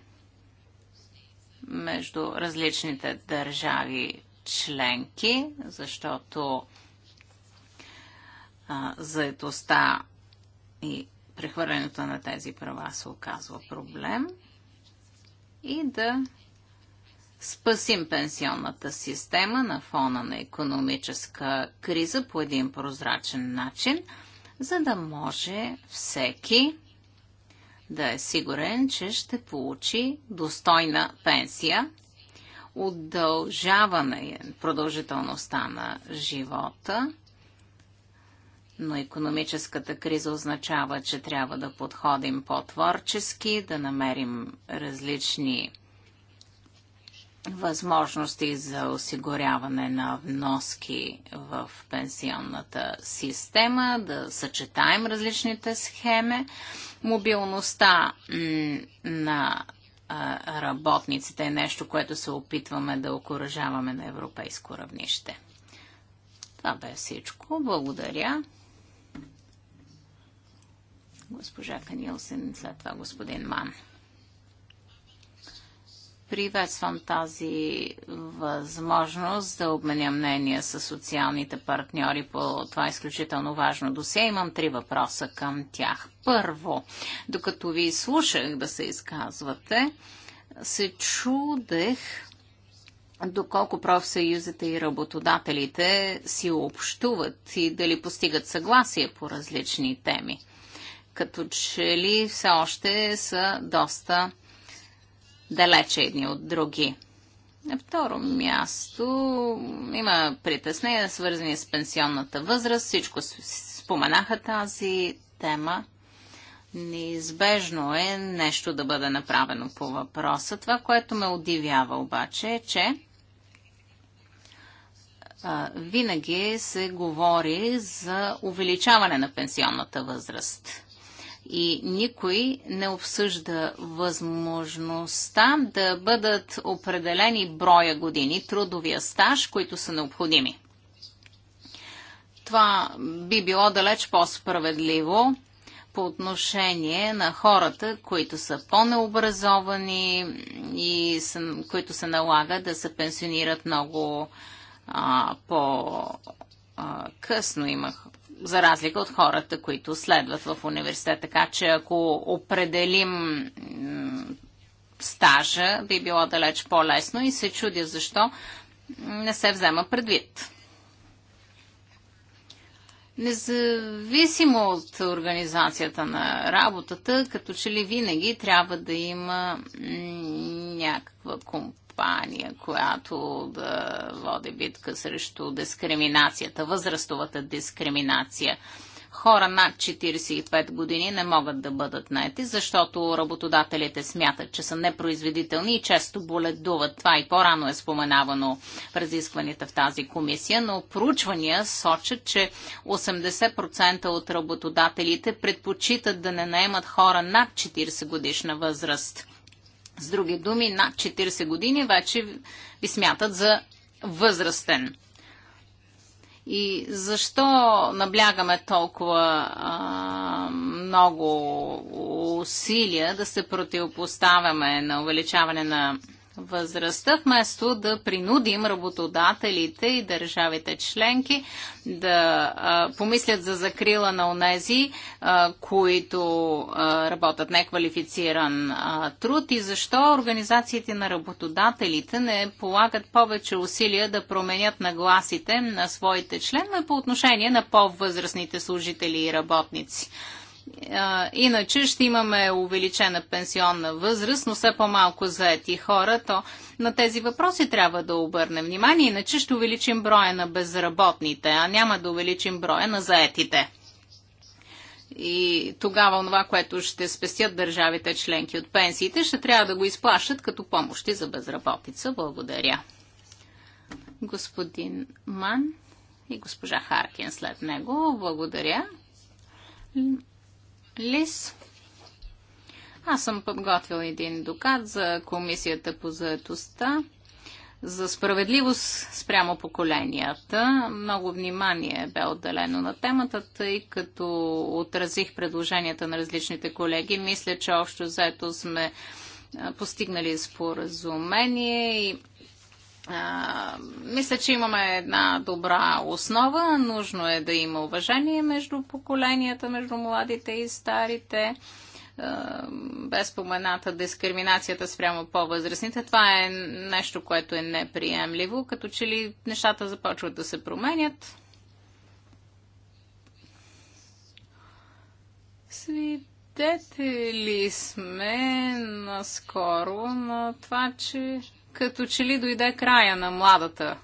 между различните държави членки, защото заедостта и прехвърлянето на тези права се оказва проблем и да спасим пенсионната система на фона на економическа криза по един прозрачен начин, за да може всеки да е сигурен, че ще получи достойна пенсия, удължаване продължителността на живота, но економическата криза означава, че трябва да подходим по-творчески, да намерим различни възможности за осигуряване на вноски в пенсионната система, да съчетаем различните схеми, мобилността на работниците е нещо, което се опитваме да окоръжаваме на европейско равнище. Това бе всичко. Благодаря. Госпожа Канилсен, след това господин Ман. Приветствам тази възможност да обменя мнение с социалните партньори по това изключително важно досие. Имам три въпроса към тях. Първо, докато ви слушах да се изказвате, се чудех доколко профсъюзите и работодателите си общуват и дали постигат съгласие по различни теми. Като че ли все още са доста далече едни от други. На второ място има притеснения, свързани с пенсионната възраст. Всичко споменаха тази тема. Неизбежно е нещо да бъде направено по въпроса. Това, което ме удивява обаче е, че винаги се говори за увеличаване на пенсионната възраст и никой не обсъжда възможността да бъдат определени броя години трудовия стаж, които са необходими. Това би било далеч по-справедливо по отношение на хората, които са по-необразовани и са, които се налага да се пенсионират много по-късно. Имах за разлика от хората, които следват в университет. Така че ако определим стажа, би било далеч по-лесно и се чудя защо не се взема предвид. Независимо от организацията на работата, като че ли винаги трябва да има някаква компания кампания, която да води битка срещу дискриминацията, възрастовата дискриминация. Хора над 45 години не могат да бъдат наети, защото работодателите смятат, че са непроизведителни и често боледуват. Това и по-рано е споменавано в разискванията в тази комисия, но проучвания сочат, че 80% от работодателите предпочитат да не наемат хора над 40 годишна възраст – с други думи, над 40 години вече ви смятат за възрастен. И защо наблягаме толкова а, много усилия да се противопоставяме на увеличаване на възрастта, вместо да принудим работодателите и държавите членки да а, помислят за закрила на онези, а, които а, работят неквалифициран а, труд и защо организациите на работодателите не полагат повече усилия да променят нагласите на своите членове по отношение на по-възрастните служители и работници иначе ще имаме увеличена пенсионна възраст, но все по-малко заети хора, то на тези въпроси трябва да обърнем внимание, иначе ще увеличим броя на безработните, а няма да увеличим броя на заетите. И тогава това, което ще спестят държавите членки от пенсиите, ще трябва да го изплащат като помощи за безработица. Благодаря. Господин Ман и госпожа Харкин след него. Благодаря. Лис. Аз съм подготвил един доклад за Комисията по заедостта за справедливост спрямо поколенията. Много внимание бе отделено на темата, тъй като отразих предложенията на различните колеги. Мисля, че общо заето сме постигнали споразумение и мисля, че имаме една добра основа. Нужно е да има уважение между поколенията, между младите и старите. без спомената дискриминацията спрямо по-възрастните. Това е нещо, което е неприемливо, като че ли нещата започват да се променят. свидетели сме наскоро на това, че като че ли дойде края на младата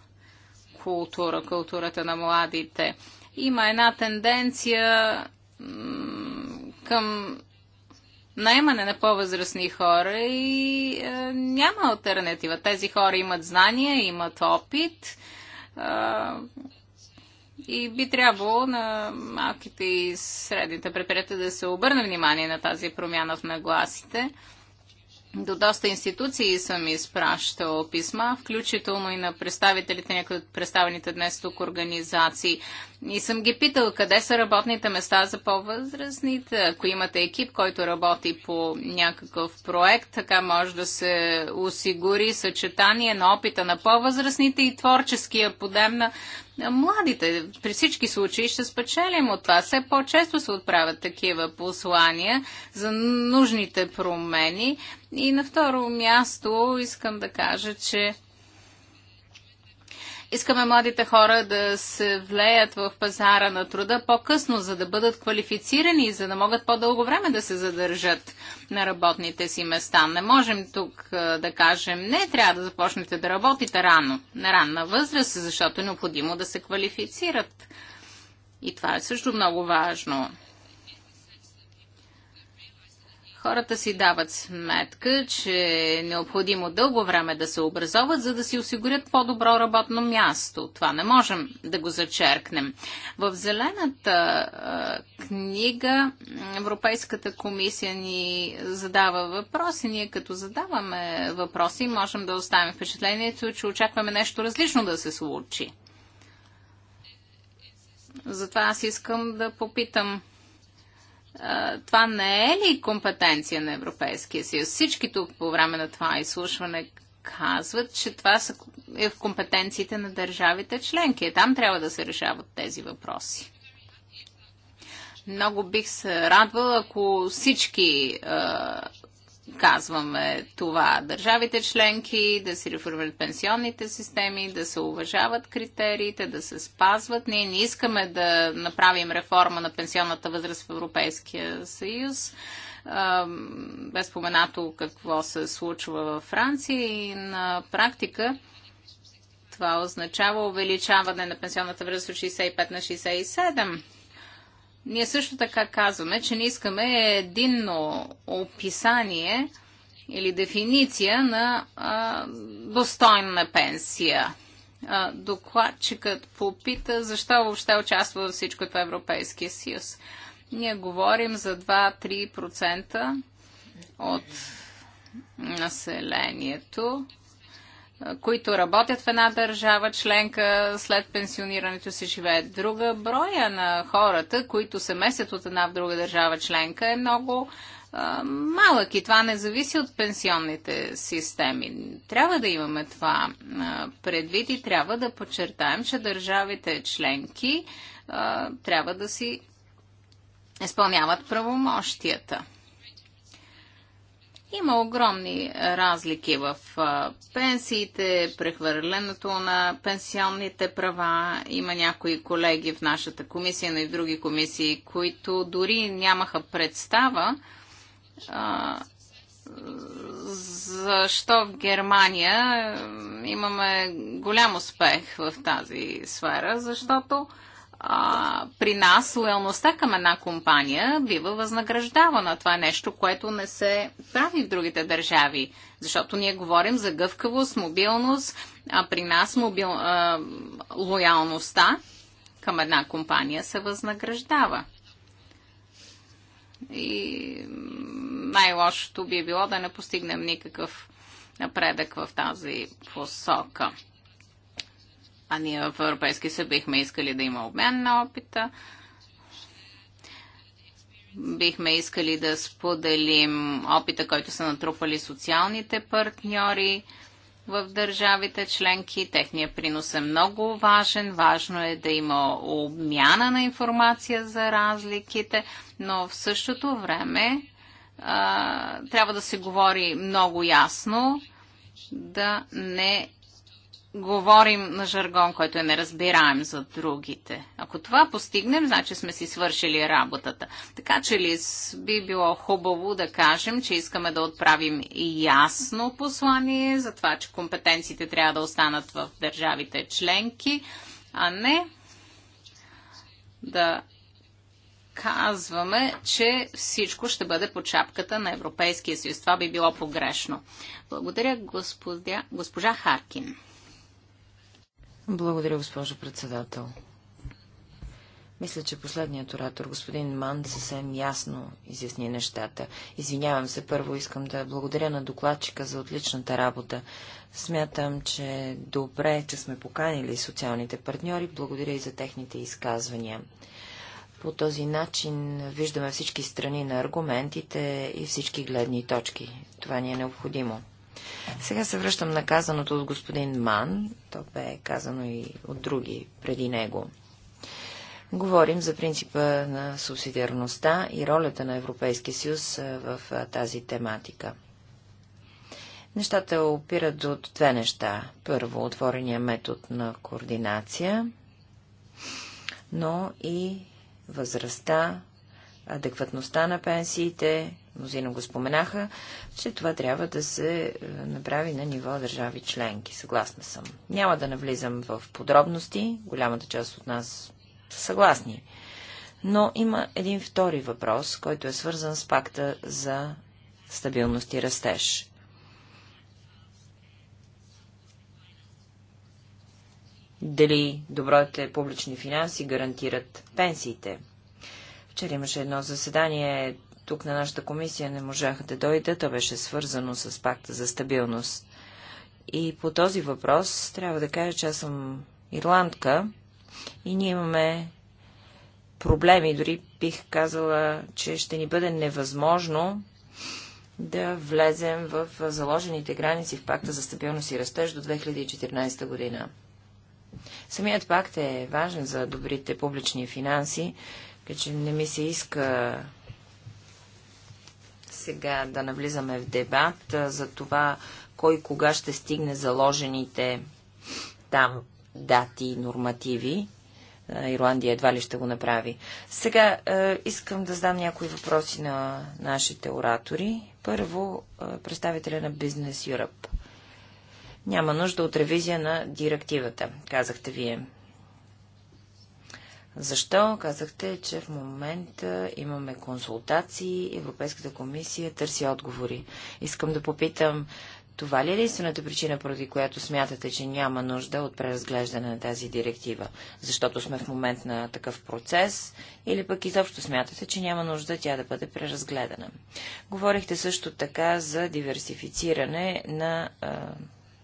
култура, културата на младите. Има една тенденция към наемане на по-възрастни хора и е, няма альтернатива. Тези хора имат знания, имат опит е, и би трябвало на малките и средните предприятия да се обърне внимание на тази промяна в нагласите до доста институции съм изпращал писма, включително и на представителите, някои от представените днес тук организации. И съм ги питал къде са работните места за по-възрастните. Ако имате екип, който работи по някакъв проект, така може да се осигури съчетание на опита на по-възрастните и творческия подем на младите. При всички случаи ще спечелим от това. Все по-често се отправят такива послания за нужните промени. И на второ място искам да кажа, че Искаме младите хора да се влеят в пазара на труда по-късно, за да бъдат квалифицирани и за да могат по-дълго време да се задържат на работните си места. Не можем тук да кажем, не, трябва да започнете да работите рано, на ранна възраст, защото е необходимо да се квалифицират. И това е също много важно. Хората си дават сметка, че е необходимо дълго време да се образоват, за да си осигурят по-добро работно място. Това не можем да го зачеркнем. В зелената е, книга Европейската комисия ни задава въпроси. Ние като задаваме въпроси, можем да оставим впечатлението, че очакваме нещо различно да се случи. Затова аз искам да попитам това не е ли компетенция на Европейския съюз? Всички тук по време на това изслушване казват, че това е в компетенциите на държавите членки. Е, там трябва да се решават тези въпроси. Много бих се радвала, ако всички а, казваме това. Държавите членки да си реформират пенсионните системи, да се уважават критериите, да се спазват. Ние не искаме да направим реформа на пенсионната възраст в Европейския съюз. Без споменато какво се случва във Франция и на практика това означава увеличаване на пенсионната възраст от 65 на 67 ние също така казваме, че не искаме единно описание или дефиниция на а, достойна пенсия. А, докладчикът попита защо въобще участва в всичко това Европейския съюз. Ние говорим за 2-3% от населението които работят в една държава членка, след пенсионирането си живеят друга. Броя на хората, които се месят от една в друга държава членка е много а, малък и това не зависи от пенсионните системи. Трябва да имаме това а, предвид и трябва да подчертаем, че държавите членки а, трябва да си изпълняват правомощията. Има огромни разлики в пенсиите, прехвърленото на пенсионните права. Има някои колеги в нашата комисия, но и в други комисии, които дори нямаха представа защо в Германия имаме голям успех в тази сфера, защото а, при нас лоялността към една компания бива възнаграждавана. Това е нещо, което не се прави в другите държави, защото ние говорим за гъвкавост, мобилност, а при нас мобил, а, лоялността към една компания се възнаграждава. И най-лошото би било да не постигнем никакъв напредък в тази посока а ние в Европейския съд бихме искали да има обмен на опита. Бихме искали да споделим опита, който са натрупали социалните партньори в държавите членки. Техният принос е много важен. Важно е да има обмяна на информация за разликите, но в същото време а, трябва да се говори много ясно, да не говорим на жаргон, който е неразбираем за другите. Ако това постигнем, значи сме си свършили работата. Така че ли би било хубаво да кажем, че искаме да отправим ясно послание за това, че компетенциите трябва да останат в държавите членки, а не да казваме, че всичко ще бъде по чапката на Европейския съюз. Това би било погрешно. Благодаря, господя, госпожа Харкин. Благодаря, госпожо председател. Мисля, че последният оратор, господин Ман, съвсем ясно изясни нещата. Извинявам се, първо искам да благодаря на докладчика за отличната работа. Смятам, че добре, че сме поканили социалните партньори. Благодаря и за техните изказвания. По този начин виждаме всички страни на аргументите и всички гледни точки. Това ни е необходимо. Сега се връщам на казаното от господин Ман. То бе казано и от други преди него. Говорим за принципа на субсидиарността и ролята на Европейския съюз в тази тематика. Нещата опират до две неща. Първо, отворения метод на координация, но и възрастта, адекватността на пенсиите, мнозина го споменаха, че това трябва да се е, направи на ниво държави членки. Съгласна съм. Няма да навлизам в подробности, голямата част от нас са съгласни. Но има един втори въпрос, който е свързан с пакта за стабилност и растеж. Дали добрите публични финанси гарантират пенсиите? Вчера имаше едно заседание тук на нашата комисия не можаха да дойдат, то беше свързано с пакта за стабилност. И по този въпрос трябва да кажа, че аз съм ирландка и ние имаме проблеми. Дори бих казала, че ще ни бъде невъзможно да влезем в заложените граници в пакта за стабилност и растеж до 2014 година. Самият пакт е важен за добрите публични финанси, като че не ми се иска сега да навлизаме в дебат за това, кой кога ще стигне заложените там дати и нормативи. Ирландия едва ли ще го направи. Сега искам да задам някои въпроси на нашите оратори. Първо, представителя на Business Europe. Няма нужда от ревизия на директивата, казахте вие. Защо? Казахте, че в момента имаме консултации, Европейската комисия търси отговори. Искам да попитам, това ли е единствената причина, поради която смятате, че няма нужда от преразглеждане на тази директива? Защото сме в момент на такъв процес или пък изобщо смятате, че няма нужда тя да бъде преразгледана? Говорихте също така за диверсифициране на а,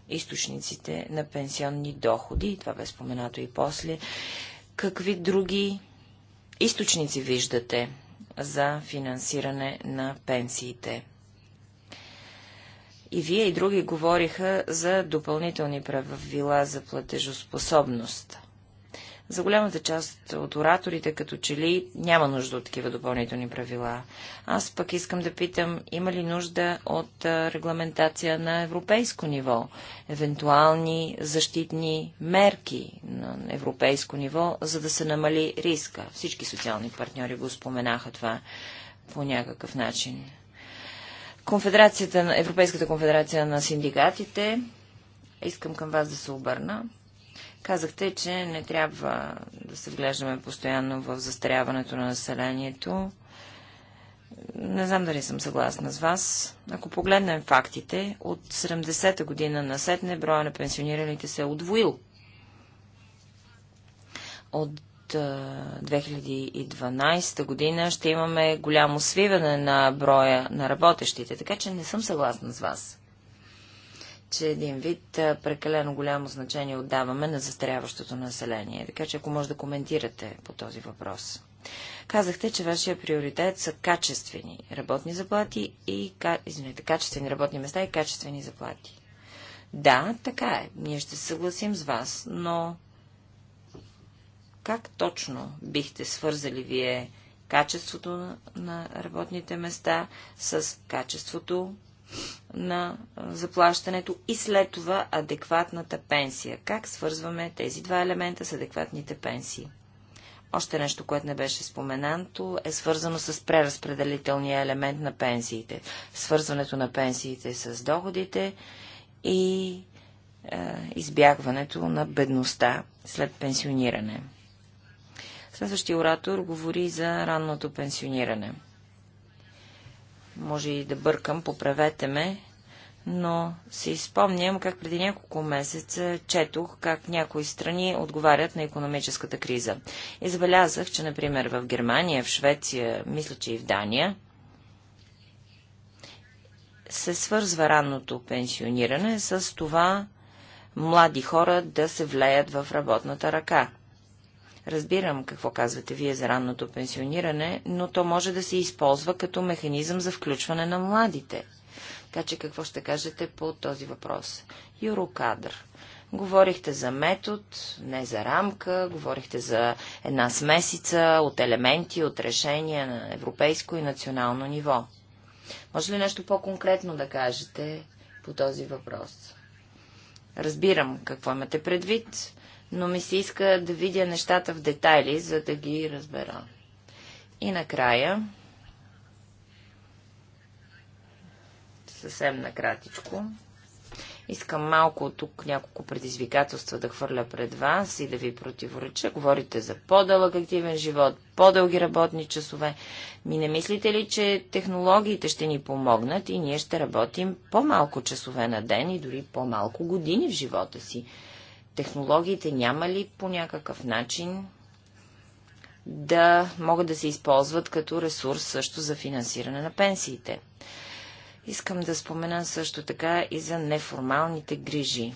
източниците на пенсионни доходи, това бе споменато и после. Какви други източници виждате за финансиране на пенсиите? И вие и други говориха за допълнителни правила за платежоспособност. За голямата част от ораторите, като че ли, няма нужда от такива допълнителни правила. Аз пък искам да питам, има ли нужда от регламентация на европейско ниво, евентуални защитни мерки на европейско ниво, за да се намали риска. Всички социални партньори го споменаха това по някакъв начин. Конфедерацията, Европейската конфедерация на синдикатите, искам към вас да се обърна. Казахте, че не трябва да се вглеждаме постоянно в застаряването на населението. Не знам дали съм съгласна с вас. Ако погледнем фактите, от 70-та година на сетне броя на пенсионираните се е удвоил. От 2012 година ще имаме голямо свиване на броя на работещите, така че не съм съгласна с вас че един вид прекалено голямо значение отдаваме на застаряващото население. Така че ако може да коментирате по този въпрос. Казахте, че вашия приоритет са качествени работни заплати и, извинете, качествени работни места и качествени заплати. Да, така е. Ние ще се съгласим с вас, но как точно бихте свързали вие качеството на работните места с качеството на заплащането и след това адекватната пенсия. Как свързваме тези два елемента с адекватните пенсии? Още нещо, което не беше споменато, е свързано с преразпределителния елемент на пенсиите. Свързването на пенсиите с доходите и е, избягването на бедността след пенсиониране. Следващия оратор говори за ранното пенсиониране – може и да бъркам, поправете ме, но си изпомням как преди няколко месеца четох как някои страни отговарят на економическата криза. И забелязах, че, например, в Германия, в Швеция, мисля, че и в Дания, се свързва ранното пенсиониране с това млади хора да се влеят в работната ръка. Разбирам какво казвате вие за ранното пенсиониране, но то може да се използва като механизъм за включване на младите. Така че какво ще кажете по този въпрос? Юрокадър. Говорихте за метод, не за рамка, говорихте за една смесица от елементи, от решения на европейско и национално ниво. Може ли нещо по-конкретно да кажете по този въпрос? Разбирам какво имате предвид но ми се иска да видя нещата в детайли, за да ги разбера. И накрая, съвсем накратичко, искам малко тук няколко предизвикателства да хвърля пред вас и да ви противореча. Говорите за по-дълъг активен живот, по-дълги работни часове. Ми не мислите ли, че технологиите ще ни помогнат и ние ще работим по-малко часове на ден и дори по-малко години в живота си? технологиите няма ли по някакъв начин да могат да се използват като ресурс също за финансиране на пенсиите? Искам да спомена също така и за неформалните грижи.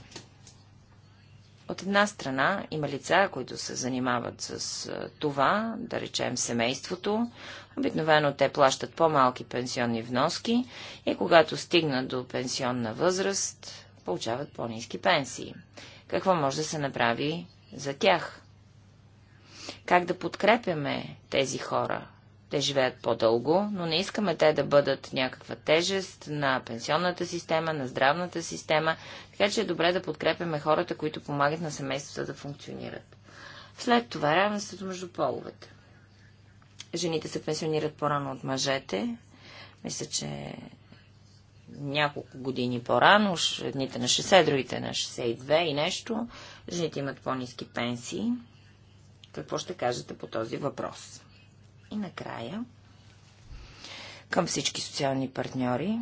От една страна има лица, които се занимават с това, да речем семейството. Обикновено те плащат по-малки пенсионни вноски и когато стигнат до пенсионна възраст, получават по-низки пенсии какво може да се направи за тях. Как да подкрепяме тези хора? Те живеят по-дълго, но не искаме те да бъдат някаква тежест на пенсионната система, на здравната система, така че е добре да подкрепяме хората, които помагат на семействата да функционират. След това равенството между половете. Жените се пенсионират по-рано от мъжете. Мисля, че няколко години по-рано, едните на 60, другите на 62 и нещо, жените имат по-низки пенсии. Какво ще кажете по този въпрос? И накрая, към всички социални партньори,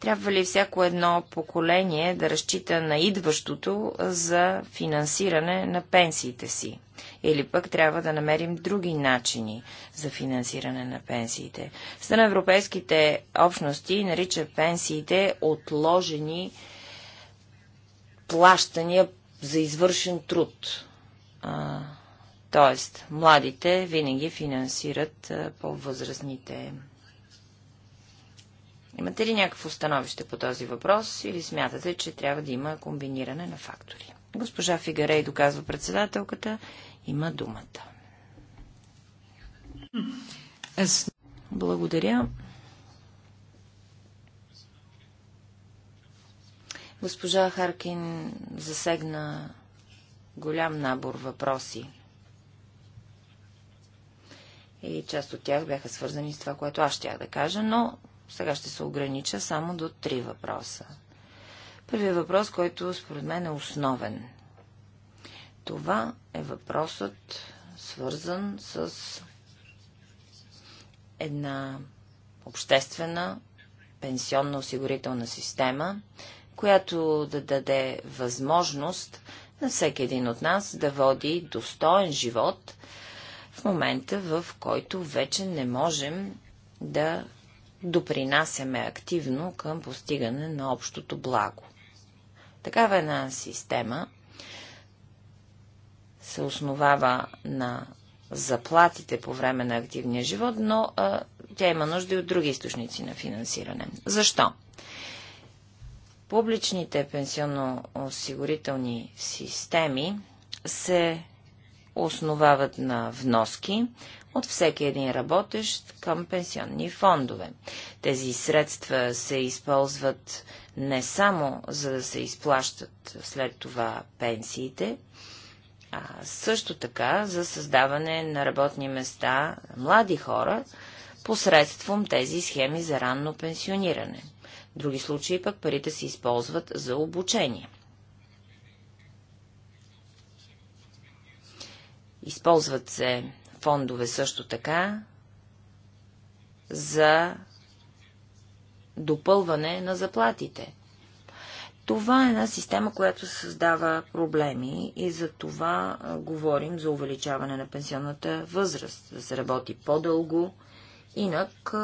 трябва ли всяко едно поколение да разчита на идващото за финансиране на пенсиите си? Или пък трябва да намерим други начини за финансиране на пенсиите. Стана европейските общности нарича пенсиите отложени плащания за извършен труд. А, тоест, младите винаги финансират по-възрастните. Имате ли някакво становище по този въпрос или смятате, че трябва да има комбиниране на фактори? Госпожа Фигарей доказва председателката има думата. Благодаря. Госпожа Харкин засегна голям набор въпроси. И част от тях бяха свързани с това, което аз щях да кажа, но сега ще се огранича само до три въпроса. Първият въпрос, който според мен е основен. Това е въпросът, свързан с една обществена пенсионно-осигурителна система, която да даде възможност на всеки един от нас да води достоен живот в момента, в който вече не можем да допринасяме активно към постигане на общото благо. Такава е една система се основава на заплатите по време на активния живот, но а, тя има нужда и от други източници на финансиране. Защо? Публичните пенсионно-осигурителни системи се основават на вноски от всеки един работещ към пенсионни фондове. Тези средства се използват не само за да се изплащат след това пенсиите, а, също така за създаване на работни места на млади хора посредством тези схеми за ранно пенсиониране. В други случаи пък парите се използват за обучение. Използват се фондове също така за допълване на заплатите. Това е една система, която създава проблеми и за това говорим за увеличаване на пенсионната възраст, да се работи по-дълго, инак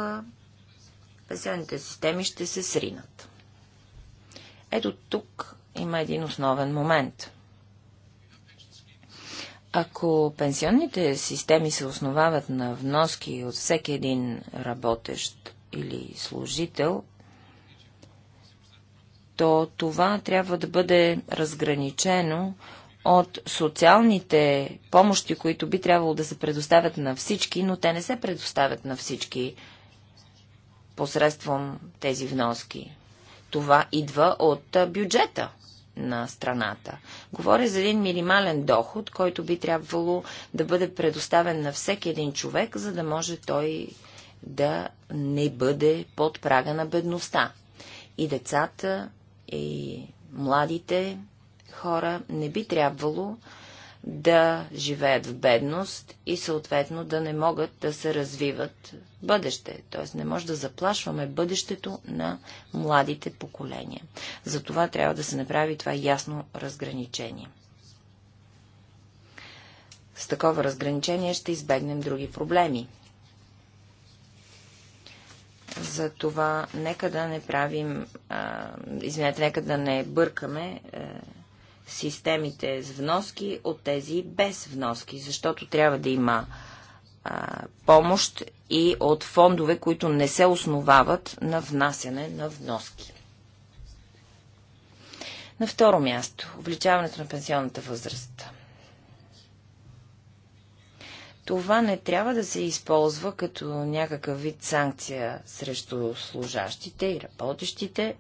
пенсионните системи ще се сринат. Ето тук има един основен момент. Ако пенсионните системи се основават на вноски от всеки един работещ или служител, то това трябва да бъде разграничено от социалните помощи, които би трябвало да се предоставят на всички, но те не се предоставят на всички посредством тези вноски. Това идва от бюджета на страната. Говоря за един минимален доход, който би трябвало да бъде предоставен на всеки един човек, за да може той да не бъде под прага на бедността. И децата и младите хора не би трябвало да живеят в бедност и съответно да не могат да се развиват бъдеще. Т.е. не може да заплашваме бъдещето на младите поколения. За това трябва да се направи това ясно разграничение. С такова разграничение ще избегнем други проблеми. За това нека да не правим, а, извинете, нека да не бъркаме а, е, системите с вноски от тези без вноски, защото трябва да има а, помощ и от фондове, които не се основават на внасяне на вноски. На второ място, увеличаването на пенсионната възраст това не трябва да се използва като някакъв вид санкция срещу служащите и работещите.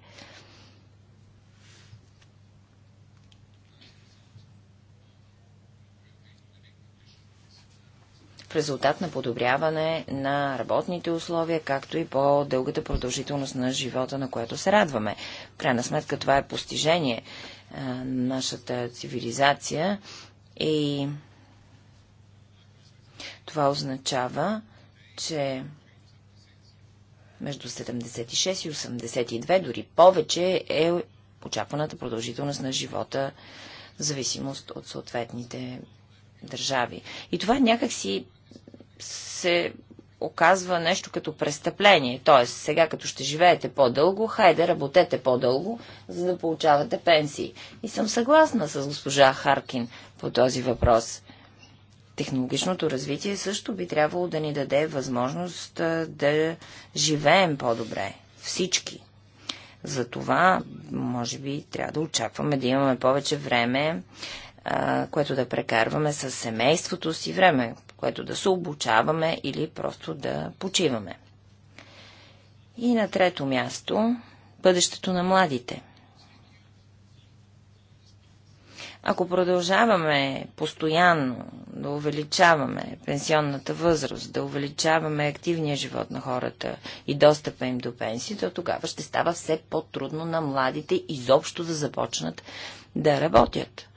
В резултат на подобряване на работните условия, както и по-дългата продължителност на живота, на която се радваме. В крайна сметка това е постижение на нашата цивилизация и това означава, че между 76 и 82, дори повече, е очакваната продължителност на живота в зависимост от съответните държави. И това някакси се оказва нещо като престъпление. Тоест, сега като ще живеете по-дълго, хайде, работете по-дълго, за да получавате пенсии. И съм съгласна с госпожа Харкин по този въпрос. Технологичното развитие също би трябвало да ни даде възможност да живеем по-добре. Всички. Затова, може би, трябва да очакваме да имаме повече време, което да прекарваме с семейството си време, което да се обучаваме или просто да почиваме. И на трето място, бъдещето на младите – Ако продължаваме постоянно да увеличаваме пенсионната възраст, да увеличаваме активния живот на хората и достъпа им до пенсии, то тогава ще става все по-трудно на младите изобщо да започнат да работят.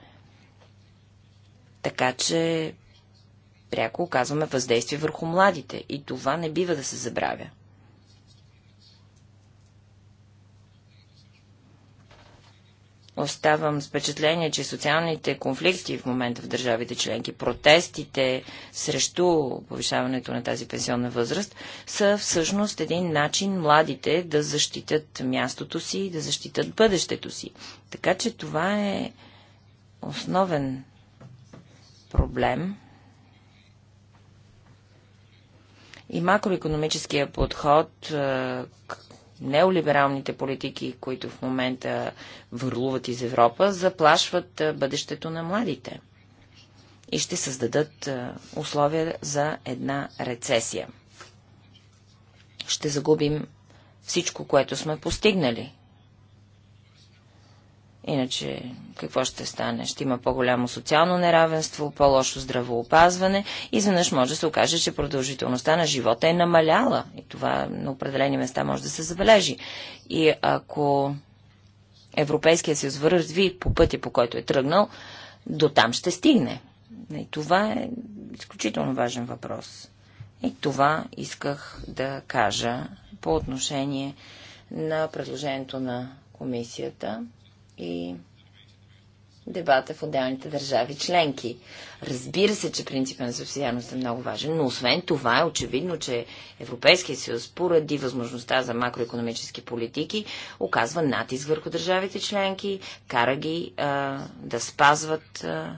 Така че пряко оказваме въздействие върху младите и това не бива да се забравя. оставам с впечатление, че социалните конфликти в момента в държавите членки, протестите срещу повишаването на тази пенсионна възраст, са всъщност един начин младите да защитят мястото си и да защитят бъдещето си. Така че това е основен проблем. И макроекономическия подход неолибералните политики, които в момента върлуват из Европа, заплашват бъдещето на младите и ще създадат условия за една рецесия. Ще загубим всичко, което сме постигнали. Иначе какво ще стане? Ще има по-голямо социално неравенство, по-лошо здравоопазване. Изведнъж може да се окаже, че продължителността на живота е намаляла. И това на определени места може да се забележи. И ако Европейския съюз върви по пътя, по който е тръгнал, до там ще стигне. И това е изключително важен въпрос. И това исках да кажа по отношение на предложението на комисията и дебата в отделните държави членки. Разбира се, че принципът на субсидиарност е много важен, но освен това е очевидно, че Европейския съюз поради възможността за макроекономически политики оказва натиск върху държавите членки, кара ги а, да спазват а,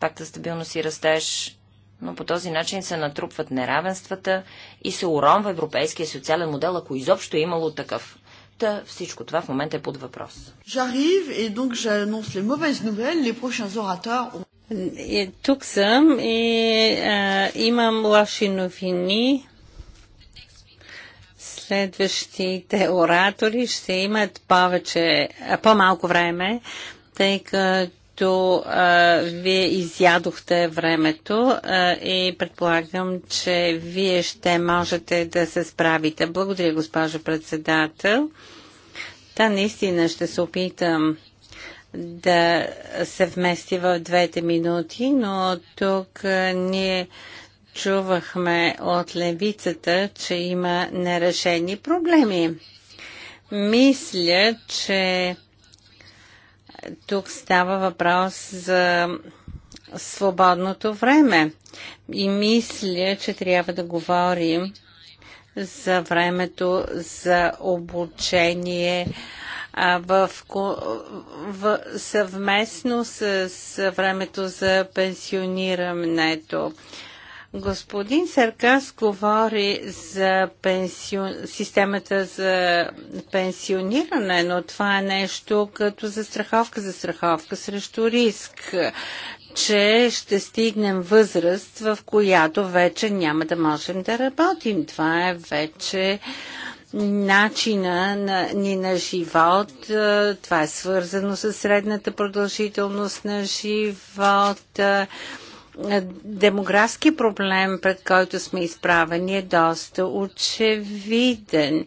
пакта стабилност и растеж, но по този начин се натрупват неравенствата и се уронва европейския социален модел, ако изобщо е имало такъв. Та всичко това в момента е под въпрос. Тук съм и а, имам лоши новини. Следващите оратори ще имат повече, по-малко време, тъй като които а, вие изядохте времето а, и предполагам, че вие ще можете да се справите. Благодаря, госпожо председател. Та да, наистина ще се опитам да се вмести в двете минути, но тук а, ние чувахме от левицата, че има нерешени проблеми. Мисля, че тук става въпрос за свободното време. И мисля, че трябва да говорим за времето за обучение в, в, съвместно с времето за пенсионирането. Господин Саркас говори за пенсион... системата за пенсиониране, но това е нещо като застраховка за страховка срещу риск че ще стигнем възраст, в която вече няма да можем да работим. Това е вече начина на, ни на живот. Това е свързано с средната продължителност на живота демографски проблем, пред който сме изправени, е доста очевиден.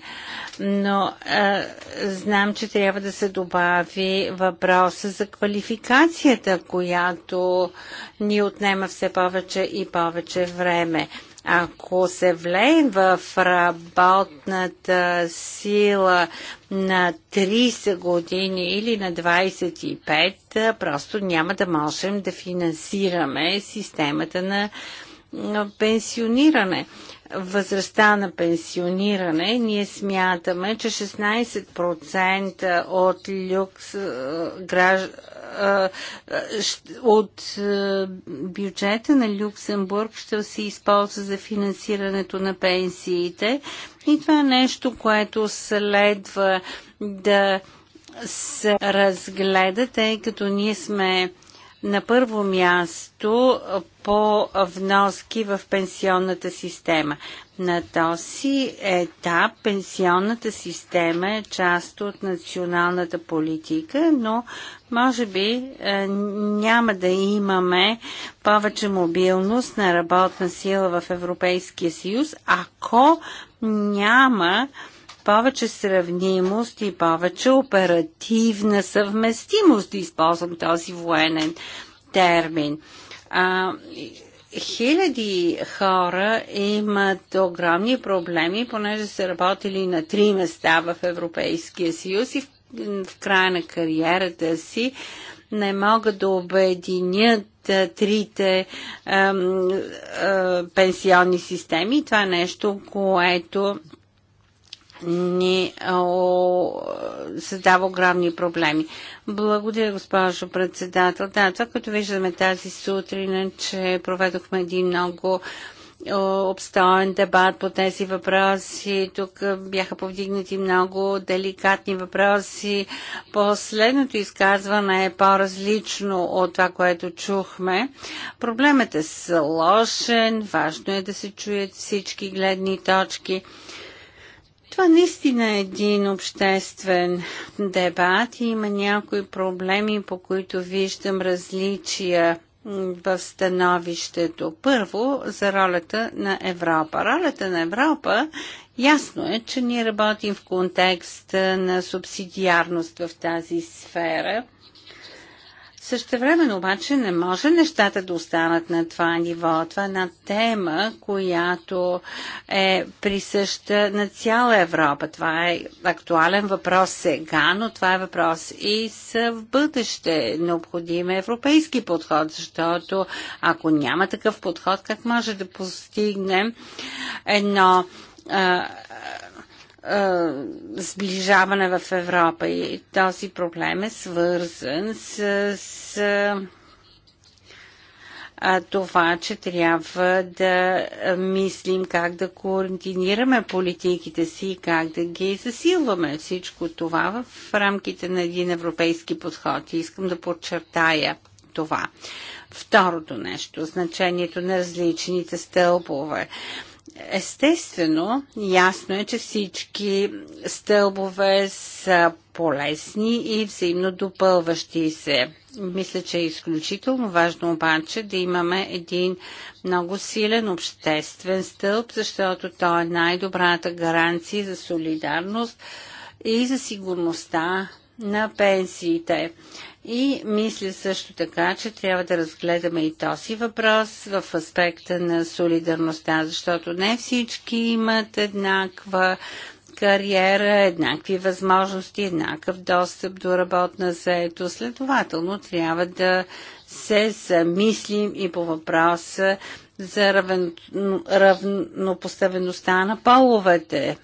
Но е, знам, че трябва да се добави въпроса за квалификацията, която ни отнема все повече и повече време. Ако се влеем в работната сила на 30 години или на 25, просто няма да можем да финансираме системата на пенсиониране възрастта на пенсиониране, ние смятаме, че 16% от люкс от бюджета на Люксембург ще се използва за финансирането на пенсиите. И това е нещо, което следва да се разгледа, тъй като ние сме на първо място по вноски в пенсионната система. На този етап пенсионната система е част от националната политика, но може би е, няма да имаме повече мобилност на работна сила в Европейския съюз, ако няма повече сравнимост и повече оперативна съвместимост, да използвам този военен термин. А, хиляди хора имат огромни проблеми, понеже са работили на три места в Европейския съюз и в, в края на кариерата си не могат да обединят трите пенсионни системи. Това е нещо, което ни създава огромни проблеми. Благодаря, госпожо председател. Да, това, което виждаме тази сутрин, е, че проведохме един много обстоен дебат по тези въпроси. Тук бяха повдигнати много деликатни въпроси. Последното изказване е по-различно от това, което чухме. Проблемът е сложен, важно е да се чуят всички гледни точки. Това наистина е един обществен дебат и има някои проблеми, по които виждам различия в становището. Първо, за ролята на Европа. Ролята на Европа Ясно е, че ние работим в контекст на субсидиарност в тази сфера – също време обаче не може нещата да останат на това ниво. Това е една тема, която е присъща на цяла Европа. Това е актуален въпрос сега, но това е въпрос и с в бъдеще. Необходим е европейски подход, защото ако няма такъв подход, как може да постигнем едно сближаване в Европа. И този проблем е свързан с, с а, това, че трябва да мислим как да координираме политиките си и как да ги засилваме. Всичко това в рамките на един европейски подход. И искам да подчертая това. Второто нещо значението на различните стълбове. А, Естествено, ясно е, че всички стълбове са полезни и взаимно допълващи се. Мисля, че е изключително важно обаче да имаме един много силен обществен стълб, защото той е най-добрата гаранция за солидарност и за сигурността на пенсиите. И мисля също така, че трябва да разгледаме и този въпрос в аспекта на солидарността, защото не всички имат еднаква кариера, еднакви възможности, еднакъв достъп до работна заето. Следователно трябва да се замислим и по въпроса за равен, равнопоставеността на половете.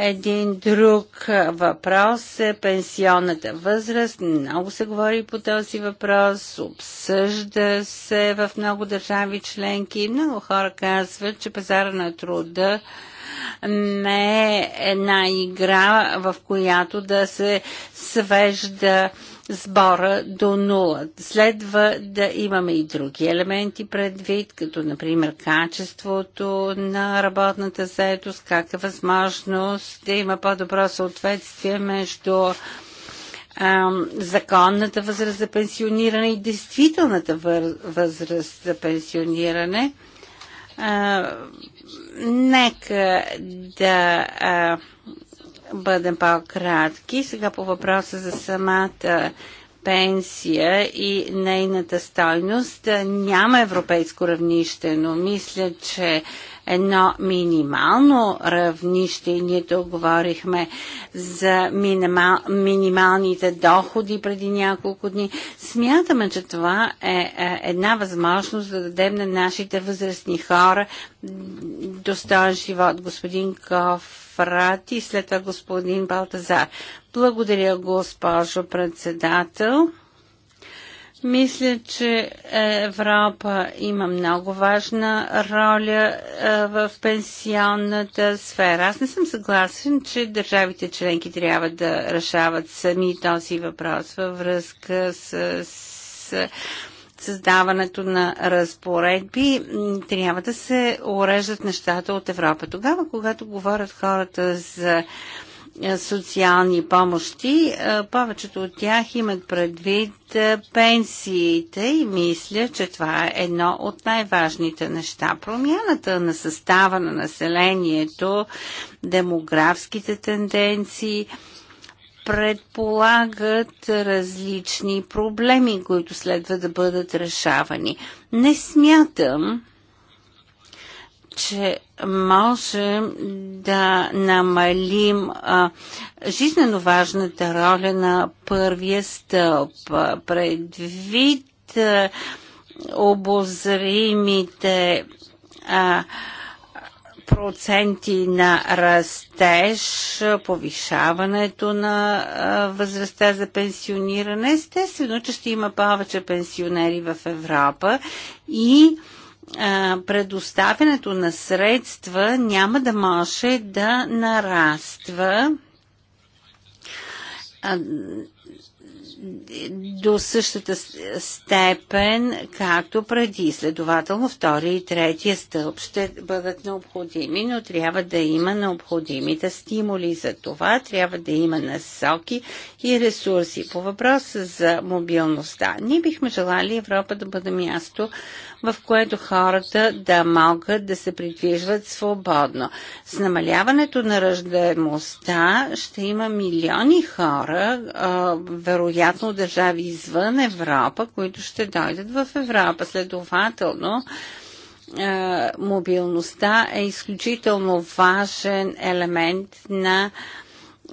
Един друг въпрос е пенсионната възраст. Много се говори по този въпрос, обсъжда се в много държави членки. Много хора казват, че пазара на труда не е една игра, в която да се свежда сбора до нула. Следва да имаме и други елементи предвид, като например качеството на работната заедост, как е възможност да има по-добро съответствие между законната възраст за пенсиониране и действителната възраст за пенсиониране. А, нека да а, бъдем по-кратки. Сега по въпроса за самата пенсия и нейната стойност няма европейско равнище, но мисля, че едно минимално равнище, и ние тук говорихме за минимал, минималните доходи преди няколко дни, смятаме, че това е, е една възможност да дадем на нашите възрастни хора достоен живот. Господин Ков Кофрати, след това господин Балтазар. Благодаря, госпожо председател. Мисля, че Европа има много важна роля е, в пенсионната сфера. Аз не съм съгласен, че държавите членки трябва да решават сами този въпрос във връзка с, с създаването на разпоредби, трябва да се уреждат нещата от Европа. Тогава, когато говорят хората за е, социални помощи, е, повечето от тях имат предвид е, пенсиите и мисля, че това е едно от най-важните неща. Промяната на състава на населението, демографските тенденции – предполагат различни проблеми, които следва да бъдат решавани. Не смятам, че можем да намалим а, жизненно важната роля на първия стълб. Предвид а, обозримите а, проценти на растеж, повишаването на възрастта за пенсиониране. Естествено, че ще има повече пенсионери в Европа и предоставянето на средства няма да може да нараства до същата степен, както преди. Следователно, втория и третия стълб ще бъдат необходими, но трябва да има необходимите стимули за това, трябва да има насоки и ресурси. По въпроса за мобилността, ние бихме желали Европа да бъде място, в което хората да могат да се придвижват свободно. С намаляването на ръждаемостта ще има милиони хора, вероятно държави извън Европа, които ще дойдат в Европа. Следователно, мобилността е изключително важен елемент на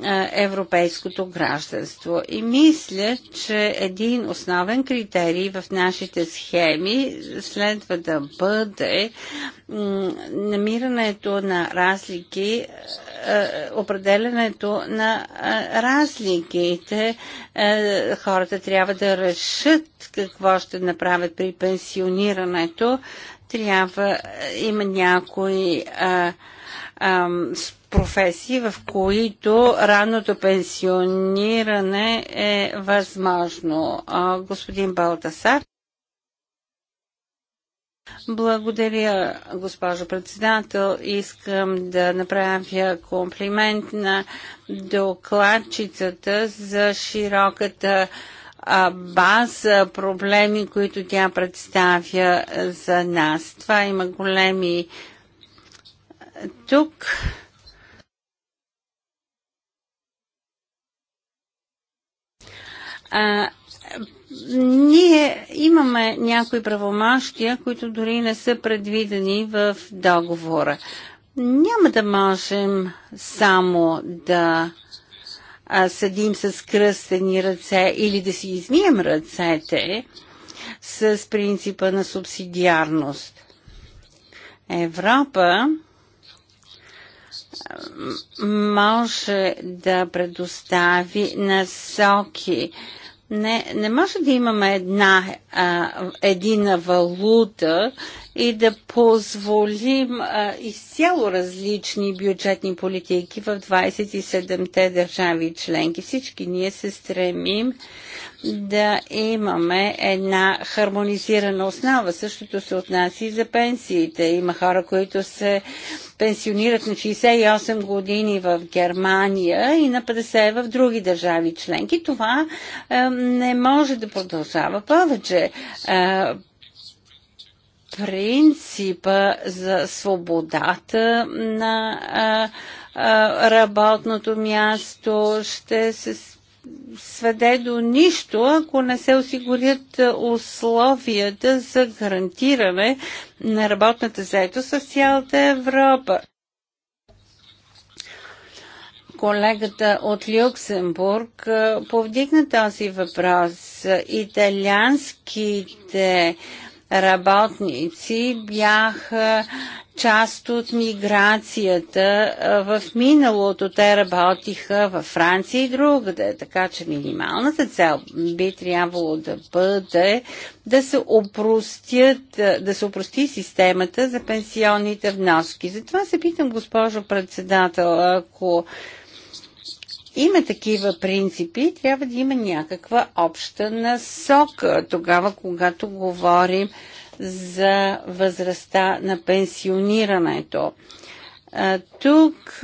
е, европейското гражданство. И мисля, че един основен критерий в нашите схеми следва да бъде намирането на разлики, е, определенето на е, разликите. Хората трябва да решат какво ще направят при пенсионирането. Трябва, има някои а, а, професии, в които ранното пенсиониране е възможно. Господин Балтасар. Благодаря, госпожо председател. Искам да направя комплимент на докладчицата за широката база проблеми, които тя представя за нас. Това има големи тук А, ние имаме някои правомащия, които дори не са предвидени в договора. Няма да можем само да а, съдим с кръстени ръце или да си измием ръцете с принципа на субсидиарност. Европа може да предостави насоки не, не може да имаме една, а, едина валута и да позволим а, изцяло различни бюджетни политики в 27-те държави членки. Всички ние се стремим да имаме една хармонизирана основа. Същото се отнася и за пенсиите. Има хора, които се пенсионират на 68 години в Германия и на 50 в други държави членки. Това е, не може да продължава повече. Е, принципа за свободата на а, а, работното място ще се сведе до нищо, ако не се осигурят условията за гарантиране на работната заетост в цялата Европа. Колегата от Люксембург повдигна този въпрос. Италианските работници бяха част от миграцията. В миналото те работиха във Франция и другаде, така че минималната цел би трябвало да бъде да се опростят, да се опрости системата за пенсионните вноски. Затова се питам, госпожо председател, ако има такива принципи, трябва да има някаква обща насока тогава, когато говорим за възрастта на пенсионирането. А, тук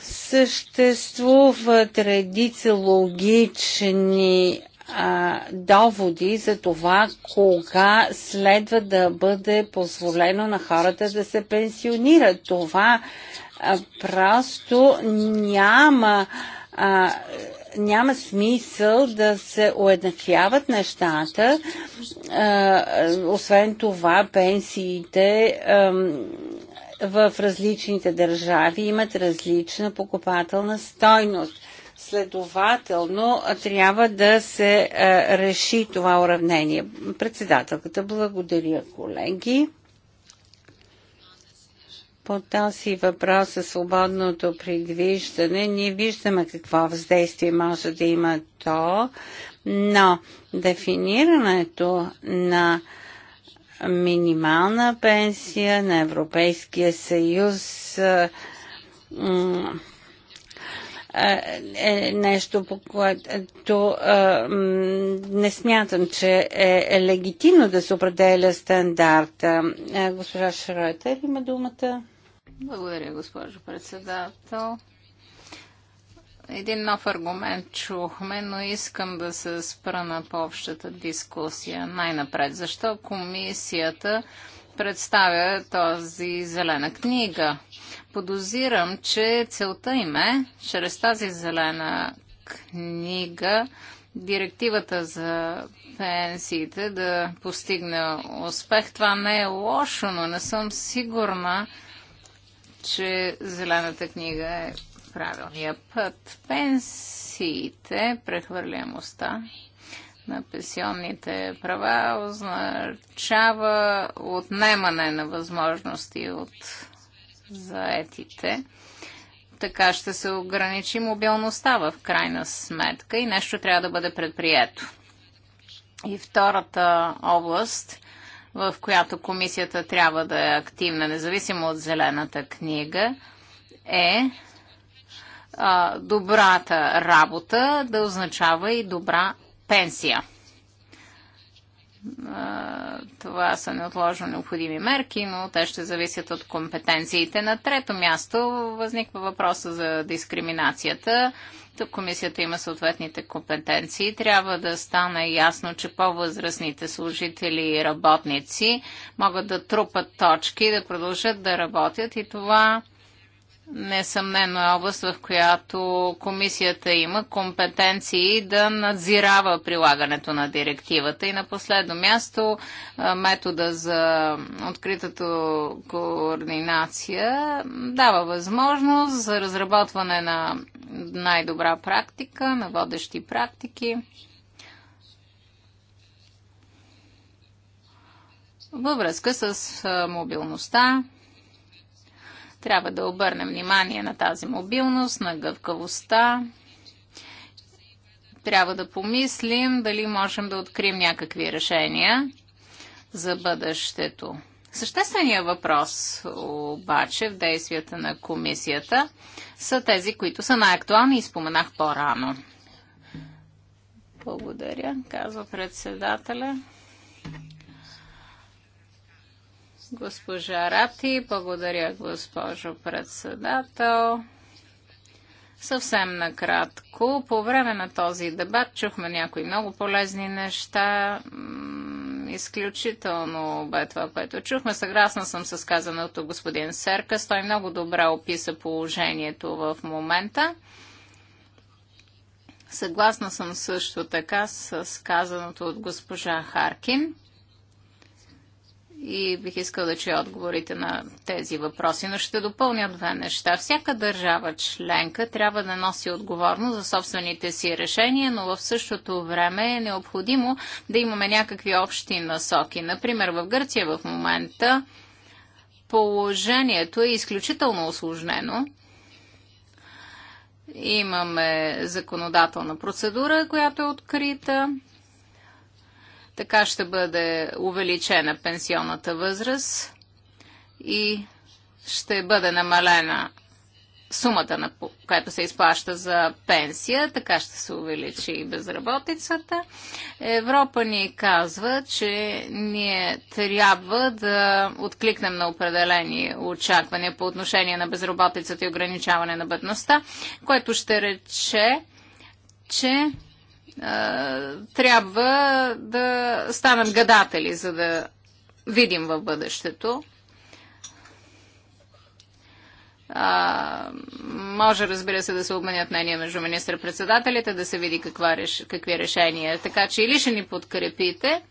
съществуват редица логични а, доводи за това кога следва да бъде позволено на хората да се пенсионират. Това просто няма а, няма смисъл да се уеднаквяват нещата. А, освен това, пенсиите а, в различните държави имат различна покупателна стойност. Следователно, трябва да се а, реши това уравнение. Председателката, благодаря, колеги. По този въпрос за свободното придвижване ние виждаме какво въздействие може да има то, но дефинирането на минимална пенсия на Европейския съюз е нещо, по което е, не смятам, че е, е легитимно да се определя стандарта. Госпожа Шройтер има думата. Благодаря, госпожо председател. Един нов аргумент чухме, но искам да се спра на по-общата дискусия най-напред. Защо комисията представя този зелена книга? Подозирам, че целта им е, чрез тази зелена книга, директивата за пенсиите да постигне успех. Това не е лошо, но не съм сигурна, че зелената книга е правилния път. Пенсиите, прехвърляемостта на пенсионните права означава отнемане на възможности от заетите. Така ще се ограничи мобилността в крайна сметка и нещо трябва да бъде предприето. И втората област в която комисията трябва да е активна, независимо от зелената книга, е а, добрата работа да означава и добра пенсия. А, това са неотложно необходими мерки, но те ще зависят от компетенциите. На трето място възниква въпроса за дискриминацията комисията има съответните компетенции. Трябва да стане ясно, че по-възрастните служители и работници могат да трупат точки, да продължат да работят и това Несъмнено е област, в която комисията има компетенции да надзирава прилагането на директивата. И на последно място метода за откритата координация дава възможност за разработване на най-добра практика, на водещи практики. Във връзка с мобилността, трябва да обърнем внимание на тази мобилност, на гъвкавостта. Трябва да помислим дали можем да открием някакви решения за бъдещето. Същественият въпрос обаче в действията на комисията са тези, които са най-актуални и споменах по-рано. Благодаря, казва председателя. Госпожа Рапти, благодаря, госпожо председател. Съвсем накратко, по време на този дебат чухме някои много полезни неща. Изключително бе това, което чухме. Съгласна съм с казаното господин Серкас. Той много добре описа положението в момента. Съгласна съм също така с казаното от госпожа Харкин и бих искал да чуя отговорите на тези въпроси, но ще допълня две неща. Всяка държава членка трябва да носи отговорност за собствените си решения, но в същото време е необходимо да имаме някакви общи насоки. Например, в Гърция в момента положението е изключително осложнено. Имаме законодателна процедура, която е открита така ще бъде увеличена пенсионната възраст и ще бъде намалена сумата, на, която се изплаща за пенсия, така ще се увеличи и безработицата. Европа ни казва, че ние трябва да откликнем на определени очаквания по отношение на безработицата и ограничаване на бедността, което ще рече, че трябва да станем гадатели, за да видим в бъдещето. А, може, разбира се, да се обменят мнения между министър-председателите, да се види каква, реш... какви решения. Така че или ще ни подкрепите,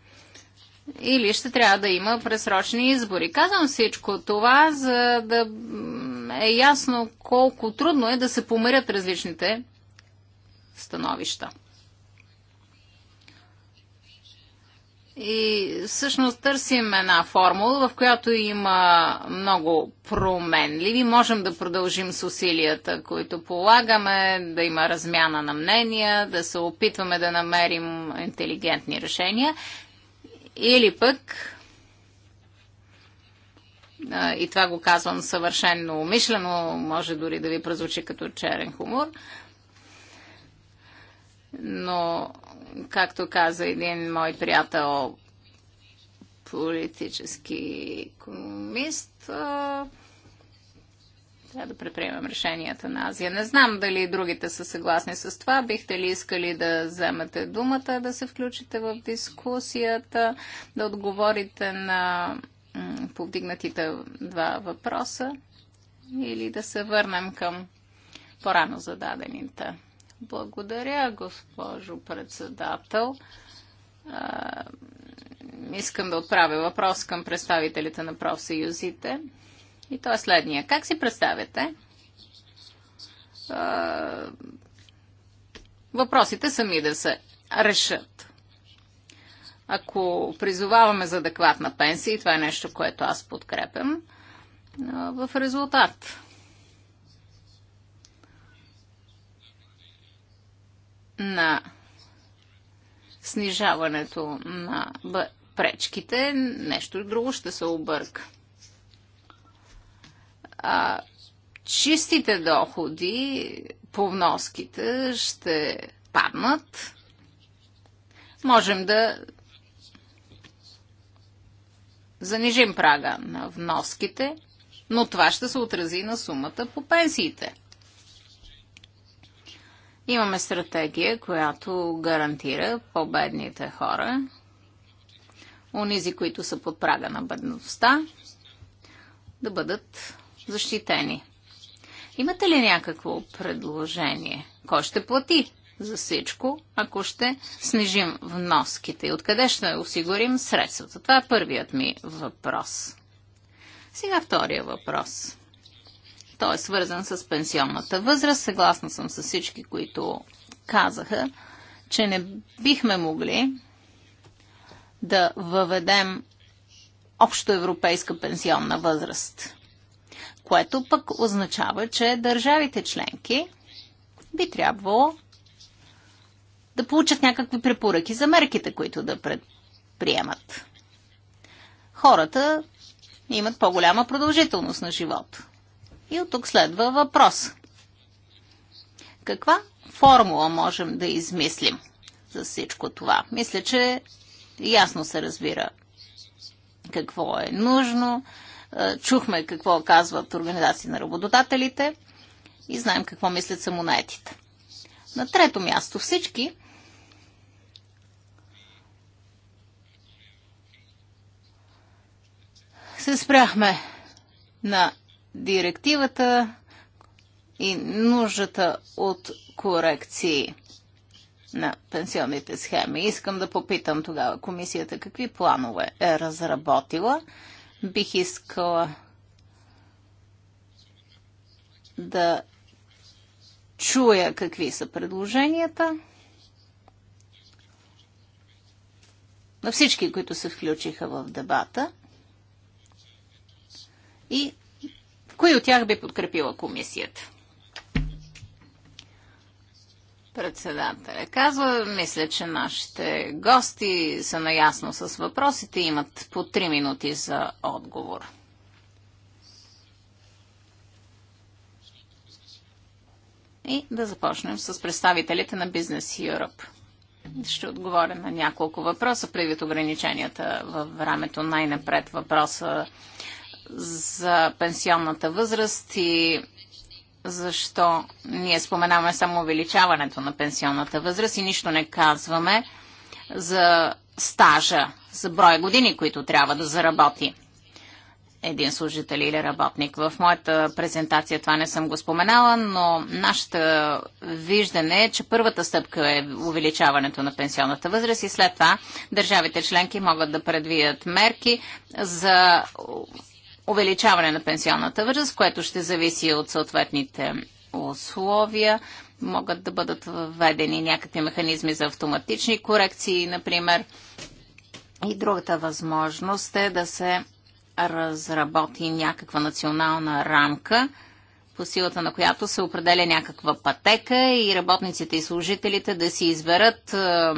или ще трябва да има пресрочни избори. Казвам всичко това, за да е ясно колко трудно е да се помирят различните становища. И всъщност търсим една формула, в която има много променливи. Можем да продължим с усилията, които полагаме, да има размяна на мнения, да се опитваме да намерим интелигентни решения. Или пък, и това го казвам съвършенно умишлено, може дори да ви прозвучи като черен хумор, но както каза един мой приятел, политически економист, трябва да предприемем решенията на Азия. Не знам дали другите са съгласни с това. Бихте ли искали да вземете думата, да се включите в дискусията, да отговорите на повдигнатите два въпроса или да се върнем към по-рано зададените? Благодаря, госпожо председател. А, искам да отправя въпрос към представителите на профсъюзите. И то е следния. Как си представяте? А, въпросите сами да се решат. Ако призоваваме за адекватна пенсия, и това е нещо, което аз подкрепям, в резултат на снижаването на пречките, нещо друго ще се обърка. А, чистите доходи по вноските ще паднат. Можем да занижим прага на вноските, но това ще се отрази на сумата по пенсиите. Имаме стратегия, която гарантира по-бедните хора, унизи, които са под прага на бедността, да бъдат защитени. Имате ли някакво предложение? Кой ще плати за всичко, ако ще снижим вноските? И откъде ще осигурим средствата? Това е първият ми въпрос. Сега втория въпрос. Той е свързан с пенсионната възраст. Съгласна съм с всички, които казаха, че не бихме могли да въведем общо европейска пенсионна възраст, което пък означава, че държавите членки би трябвало да получат някакви препоръки за мерките, които да предприемат. Хората имат по-голяма продължителност на живота. И от тук следва въпрос. Каква формула можем да измислим за всичко това? Мисля, че ясно се разбира какво е нужно. Е, чухме какво казват организации на работодателите и знаем какво мислят самонаетите. На трето място всички се спряхме на директивата и нуждата от корекции на пенсионните схеми. Искам да попитам тогава комисията какви планове е разработила. Бих искала да чуя какви са предложенията на всички, които се включиха в дебата и Кои от тях би подкрепила комисията? Председателя казва, мисля, че нашите гости са наясно с въпросите и имат по 3 минути за отговор. И да започнем с представителите на Business Europe. Ще отговоря на няколко въпроса, предвид ограниченията във времето. Най-напред въпроса за пенсионната възраст и защо ние споменаваме само увеличаването на пенсионната възраст и нищо не казваме за стажа, за броя години, които трябва да заработи един служител или работник. В моята презентация това не съм го споменала, но нашата виждане е, че първата стъпка е увеличаването на пенсионната възраст и след това държавите членки могат да предвидят мерки за увеличаване на пенсионната възраст, което ще зависи от съответните условия. Могат да бъдат введени някакви механизми за автоматични корекции, например. И другата възможност е да се разработи някаква национална рамка – по силата на която се определя някаква пътека и работниците и служителите да си изберат а,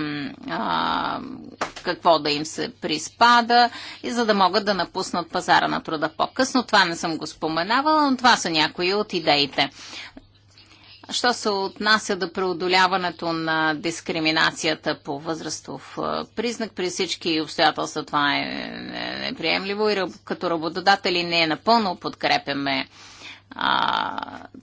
а, какво да им се приспада и за да могат да напуснат пазара на труда по-късно. Това не съм го споменавала, но това са някои от идеите. Що се отнася до преодоляването на дискриминацията по възрастов признак, при всички обстоятелства това е неприемливо е и като работодатели не е напълно подкрепяме а,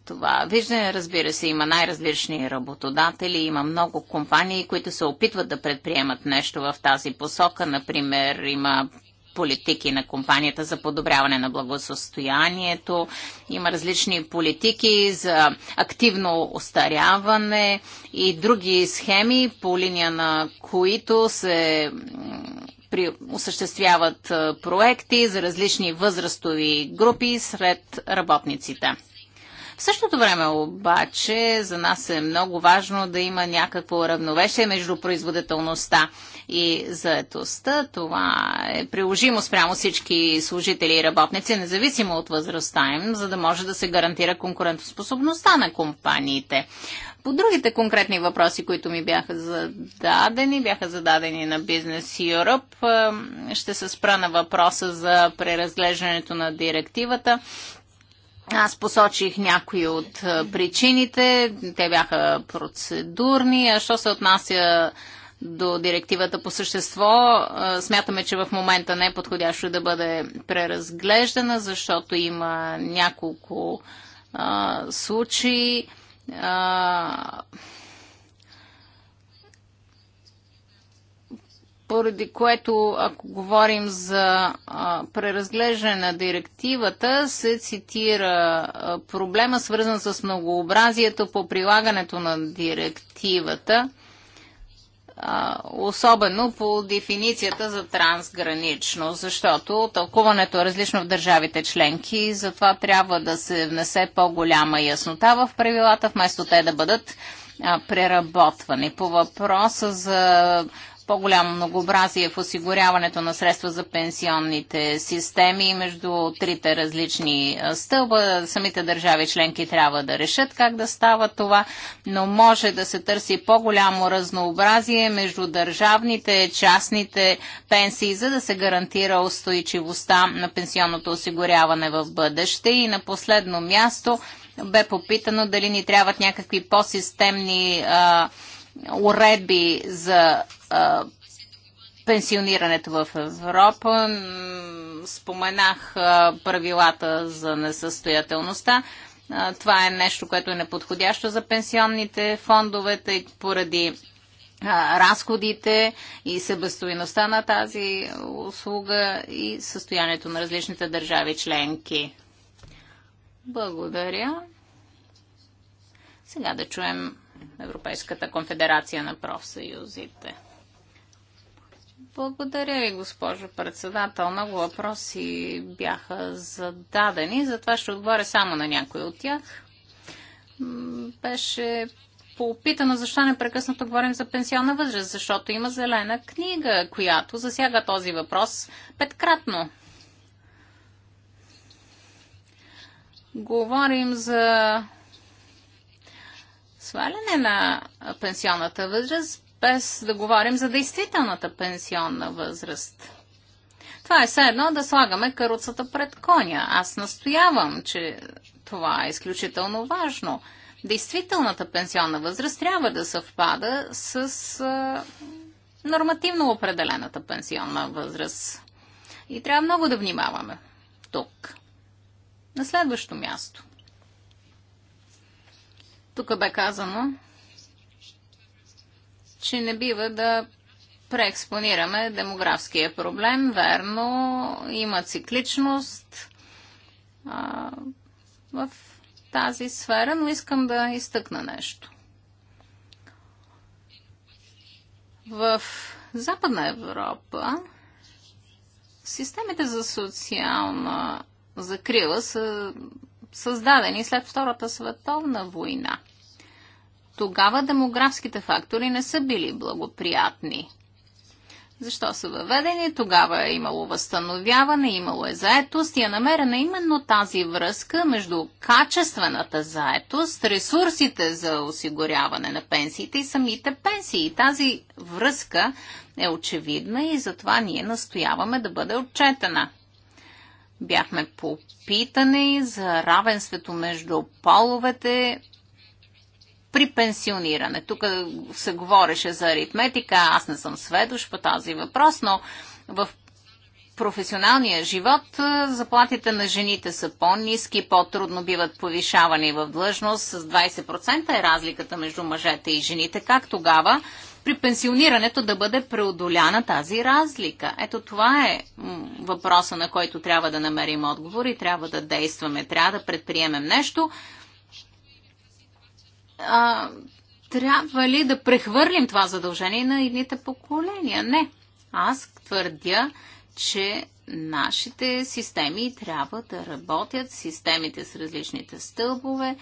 това виждане. Разбира се, има най-различни работодатели, има много компании, които се опитват да предприемат нещо в тази посока. Например, има политики на компанията за подобряване на благосостоянието. Има различни политики за активно остаряване и други схеми, по линия на които се при, осъществяват проекти за различни възрастови групи сред работниците. В същото време обаче за нас е много важно да има някакво равновесие между производителността и заетостта. Това е приложимо спрямо всички служители и работници, независимо от възрастта им, за да може да се гарантира конкурентоспособността на компаниите. По другите конкретни въпроси, които ми бяха зададени, бяха зададени на Business Europe. Е, ще се спра на въпроса за преразглеждането на директивата. Аз посочих някои от е, причините. Те бяха процедурни. А що се отнася до директивата по същество, е, смятаме, че в момента не е подходящо да бъде преразглеждана, защото има няколко а, случаи поради което, ако говорим за а, преразглеждане на директивата, се цитира а, проблема, свързан с многообразието по прилагането на директивата особено по дефиницията за трансгранично, защото тълкуването е различно в държавите членки и затова трябва да се внесе по-голяма яснота в правилата, вместо те да бъдат преработвани. По въпроса за по-голямо многообразие в осигуряването на средства за пенсионните системи между трите различни стълба. Самите държави членки трябва да решат как да става това, но може да се търси по-голямо разнообразие между държавните, частните пенсии, за да се гарантира устойчивостта на пенсионното осигуряване в бъдеще. И на последно място бе попитано дали ни трябват някакви по-системни уредби за пенсионирането в Европа. Споменах правилата за несъстоятелността. това е нещо, което е неподходящо за пенсионните фондове, тъй поради разходите и себестоиността на тази услуга и състоянието на различните държави членки. Благодаря. Сега да чуем Европейската конфедерация на профсъюзите. Благодаря ви, госпожо председател. Много въпроси бяха зададени, затова ще отговоря само на някои от тях. Беше поопитано защо непрекъснато говорим за пенсионна възраст, защото има зелена книга, която засяга този въпрос петкратно. Говорим за сваляне на пенсионната възраст, без да говорим за действителната пенсионна възраст. Това е все едно да слагаме каруцата пред коня. Аз настоявам, че това е изключително важно. Действителната пенсионна възраст трябва да съвпада с нормативно определената пенсионна възраст. И трябва много да внимаваме тук. На следващо място. Тук бе казано, че не бива да преекспонираме демографския проблем. Верно, има цикличност а, в тази сфера, но искам да изтъкна нещо. В Западна Европа системите за социална закрила са създадени след Втората световна война. Тогава демографските фактори не са били благоприятни. Защо са въведени? Тогава е имало възстановяване, имало е заетост и е намерена именно тази връзка между качествената заетост, ресурсите за осигуряване на пенсиите и самите пенсии. Тази връзка е очевидна и затова ние настояваме да бъде отчетена. Бяхме попитани за равенството между половете при пенсиониране. Тук се говореше за аритметика, аз не съм сведош по тази въпрос, но в професионалния живот заплатите на жените са по-низки, по-трудно биват повишавани в длъжност. С 20% е разликата между мъжете и жените. Как тогава при пенсионирането да бъде преодоляна тази разлика. Ето това е въпроса, на който трябва да намерим отговор и трябва да действаме, трябва да предприемем нещо. А, трябва ли да прехвърлим това задължение на едните поколения? Не. Аз твърдя, че нашите системи трябва да работят, системите с различните стълбове,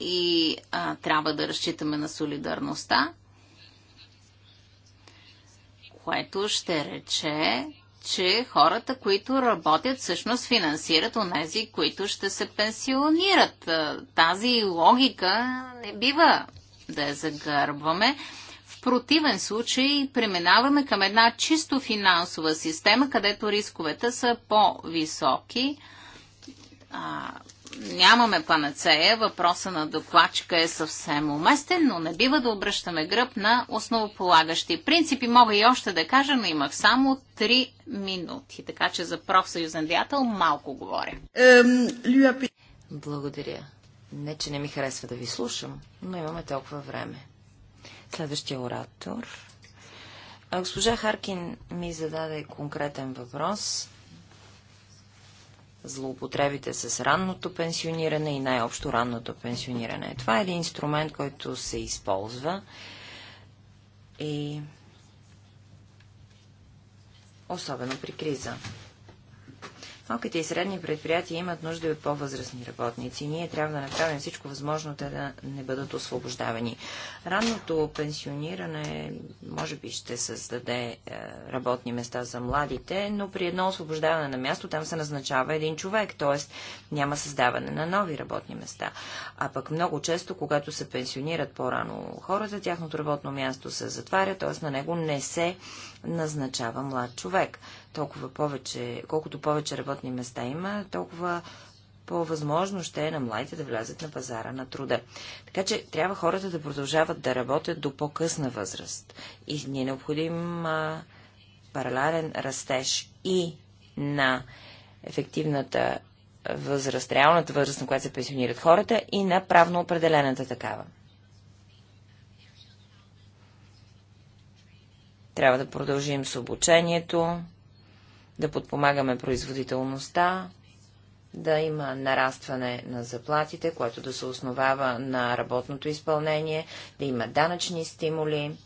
и а, трябва да разчитаме на солидарността, което ще рече, че хората, които работят, всъщност финансират онези, които ще се пенсионират. Тази логика не бива да я загърбваме. В противен случай преминаваме към една чисто финансова система, където рисковете са по-високи нямаме панацея, въпроса на докладчика е съвсем уместен, но не бива да обръщаме гръб на основополагащи принципи. Мога и още да кажа, но имах само 3 минути, така че за профсъюзен дятел малко говоря. Благодаря. Не, че не ми харесва да ви слушам, но имаме толкова време. Следващия оратор. Госпожа Харкин ми зададе конкретен въпрос злоупотребите с ранното пенсиониране и най-общо ранното пенсиониране. Това е един инструмент, който се използва и особено при криза. Малките и средни предприятия имат нужда и от по-възрастни работници. Ние трябва да направим всичко възможно те да не бъдат освобождавани. Ранното пенсиониране може би ще създаде е, работни места за младите, но при едно освобождаване на място там се назначава един човек, т.е. няма създаване на нови работни места. А пък много често, когато се пенсионират по-рано хората, тяхното работно място се затваря, т.е. на него не се назначава млад човек. Толкова повече, колкото повече работни места има, толкова по-възможно ще е на младите да влязат на пазара на труда. Така че трябва хората да продължават да работят до по-късна възраст. И ни е необходим а, паралелен растеж и на ефективната възраст, реалната възраст, на която се пенсионират хората и на правно определената такава. Трябва да продължим с обучението, да подпомагаме производителността, да има нарастване на заплатите, което да се основава на работното изпълнение, да има данъчни стимули,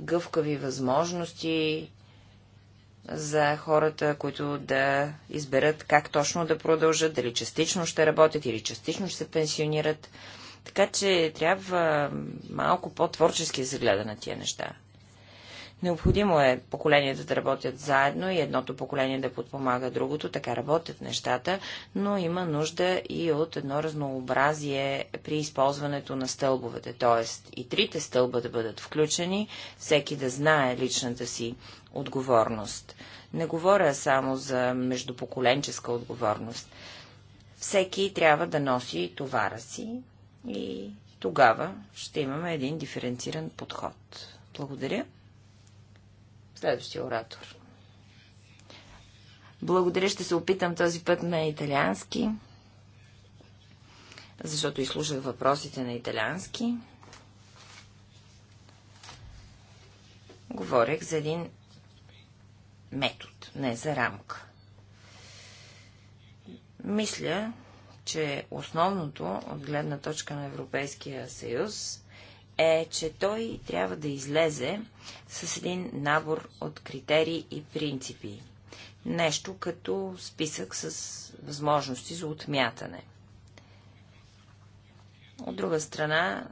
гъвкави възможности за хората, които да изберат как точно да продължат, дали частично ще работят или частично ще се пенсионират. Така че трябва малко по-творчески да се гледа на тия неща. Необходимо е поколенията да работят заедно и едното поколение да подпомага другото, така работят нещата, но има нужда и от едно разнообразие при използването на стълбовете, т.е. и трите стълба да бъдат включени, всеки да знае личната си отговорност. Не говоря само за междупоколенческа отговорност. Всеки трябва да носи товара си и тогава ще имаме един диференциран подход. Благодаря. Следващия оратор. Благодаря, ще се опитам този път на италиански, защото изслушах въпросите на италиански. Говорех за един метод, не за рамка. Мисля, че основното от гледна точка на Европейския съюз е, че той трябва да излезе с един набор от критерии и принципи. Нещо като списък с възможности за отмятане. От друга страна,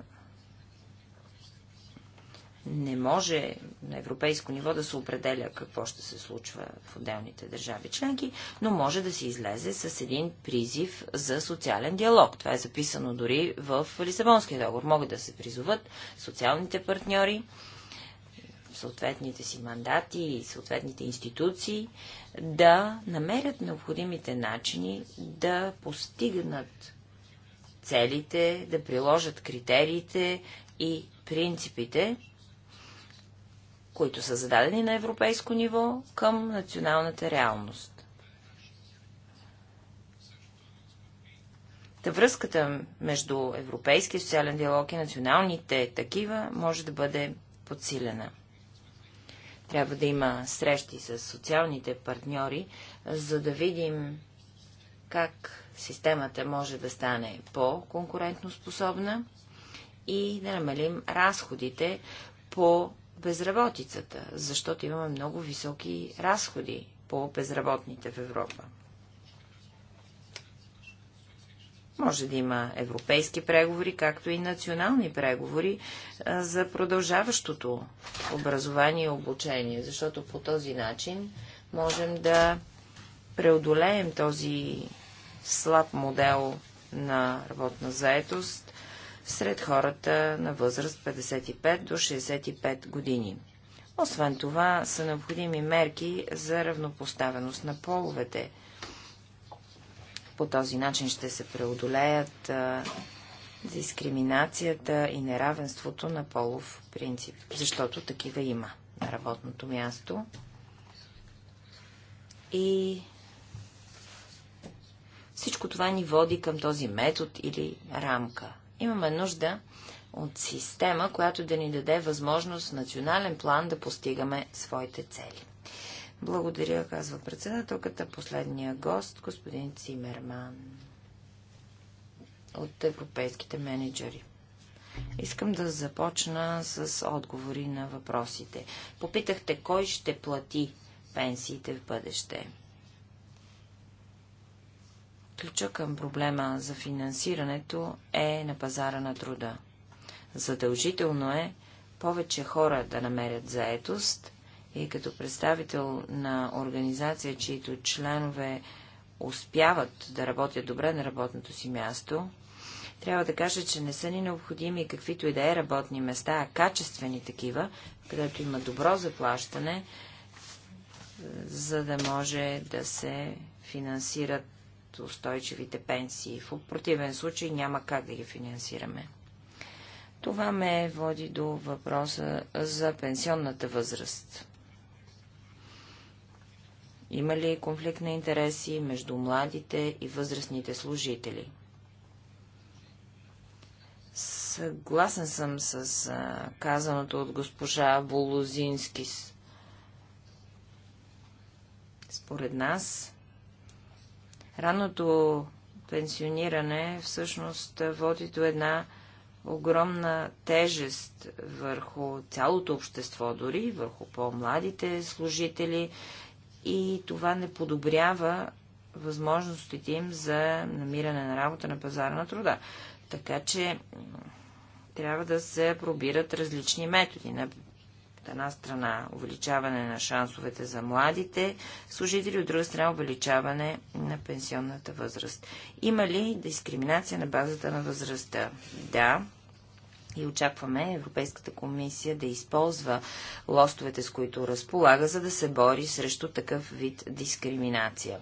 не може на европейско ниво да се определя какво ще се случва в отделните държави членки, но може да се излезе с един призив за социален диалог. Това е записано дори в Лисабонския договор. Могат да се призоват социалните партньори, съответните си мандати и съответните институции да намерят необходимите начини да постигнат целите, да приложат критериите и принципите, които са зададени на европейско ниво към националната реалност. Та връзката между европейския социален диалог и националните такива може да бъде подсилена. Трябва да има срещи с социалните партньори, за да видим как системата може да стане по-конкурентно способна и да намалим разходите по безработицата, защото имаме много високи разходи по безработните в Европа. Може да има европейски преговори, както и национални преговори за продължаващото образование и обучение, защото по този начин можем да преодолеем този слаб модел на работна заетост сред хората на възраст 55 до 65 години. Освен това са необходими мерки за равнопоставеност на половете. По този начин ще се преодолеят дискриминацията и неравенството на полов принцип, защото такива има на работното място. И всичко това ни води към този метод или рамка. Имаме нужда от система, която да ни даде възможност в национален план да постигаме своите цели. Благодаря, казва председателката, последния гост, господин Цимерман от европейските менеджери. Искам да започна с отговори на въпросите. Попитахте кой ще плати пенсиите в бъдеще. Ключа към проблема за финансирането е на пазара на труда. Задължително е повече хора да намерят заетост и като представител на организация, чието членове успяват да работят добре на работното си място, трябва да кажа, че не са ни необходими каквито и да е работни места, а качествени такива, където има добро заплащане, за да може да се финансират устойчивите пенсии. В противен случай няма как да ги финансираме. Това ме води до въпроса за пенсионната възраст. Има ли конфликт на интереси между младите и възрастните служители? Съгласен съм с казаното от госпожа Болозинскис. Според нас Ранното пенсиониране всъщност води до една огромна тежест върху цялото общество, дори върху по-младите служители и това не подобрява възможностите им за намиране на работа на пазара на труда. Така че трябва да се пробират различни методи. От една страна увеличаване на шансовете за младите служители, от друга страна увеличаване на пенсионната възраст. Има ли дискриминация на базата на възрастта? Да, и очакваме Европейската комисия да използва лостовете, с които разполага, за да се бори срещу такъв вид дискриминация.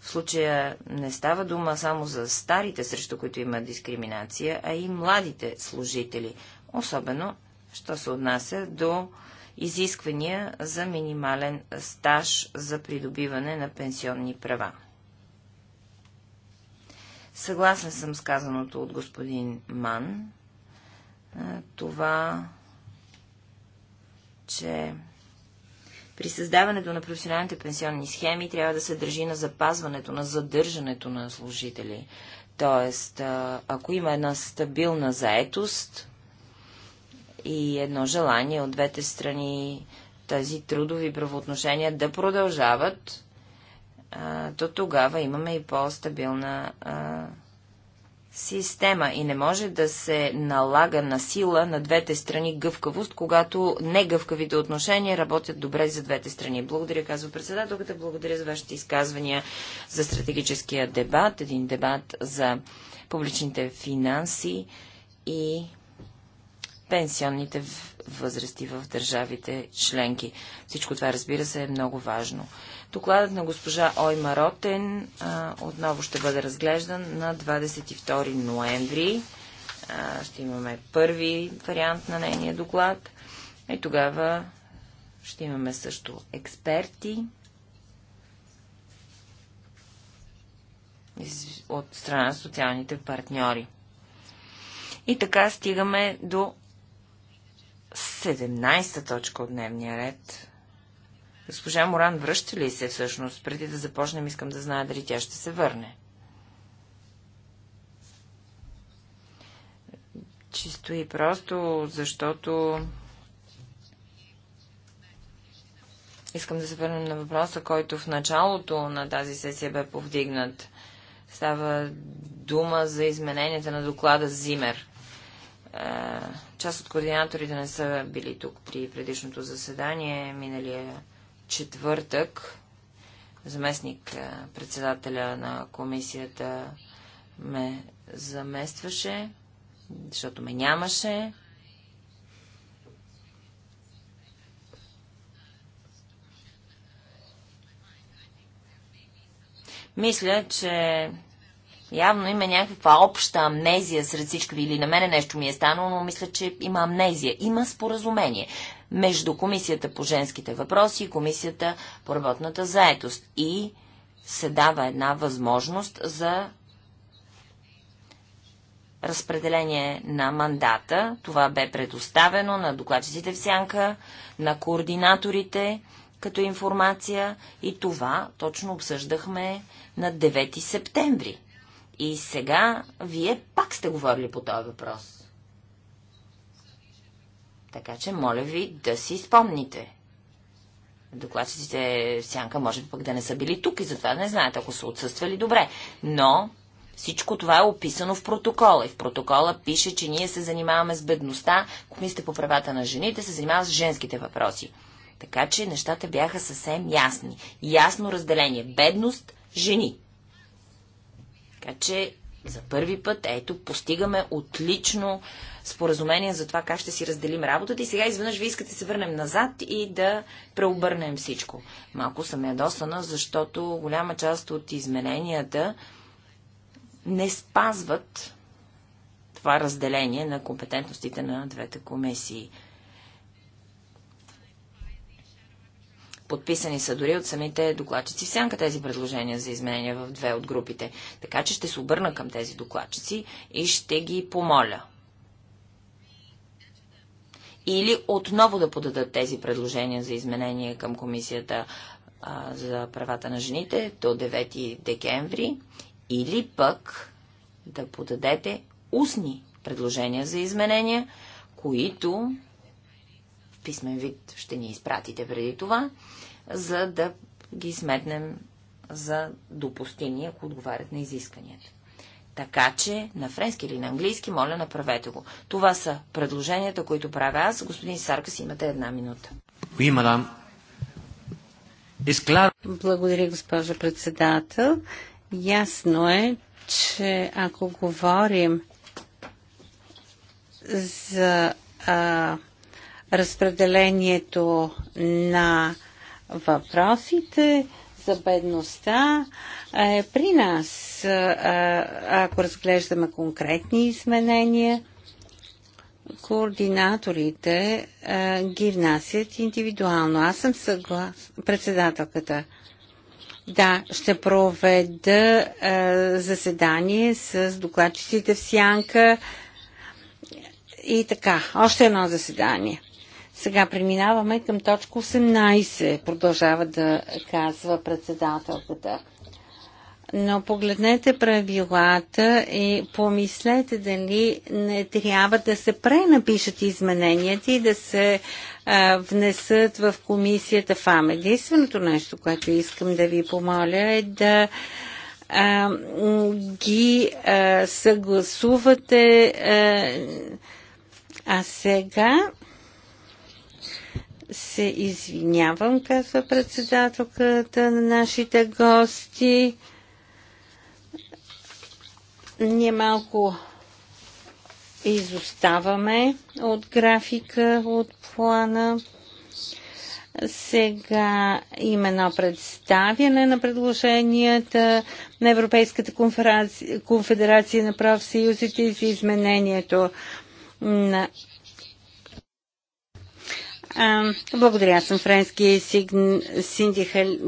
В случая не става дума само за старите, срещу които има дискриминация, а и младите служители, особено що се отнася до изисквания за минимален стаж за придобиване на пенсионни права. Съгласен съм с казаното от господин Ман. Това, че при създаването на професионалните пенсионни схеми трябва да се държи на запазването, на задържането на служители. Тоест, ако има една стабилна заетост, и едно желание от двете страни тези трудови правоотношения да продължават, а, то тогава имаме и по-стабилна система и не може да се налага на сила на двете страни гъвкавост, когато негъвкавите отношения работят добре за двете страни. Благодаря, казва председателката, благодаря за вашите изказвания за стратегическия дебат, един дебат за публичните финанси и пенсионните възрасти в държавите членки. Всичко това, разбира се, е много важно. Докладът на госпожа Ойма Ротен а, отново ще бъде разглеждан на 22 ноември. А, ще имаме първи вариант на нейния доклад. И тогава ще имаме също експерти от страна на социалните партньори. И така стигаме до 17-та точка от дневния ред. Госпожа Моран връща ли се всъщност? Преди да започнем, искам да знае дали тя ще се върне. Чисто и просто, защото искам да се върнем на въпроса, който в началото на тази сесия бе повдигнат. Става дума за измененията на доклада Зимер. Е, Част от координаторите не са били тук при предишното заседание, миналия четвъртък. Заместник председателя на комисията ме заместваше, защото ме нямаше. Мисля, че Явно има някаква обща амнезия сред всички ви или на мене нещо ми е станало, но мисля, че има амнезия. Има споразумение между Комисията по женските въпроси и Комисията по работната заетост. И се дава една възможност за разпределение на мандата. Това бе предоставено на докладчиците в сянка, на координаторите като информация и това точно обсъждахме на 9 септември. И сега вие пак сте говорили по този въпрос. Така че, моля ви да си спомните. Докладчиците сянка може пък да не са били тук и затова не знаят, ако са отсъствали добре. Но всичко това е описано в протокола. И в протокола пише, че ние се занимаваме с бедността, комисията по правата на жените се занимава с женските въпроси. Така че нещата бяха съвсем ясни. Ясно разделение. Бедност, жени. Така че за първи път, ето, постигаме отлично споразумение за това как ще си разделим работата и сега изведнъж ви искате да се върнем назад и да преобърнем всичко. Малко съм ядосана, защото голяма част от измененията не спазват това разделение на компетентностите на двете комисии – Подписани са дори от самите докладчици в сянка тези предложения за изменения в две от групите. Така че ще се обърна към тези докладчици и ще ги помоля. Или отново да подадат тези предложения за изменения към комисията а, за правата на жените до 9 декември, или пък да подадете устни предложения за изменения, които писмен вид ще ни изпратите преди това, за да ги сметнем за допустими, ако отговарят на изискванията. Така че на френски или на английски, моля, направете го. Това са предложенията, които правя аз. Господин Саркас, имате една минута. Oui, Благодаря, госпожа председател. Ясно е, че ако говорим за а, разпределението на въпросите за бедността е при нас, е, ако разглеждаме конкретни изменения координаторите е, ги внасят индивидуално. Аз съм съгласна. Председателката. Да, ще проведа е, заседание с докладчиците в Сянка. И така, още едно заседание. Сега преминаваме към точка 18, продължава да казва председателката. Но погледнете правилата и помислете дали не трябва да се пренапишат измененията и да се а, внесат в комисията ФАМ. Единственото нещо, което искам да ви помоля е да а, ги а, съгласувате. А, а сега се извинявам, казва председателката на нашите гости. Ние малко изоставаме от графика, от плана. Сега има едно представяне на предложенията на Европейската конфедерация на профсъюзите за изменението на благодаря, аз съм френски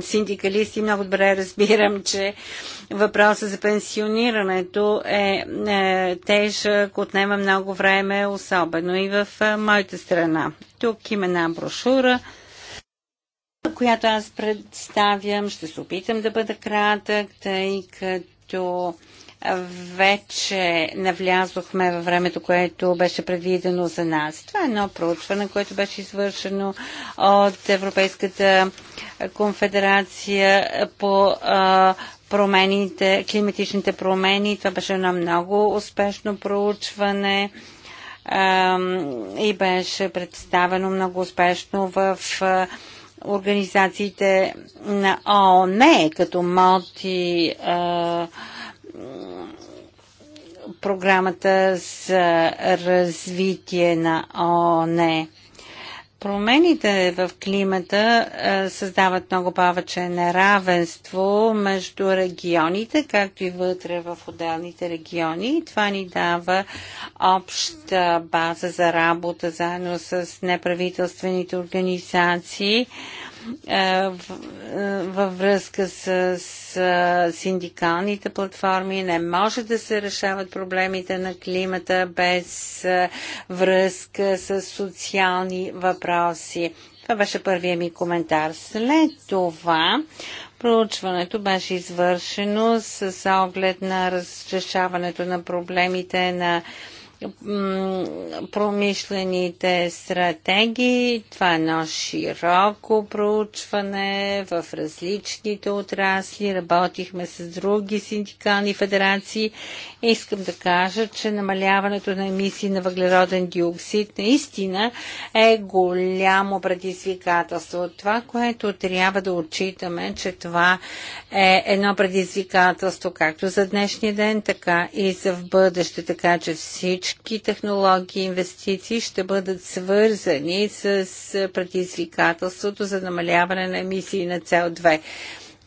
синдикалист и много добре разбирам, че въпросът за пенсионирането е, е тежък, отнема много време, особено и в е, моята страна. Тук има една брошура, която аз представям. Ще се опитам да бъда кратък, тъй като вече навлязохме във времето, което беше предвидено за нас. Това е едно проучване, което беше извършено от Европейската конфедерация по промените, климатичните промени. Това беше едно много успешно проучване и беше представено много успешно в организациите на ООН, като Малти, програмата за развитие на ООН. Промените в климата създават много повече неравенство между регионите, както и вътре в отделните региони. И това ни дава обща база за работа заедно с неправителствените организации е, е, във връзка с, с е, синдикалните платформи. Не може да се решават проблемите на климата без връзка с социални въпроси. Това беше първия ми коментар. След това проучването беше извършено с оглед на разрешаването на проблемите на промишлените стратегии. Това е едно широко проучване в различните отрасли. Работихме с други синдикални федерации. Искам да кажа, че намаляването на емисии на въглероден диоксид наистина е голямо предизвикателство. Това, което трябва да отчитаме, че това е едно предизвикателство както за днешния ден, така и за в бъдеще, така че всички всички технологии и инвестиции ще бъдат свързани с предизвикателството за намаляване на емисии на CO2.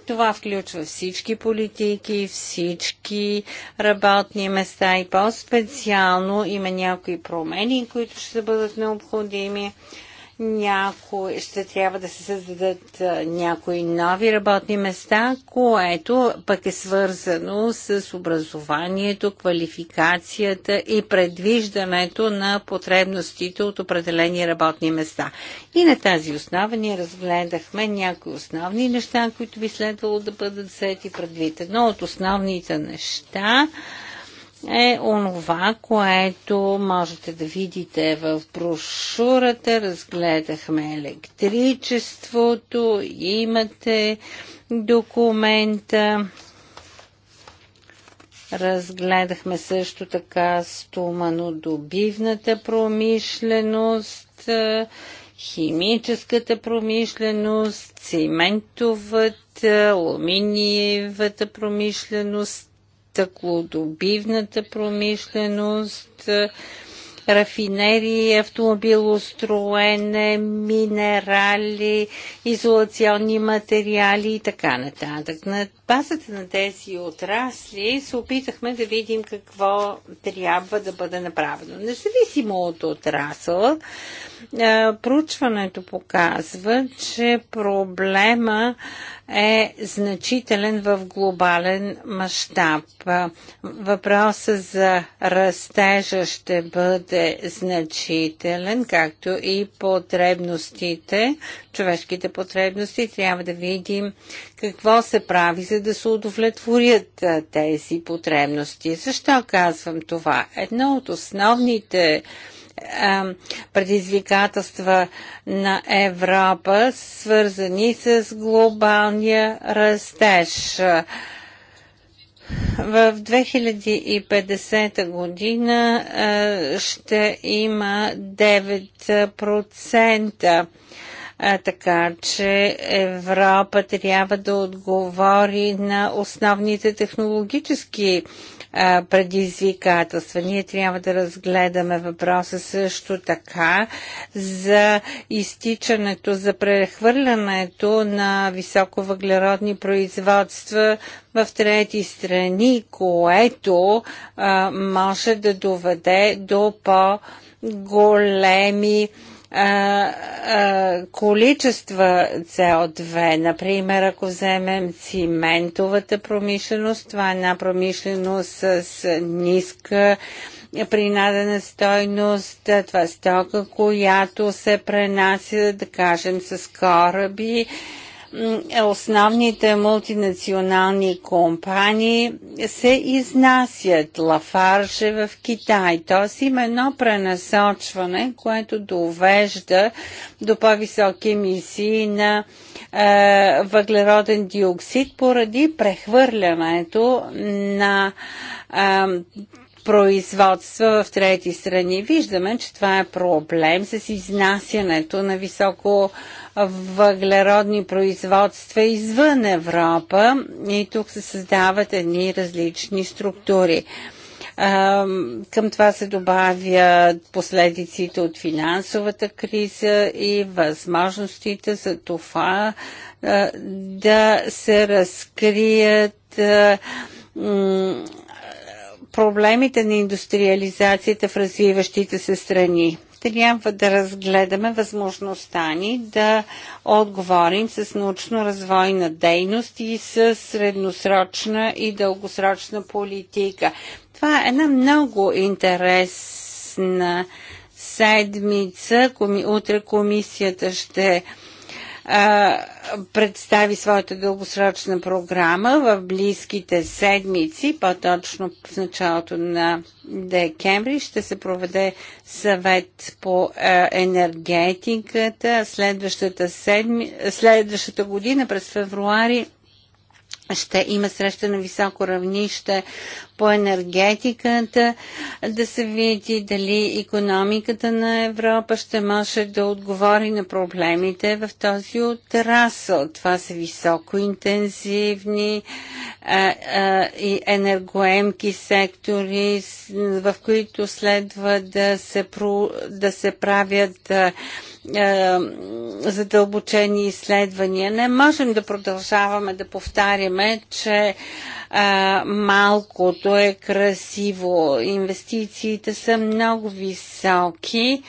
Това включва всички политики, всички работни места и по-специално има някои промени, които ще бъдат необходими някои, ще трябва да се създадат някои нови работни места, което пък е свързано с образованието, квалификацията и предвиждането на потребностите от определени работни места. И на тази основа ние разгледахме някои основни неща, които би следвало да бъдат взети предвид. Едно от основните неща е онова, което можете да видите в брошурата. Разгледахме електричеството, имате документа. Разгледахме също така стоманодобивната промишленост, химическата промишленост, циментовата, алуминиевата промишленост, стъклодобивната промишленост, рафинерии, автомобилостроене, минерали, изолационни материали и така нататък. На базата на тези отрасли се опитахме да видим какво трябва да бъде направено. Независимо от отрасъл, е, проучването показва, че проблема е значителен в глобален мащаб. Въпросът за растежа ще бъде значителен, както и потребностите, човешките потребности. Трябва да видим какво се прави, за да се удовлетворят е, тези потребности. Защо казвам това? Едно от основните е, предизвикателства на Европа, свързани с глобалния растеж. В 2050 година е, ще има 9%. Е, така че Европа трябва да отговори на основните технологически предизвикателства. Ние трябва да разгледаме въпроса също така за изтичането, за прехвърлянето на високовъглеродни производства в трети страни, което а, може да доведе до по-големи а, количества CO2. Например, ако вземем циментовата промишленост, това е една промишленост с ниска принадена стойност, това е стока, която се пренася, да кажем, с кораби е, основните мултинационални компании се изнасят. лафарше в Китай. Тоест има едно пренасочване, което довежда до по-високи емисии на е, въглероден диоксид поради прехвърлянето на е, производства в трети страни. Виждаме, че това е проблем с изнасянето на високо въглеродни производства извън Европа и тук се създават едни различни структури. Към това се добавят последиците от финансовата криза и възможностите за това да се разкрият проблемите на индустриализацията в развиващите се страни трябва да разгледаме възможността ни да отговорим с научно-развойна дейност и с средносрочна и дългосрочна политика. Това е една много интересна седмица. Утре комисията ще представи своята дългосрочна програма в близките седмици, по-точно в началото на декември, ще се проведе съвет по енергетиката. Следващата, седми, следващата година през февруари ще има среща на високо равнище по енергетиката, да се види дали економиката на Европа ще може да отговори на проблемите в този отрасъл. Това са високо интензивни а, е, а, е, и енергоемки сектори, в които следва да се, про, да се правят а, е, е, задълбочени изследвания. Не можем да продължаваме да повтаряме, че е, малкото е красиво. Инвестициите са много високи.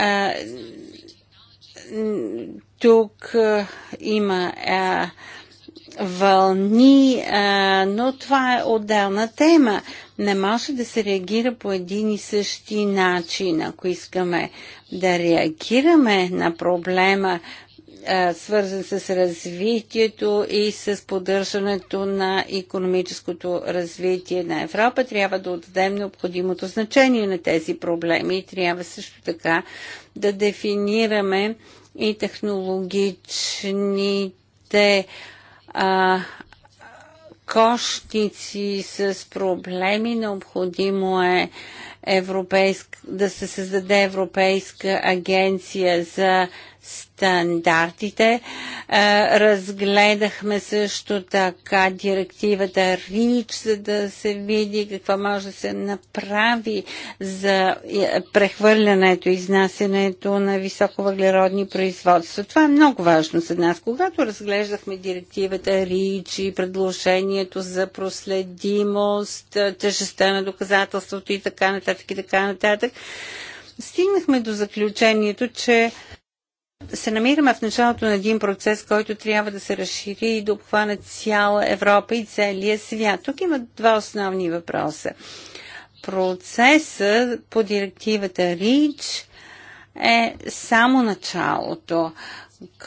Е, тук има вълни, но това е отделна тема. Не може да се реагира по един и същи начин. Ако искаме да реагираме на проблема, свързан с развитието и с поддържането на економическото развитие на Европа. Трябва да отдадем необходимото значение на тези проблеми и трябва също така да дефинираме и технологичните а, кошници с проблеми, необходимо е европейск, да се създаде Европейска агенция за стандартите. Разгледахме също така директивата РИЧ, за да се види какво може да се направи за е, прехвърлянето, изнасянето на високовъглеродни производства. Това е много важно за нас. Когато разглеждахме директивата РИЧ и предложението за проследимост, е, тежестта на доказателството и така нататък и така нататък, стигнахме до заключението, че се намираме в началото на един процес, който трябва да се разшири и да обхване цяла Европа и целия свят. Тук има два основни въпроса. Процесът по директивата РИЧ е само началото.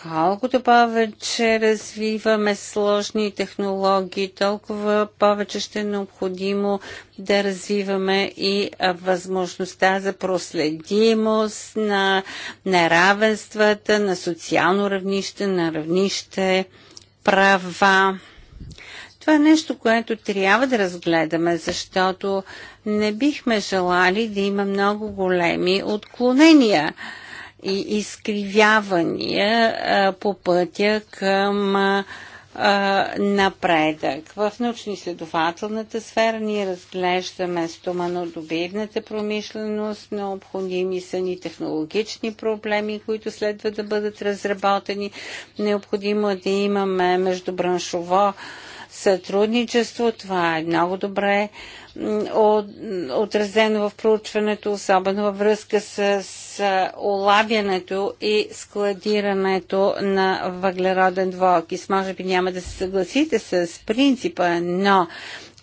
Колкото повече развиваме сложни технологии, толкова повече ще е необходимо да развиваме и възможността за проследимост на неравенствата, на, социално равнище, на равнище права. Това е нещо, което трябва да разгледаме, защото не бихме желали да има много големи отклонения и изкривявания по пътя към напредък. В научно-изследователната сфера ние разглеждаме стоманодобивната промишленост, необходими са ни технологични проблеми, които следва да бъдат разработени. Необходимо е да имаме междубраншово сътрудничество. Това е много добре отразено в проучването, особено във връзка с за олавянето и складирането на въглероден двуокис. Може би няма да се съгласите с принципа, но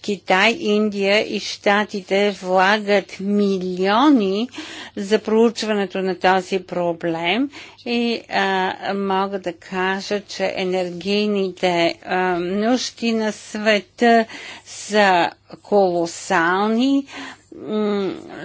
Китай, Индия и Штатите влагат милиони за проучването на този проблем и а, мога да кажа, че енергийните а, нужди на света са колосални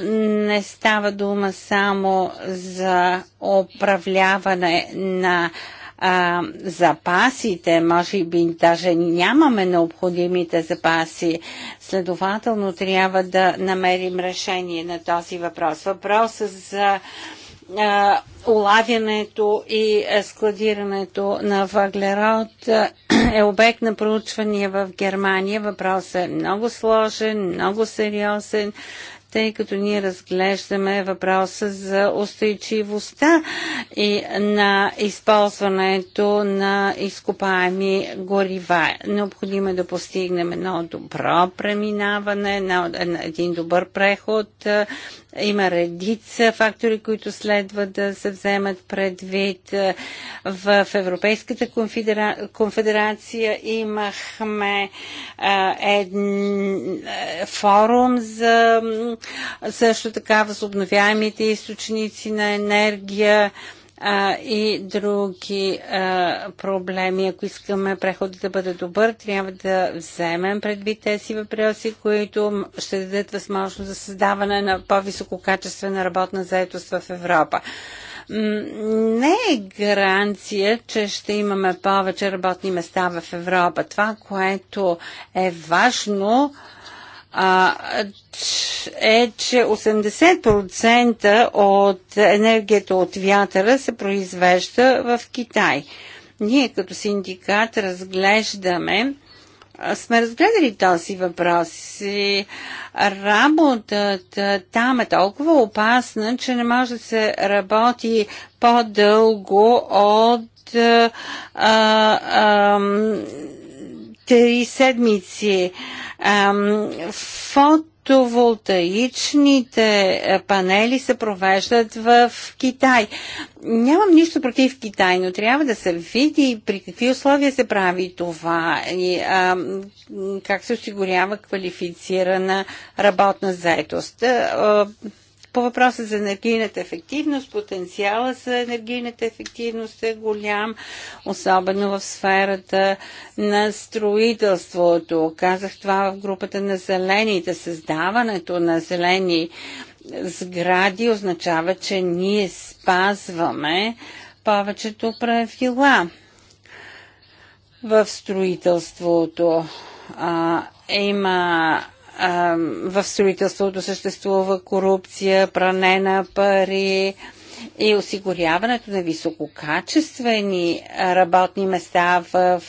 не става дума само за управляване на а, запасите, може би даже нямаме необходимите запаси. Следователно трябва да намерим решение на този въпрос. Въпросът за а, а, улавянето и складирането на въглерод (clears throat) е обект на проучвания в Германия. Въпросът е много сложен, много сериозен, тъй като ние разглеждаме въпроса за устойчивостта и на използването на изкопаеми горива. Необходимо е да постигнем едно добро преминаване, един добър преход има редица фактори, които следва да се вземат предвид. Е, в Европейската конфедера... конфедерация имахме е, един е, форум за също така възобновяемите източници на енергия а, и други а, проблеми. Ако искаме преходът да бъде добър, трябва да вземем предвид тези въпроси, които ще дадат възможност за създаване на по-висококачествена работна заетост в Европа не е гаранция, че ще имаме повече работни места в Европа. Това, което е важно, е, че 80% от енергията от вятъра се произвежда в Китай. Ние като синдикат разглеждаме сме разгледали този въпрос и работата там е толкова опасна, че не може да се работи по-дълго от а, а, три седмици. Фото фотоволтаичните панели се провеждат в Китай. Нямам нищо против Китай, но трябва да се види при какви условия се прави това и а, как се осигурява квалифицирана работна заетост. А, по въпроса за енергийната ефективност, потенциала за енергийната ефективност е голям, особено в сферата на строителството. Казах това в групата на зелените. Създаването на зелени сгради означава, че ние спазваме повечето правила в строителството. А, има в строителството съществува корупция, пране на пари и осигуряването на висококачествени работни места в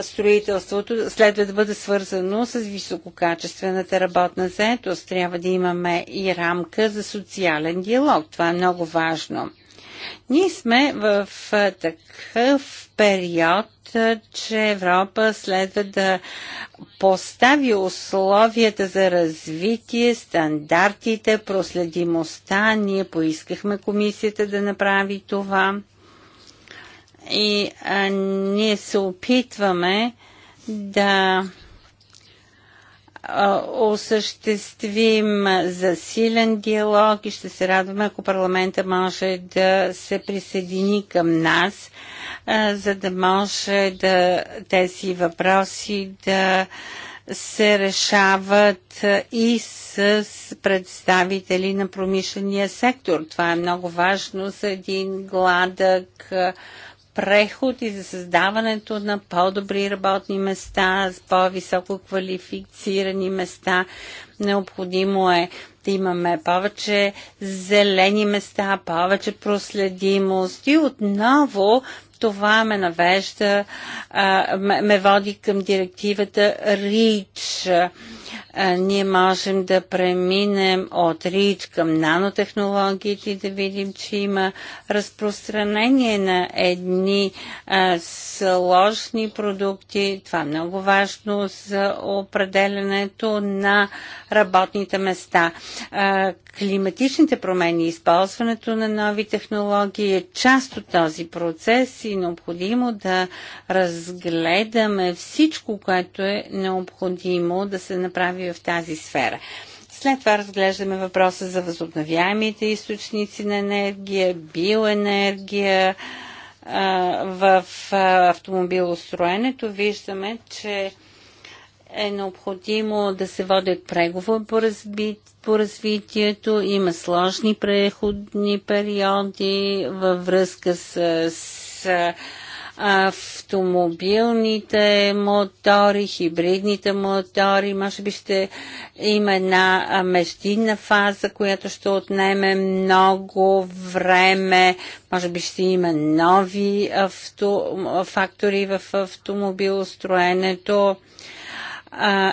строителството следва да бъде свързано с висококачествената работна заетост. Трябва да имаме и рамка за социален диалог. Това е много важно. Ние сме в такъв период, че Европа следва да постави условията за развитие, стандартите, проследимостта. Ние поискахме комисията да направи това. И а, ние се опитваме да осъществим засилен диалог и ще се радваме, ако парламента може да се присъедини към нас за да може да тези въпроси да се решават и с представители на промишления сектор. Това е много важно за един гладък преход и за създаването на по-добри работни места, с по-високо квалифицирани места. Необходимо е да имаме повече зелени места, повече проследимост и отново това ме навежда, ме води към директивата РИЧ ние можем да преминем от рич към нанотехнологиите и да видим, че има разпространение на едни а, сложни продукти. Това е много важно за определенето на работните места. А, климатичните промени, използването на нови технологии е част от този процес и необходимо да разгледаме всичко, което е необходимо да се направи технологии в тази сфера. След това разглеждаме въпроса за възобновяемите източници на енергия, биоенергия. В автомобилостроенето виждаме, че е необходимо да се водят преговори по, разби... по развитието. Има сложни преходни периоди във връзка с, с автомобилните мотори, хибридните мотори. Може би ще има една междинна фаза, която ще отнеме много време. Може би ще има нови авто, фактори в автомобилостроенето.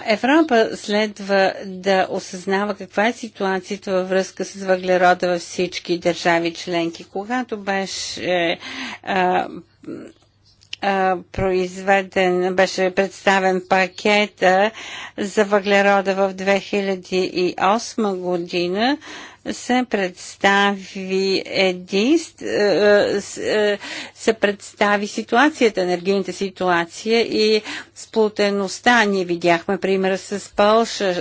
Европа следва да осъзнава каква е ситуацията във връзка с въглерода във всички държави членки. Когато беше произведен, беше представен пакета за въглерода в 2008 година, се представи единст, се представи ситуацията, енергийната ситуация и сплутеността. Ние видяхме примера с Пълша.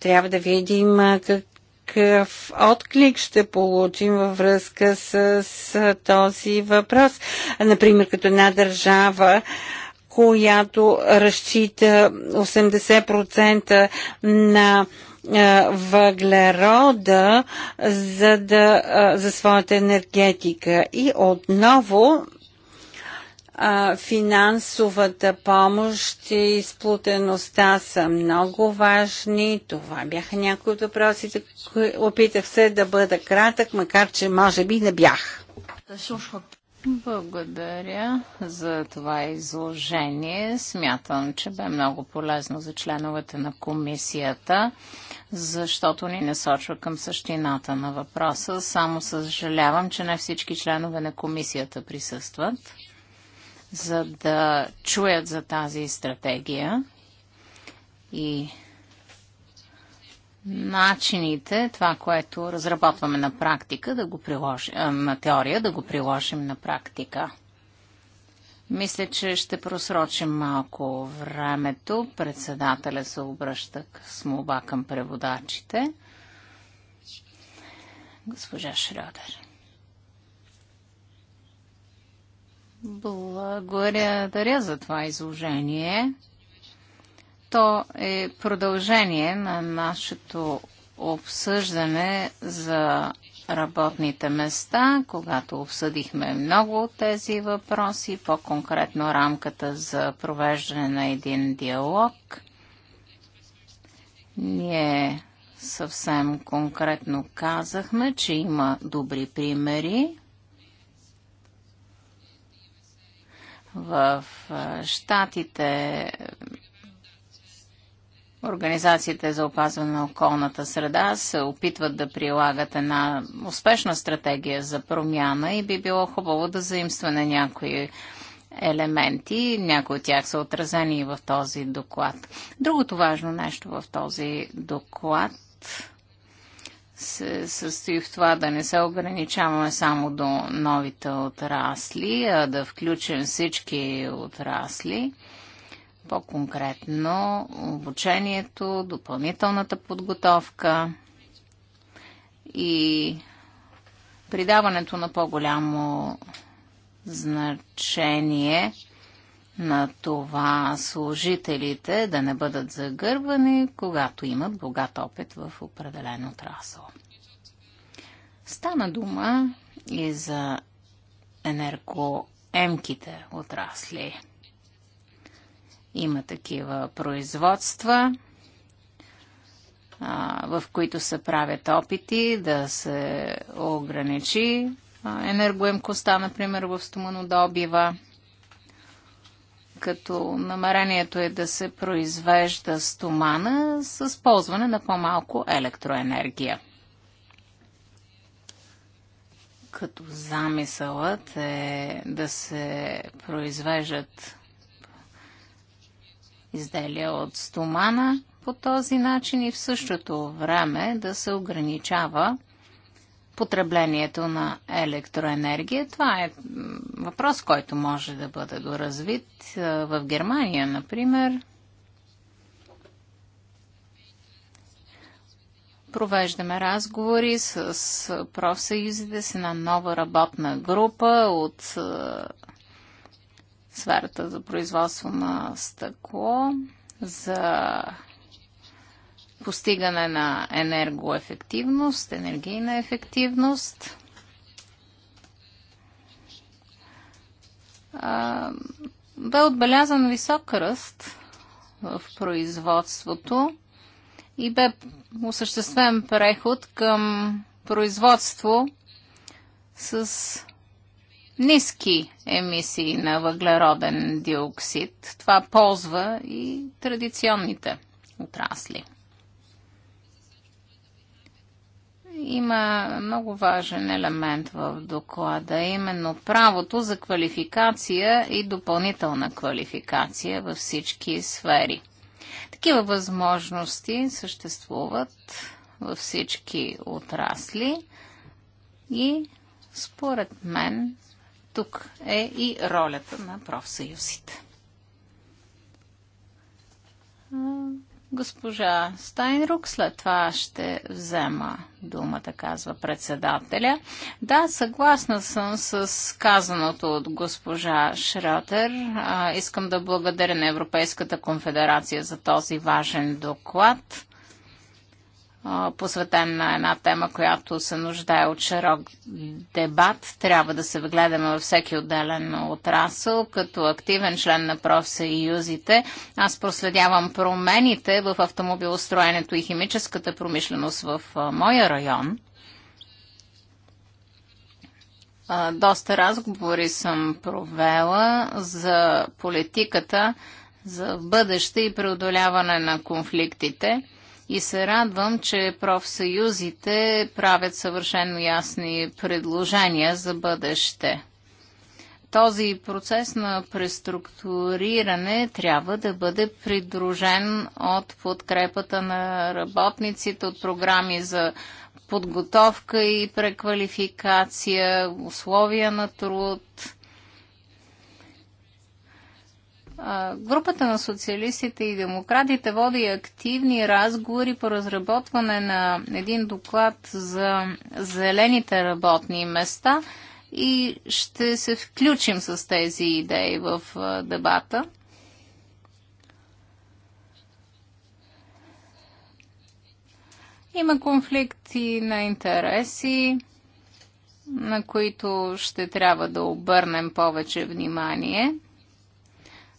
Трябва да видим как какъв отклик ще получим във връзка с, с този въпрос. Например, като една държава, която разчита 80% на въглерода за, да, за своята енергетика. И отново а, финансовата помощ и сплутеността са много важни. Това бяха някои от въпросите. Опитах се да бъда кратък, макар че може би не бях. Благодаря за това изложение. Смятам, че бе много полезно за членовете на комисията, защото ни насочва към същината на въпроса. Само съжалявам, че не всички членове на комисията присъстват за да чуят за тази стратегия и начините, това, което разработваме на практика, да го приложим, на теория, да го приложим на практика. Мисля, че ще просрочим малко времето. Председателя се обръща с молба към преводачите. Госпожа Шрёдер. Благодаря за това изложение. То е продължение на нашето обсъждане за работните места, когато обсъдихме много от тези въпроси, по-конкретно рамката за провеждане на един диалог. Ние съвсем конкретно казахме, че има добри примери В Штатите Организациите за опазване на околната среда се опитват да прилагат една успешна стратегия за промяна и би било хубаво да на някои елементи. Някои от тях са отразени и в този доклад. Другото важно нещо в този доклад се състои в това да не се ограничаваме само до новите отрасли, а да включим всички отрасли. По-конкретно обучението, допълнителната подготовка и придаването на по-голямо значение – на това служителите да не бъдат загърбани, когато имат богат опит в определен отрасъл. Стана дума и за енергоемките отрасли. Има такива производства, в които се правят опити да се ограничи енергоемкостта, например, в стоманодобива като намерението е да се произвежда стомана с ползване на по-малко електроенергия. Като замисълът е да се произвеждат изделия от стомана по този начин и в същото време да се ограничава потреблението на електроенергия. Това е въпрос, който може да бъде доразвит. В Германия, например, провеждаме разговори с профсъюзите с една нова работна група от сферата за производство на стъкло за постигане на енергоефективност, енергийна ефективност. Бе отбелязан висок ръст в производството и бе осъществен преход към производство с ниски емисии на въглероден диоксид. Това ползва и традиционните отрасли. Има много важен елемент в доклада, именно правото за квалификация и допълнителна квалификация във всички сфери. Такива възможности съществуват във всички отрасли и според мен тук е и ролята на профсъюзите. Госпожа Стайнрук, след това ще взема думата, казва председателя. Да, съгласна съм с казаното от госпожа Шротер. Искам да благодаря на Европейската конфедерация за този важен доклад посветен на една тема, която се нуждае от широк дебат. Трябва да се вгледаме във всеки отделен отрасъл. Като активен член на профсъюзите, аз проследявам промените в автомобилостроенето и химическата промишленост в моя район. Доста разговори съм провела за политиката за бъдеще и преодоляване на конфликтите и се радвам, че профсъюзите правят съвършено ясни предложения за бъдеще. Този процес на преструктуриране трябва да бъде придружен от подкрепата на работниците, от програми за подготовка и преквалификация, условия на труд, Групата на социалистите и демократите води активни разговори по разработване на един доклад за зелените работни места и ще се включим с тези идеи в дебата. Има конфликти на интереси, на които ще трябва да обърнем повече внимание –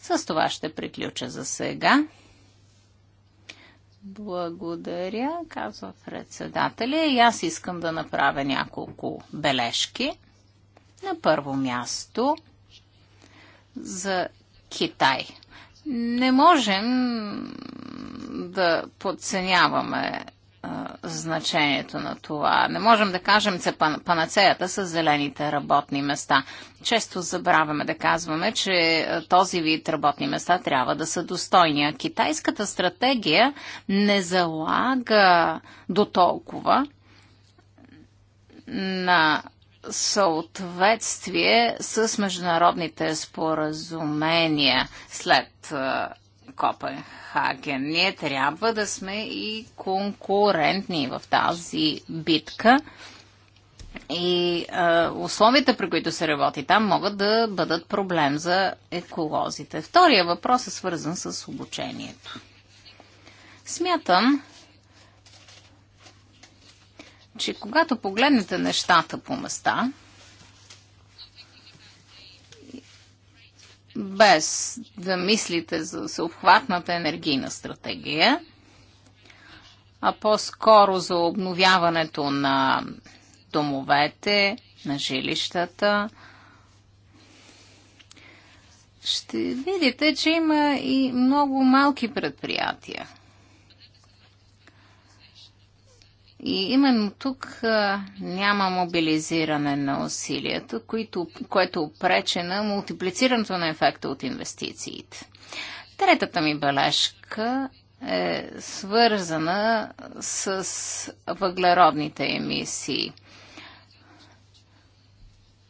с това ще приключа за сега. Благодаря, казва председателя. И аз искам да направя няколко бележки. На първо място за Китай. Не можем да подценяваме значението на това. Не можем да кажем, че панацеята са зелените работни места. Често забравяме да казваме, че този вид работни места трябва да са достойни. А китайската стратегия не залага до толкова на съответствие с международните споразумения след Копенхаген. Ние трябва да сме и конкурентни в тази битка. И а, условията, при които се работи там, могат да бъдат проблем за еколозите. Втория въпрос е свързан с обучението. Смятам, че когато погледнете нещата по места, без да мислите за съобхватната енергийна стратегия, а по-скоро за обновяването на домовете, на жилищата, ще видите, че има и много малки предприятия – И именно тук а, няма мобилизиране на усилията, които, което прече на мултиплицирането на ефекта от инвестициите. Третата ми бележка е свързана с въглеродните емисии.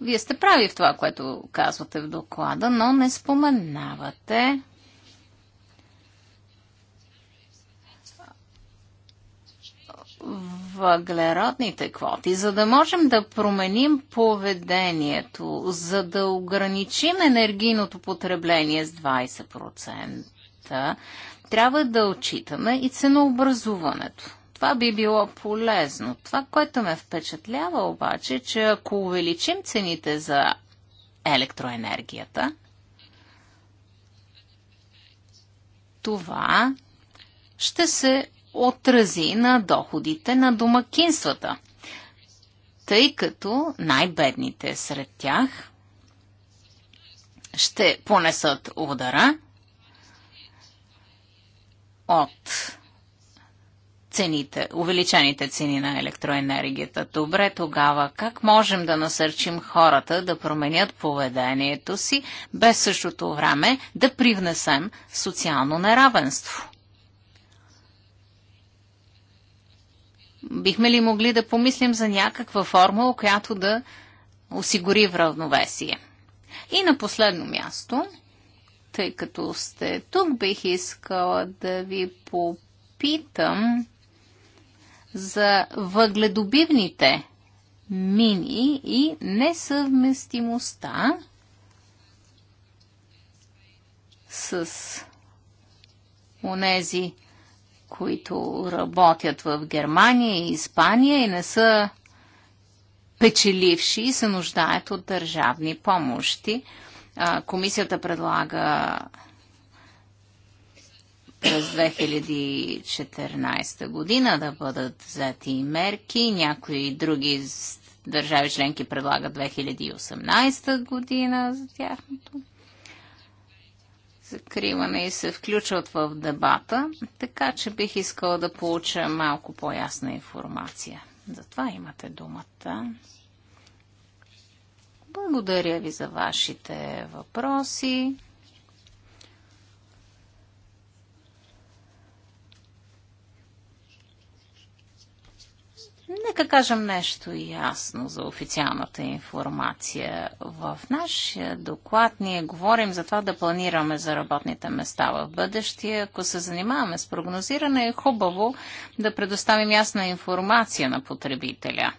Вие сте прави в това, което казвате в доклада, но не споменавате въглеродните квоти, за да можем да променим поведението, за да ограничим енергийното потребление с 20%, трябва да отчитаме и ценообразуването. Това би било полезно. Това, което ме впечатлява обаче, че ако увеличим цените за електроенергията, това ще се отрази на доходите на домакинствата, тъй като най-бедните сред тях ще понесат удара от цените, увеличените цени на електроенергията. Добре, тогава как можем да насърчим хората да променят поведението си, без същото време да привнесем социално неравенство? Бихме ли могли да помислим за някаква формула, която да осигури в равновесие? И на последно място, тъй като сте тук, бих искала да ви попитам за въгледобивните мини и несъвместимостта с онези които работят в Германия и Испания и не са печеливши и се нуждаят от държавни помощи. Комисията предлага през 2014 година да бъдат взети мерки. Някои други държави членки предлагат 2018 година за тяхното закриване и се включват в дебата, така че бих искала да получа малко по-ясна информация. Затова имате думата. Благодаря ви за вашите въпроси. Нека кажем нещо ясно за официалната информация. В нашия доклад ние говорим за това да планираме за работните места в бъдещия. Ако се занимаваме с прогнозиране, е хубаво да предоставим ясна информация на потребителя.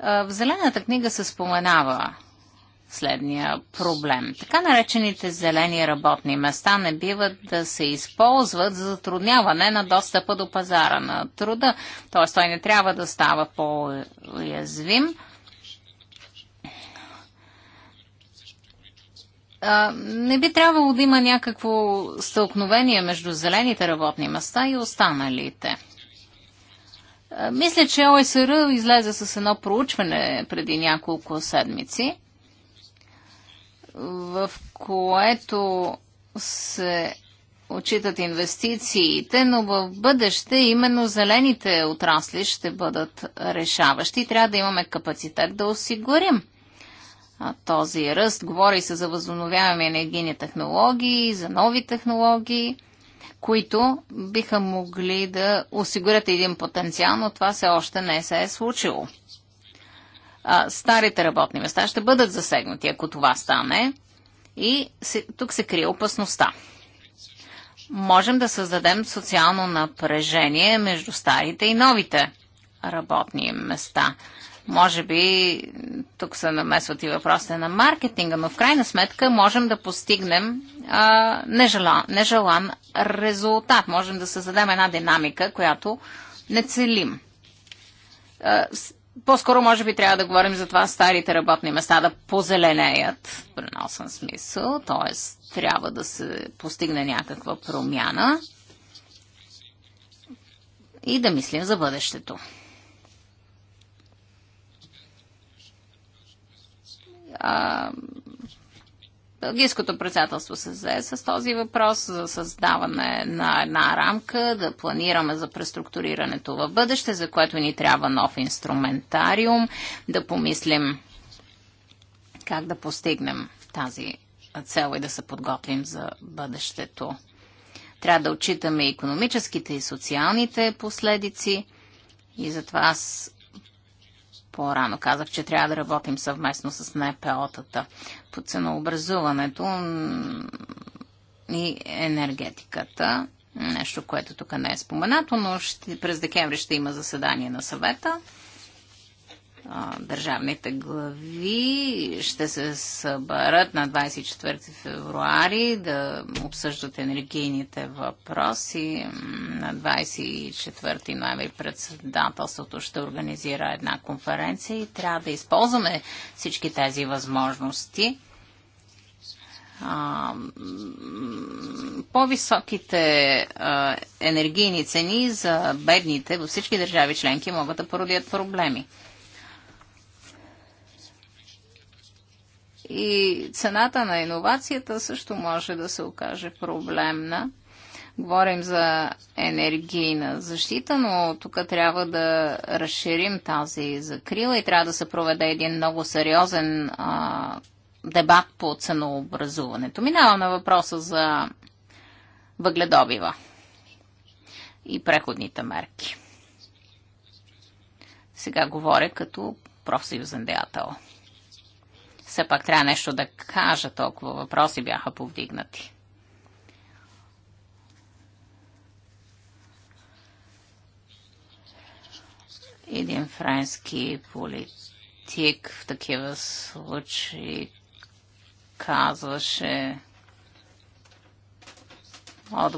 В Зелената книга се споменава следния проблем. Така наречените зелени работни места не биват да се използват за затрудняване на достъпа до пазара на труда. Т.е. той не трябва да става по-уязвим. Не би трябвало да има някакво стълкновение между зелените работни места и останалите. Мисля, че ОСР излезе с едно проучване преди няколко седмици в което се отчитат инвестициите, но в бъдеще именно зелените отрасли ще бъдат решаващи. Трябва да имаме капацитет да осигурим този ръст. Говори се за възобновяеми енергийни технологии, за нови технологии, които биха могли да осигурят един потенциал, но това все още не се е случило а, старите работни места ще бъдат засегнати, ако това стане. И се, тук се крие опасността. Можем да създадем социално напрежение между старите и новите работни места. Може би тук се намесват и въпросите на маркетинга, но в крайна сметка можем да постигнем а, нежелан, нежелан резултат. Можем да създадем една динамика, която не целим. А, по-скоро може би трябва да говорим за това старите работни места да позеленеят в преносен смисъл, т.е. трябва да се постигне някаква промяна и да мислим за бъдещето. А, Бългийското председателство се зае с този въпрос за създаване на една рамка, да планираме за преструктурирането в бъдеще, за което ни трябва нов инструментариум, да помислим как да постигнем тази цел и да се подготвим за бъдещето. Трябва да отчитаме економическите и социалните последици и затова аз по-рано казах, че трябва да работим съвместно с НПО-тата по ценообразуването и енергетиката. Нещо, което тук не е споменато, но ще, през декември ще има заседание на съвета държавните глави ще се съберат на 24 февруари да обсъждат енергийните въпроси. На 24 ноември председателството ще организира една конференция и трябва да използваме всички тези възможности по-високите енергийни цени за бедните във всички държави членки могат да породят проблеми. И цената на иновацията също може да се окаже проблемна. Говорим за енергийна защита, но тук трябва да разширим тази закрила и трябва да се проведе един много сериозен а, дебат по ценообразуването. Минавам на въпроса за въгледобива и преходните мерки. Сега говоря като профсъюзен деятел все пак трябва нещо да кажа, толкова въпроси бяха повдигнати. Един френски политик в такива случаи казваше от...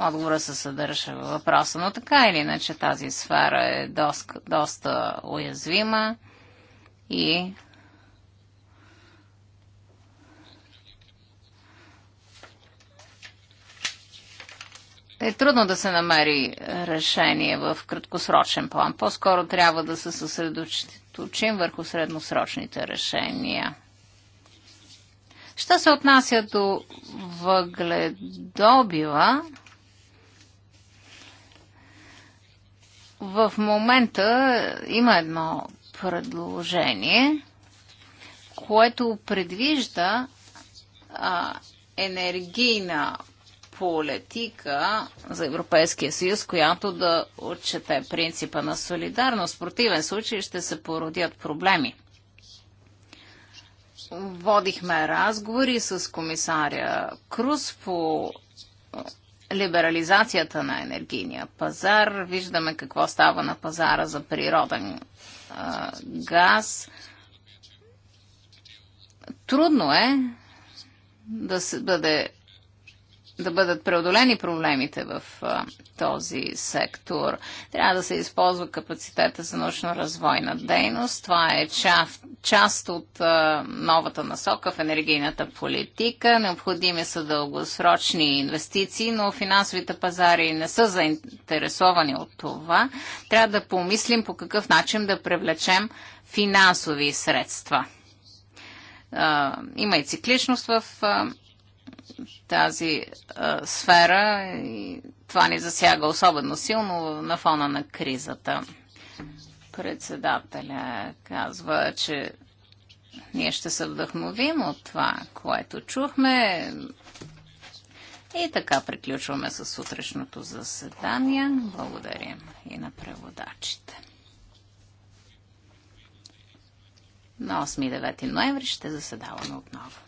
отговора се съдържа във въпроса, но така или иначе тази сфера е доста, доста уязвима и е трудно да се намери решение в краткосрочен план. По-скоро трябва да се съсредоточим върху средносрочните решения. Що се отнася до въгледобива, в момента има едно предложение, което предвижда а, енергийна политика за Европейския съюз, която да отчете принципа на солидарност. В противен случай ще се породят проблеми. Водихме разговори с комисаря Круз по либерализацията на енергийния пазар. Виждаме какво става на пазара за природен газ. Трудно е да се бъде да бъдат преодолени проблемите в а, този сектор. Трябва да се използва капацитета за научно-развойна дейност. Това е част, част от а, новата насока в енергийната политика. Необходими са дългосрочни инвестиции, но финансовите пазари не са заинтересовани от това. Трябва да помислим по какъв начин да привлечем финансови средства. А, има и цикличност в тази а, е, сфера и това ни засяга особено силно на фона на кризата. Председателя казва, че ние ще се вдъхновим от това, което чухме. И така приключваме с утрешното заседание. Благодарим и на преводачите. На 8 и 9 ноември ще заседаваме отново.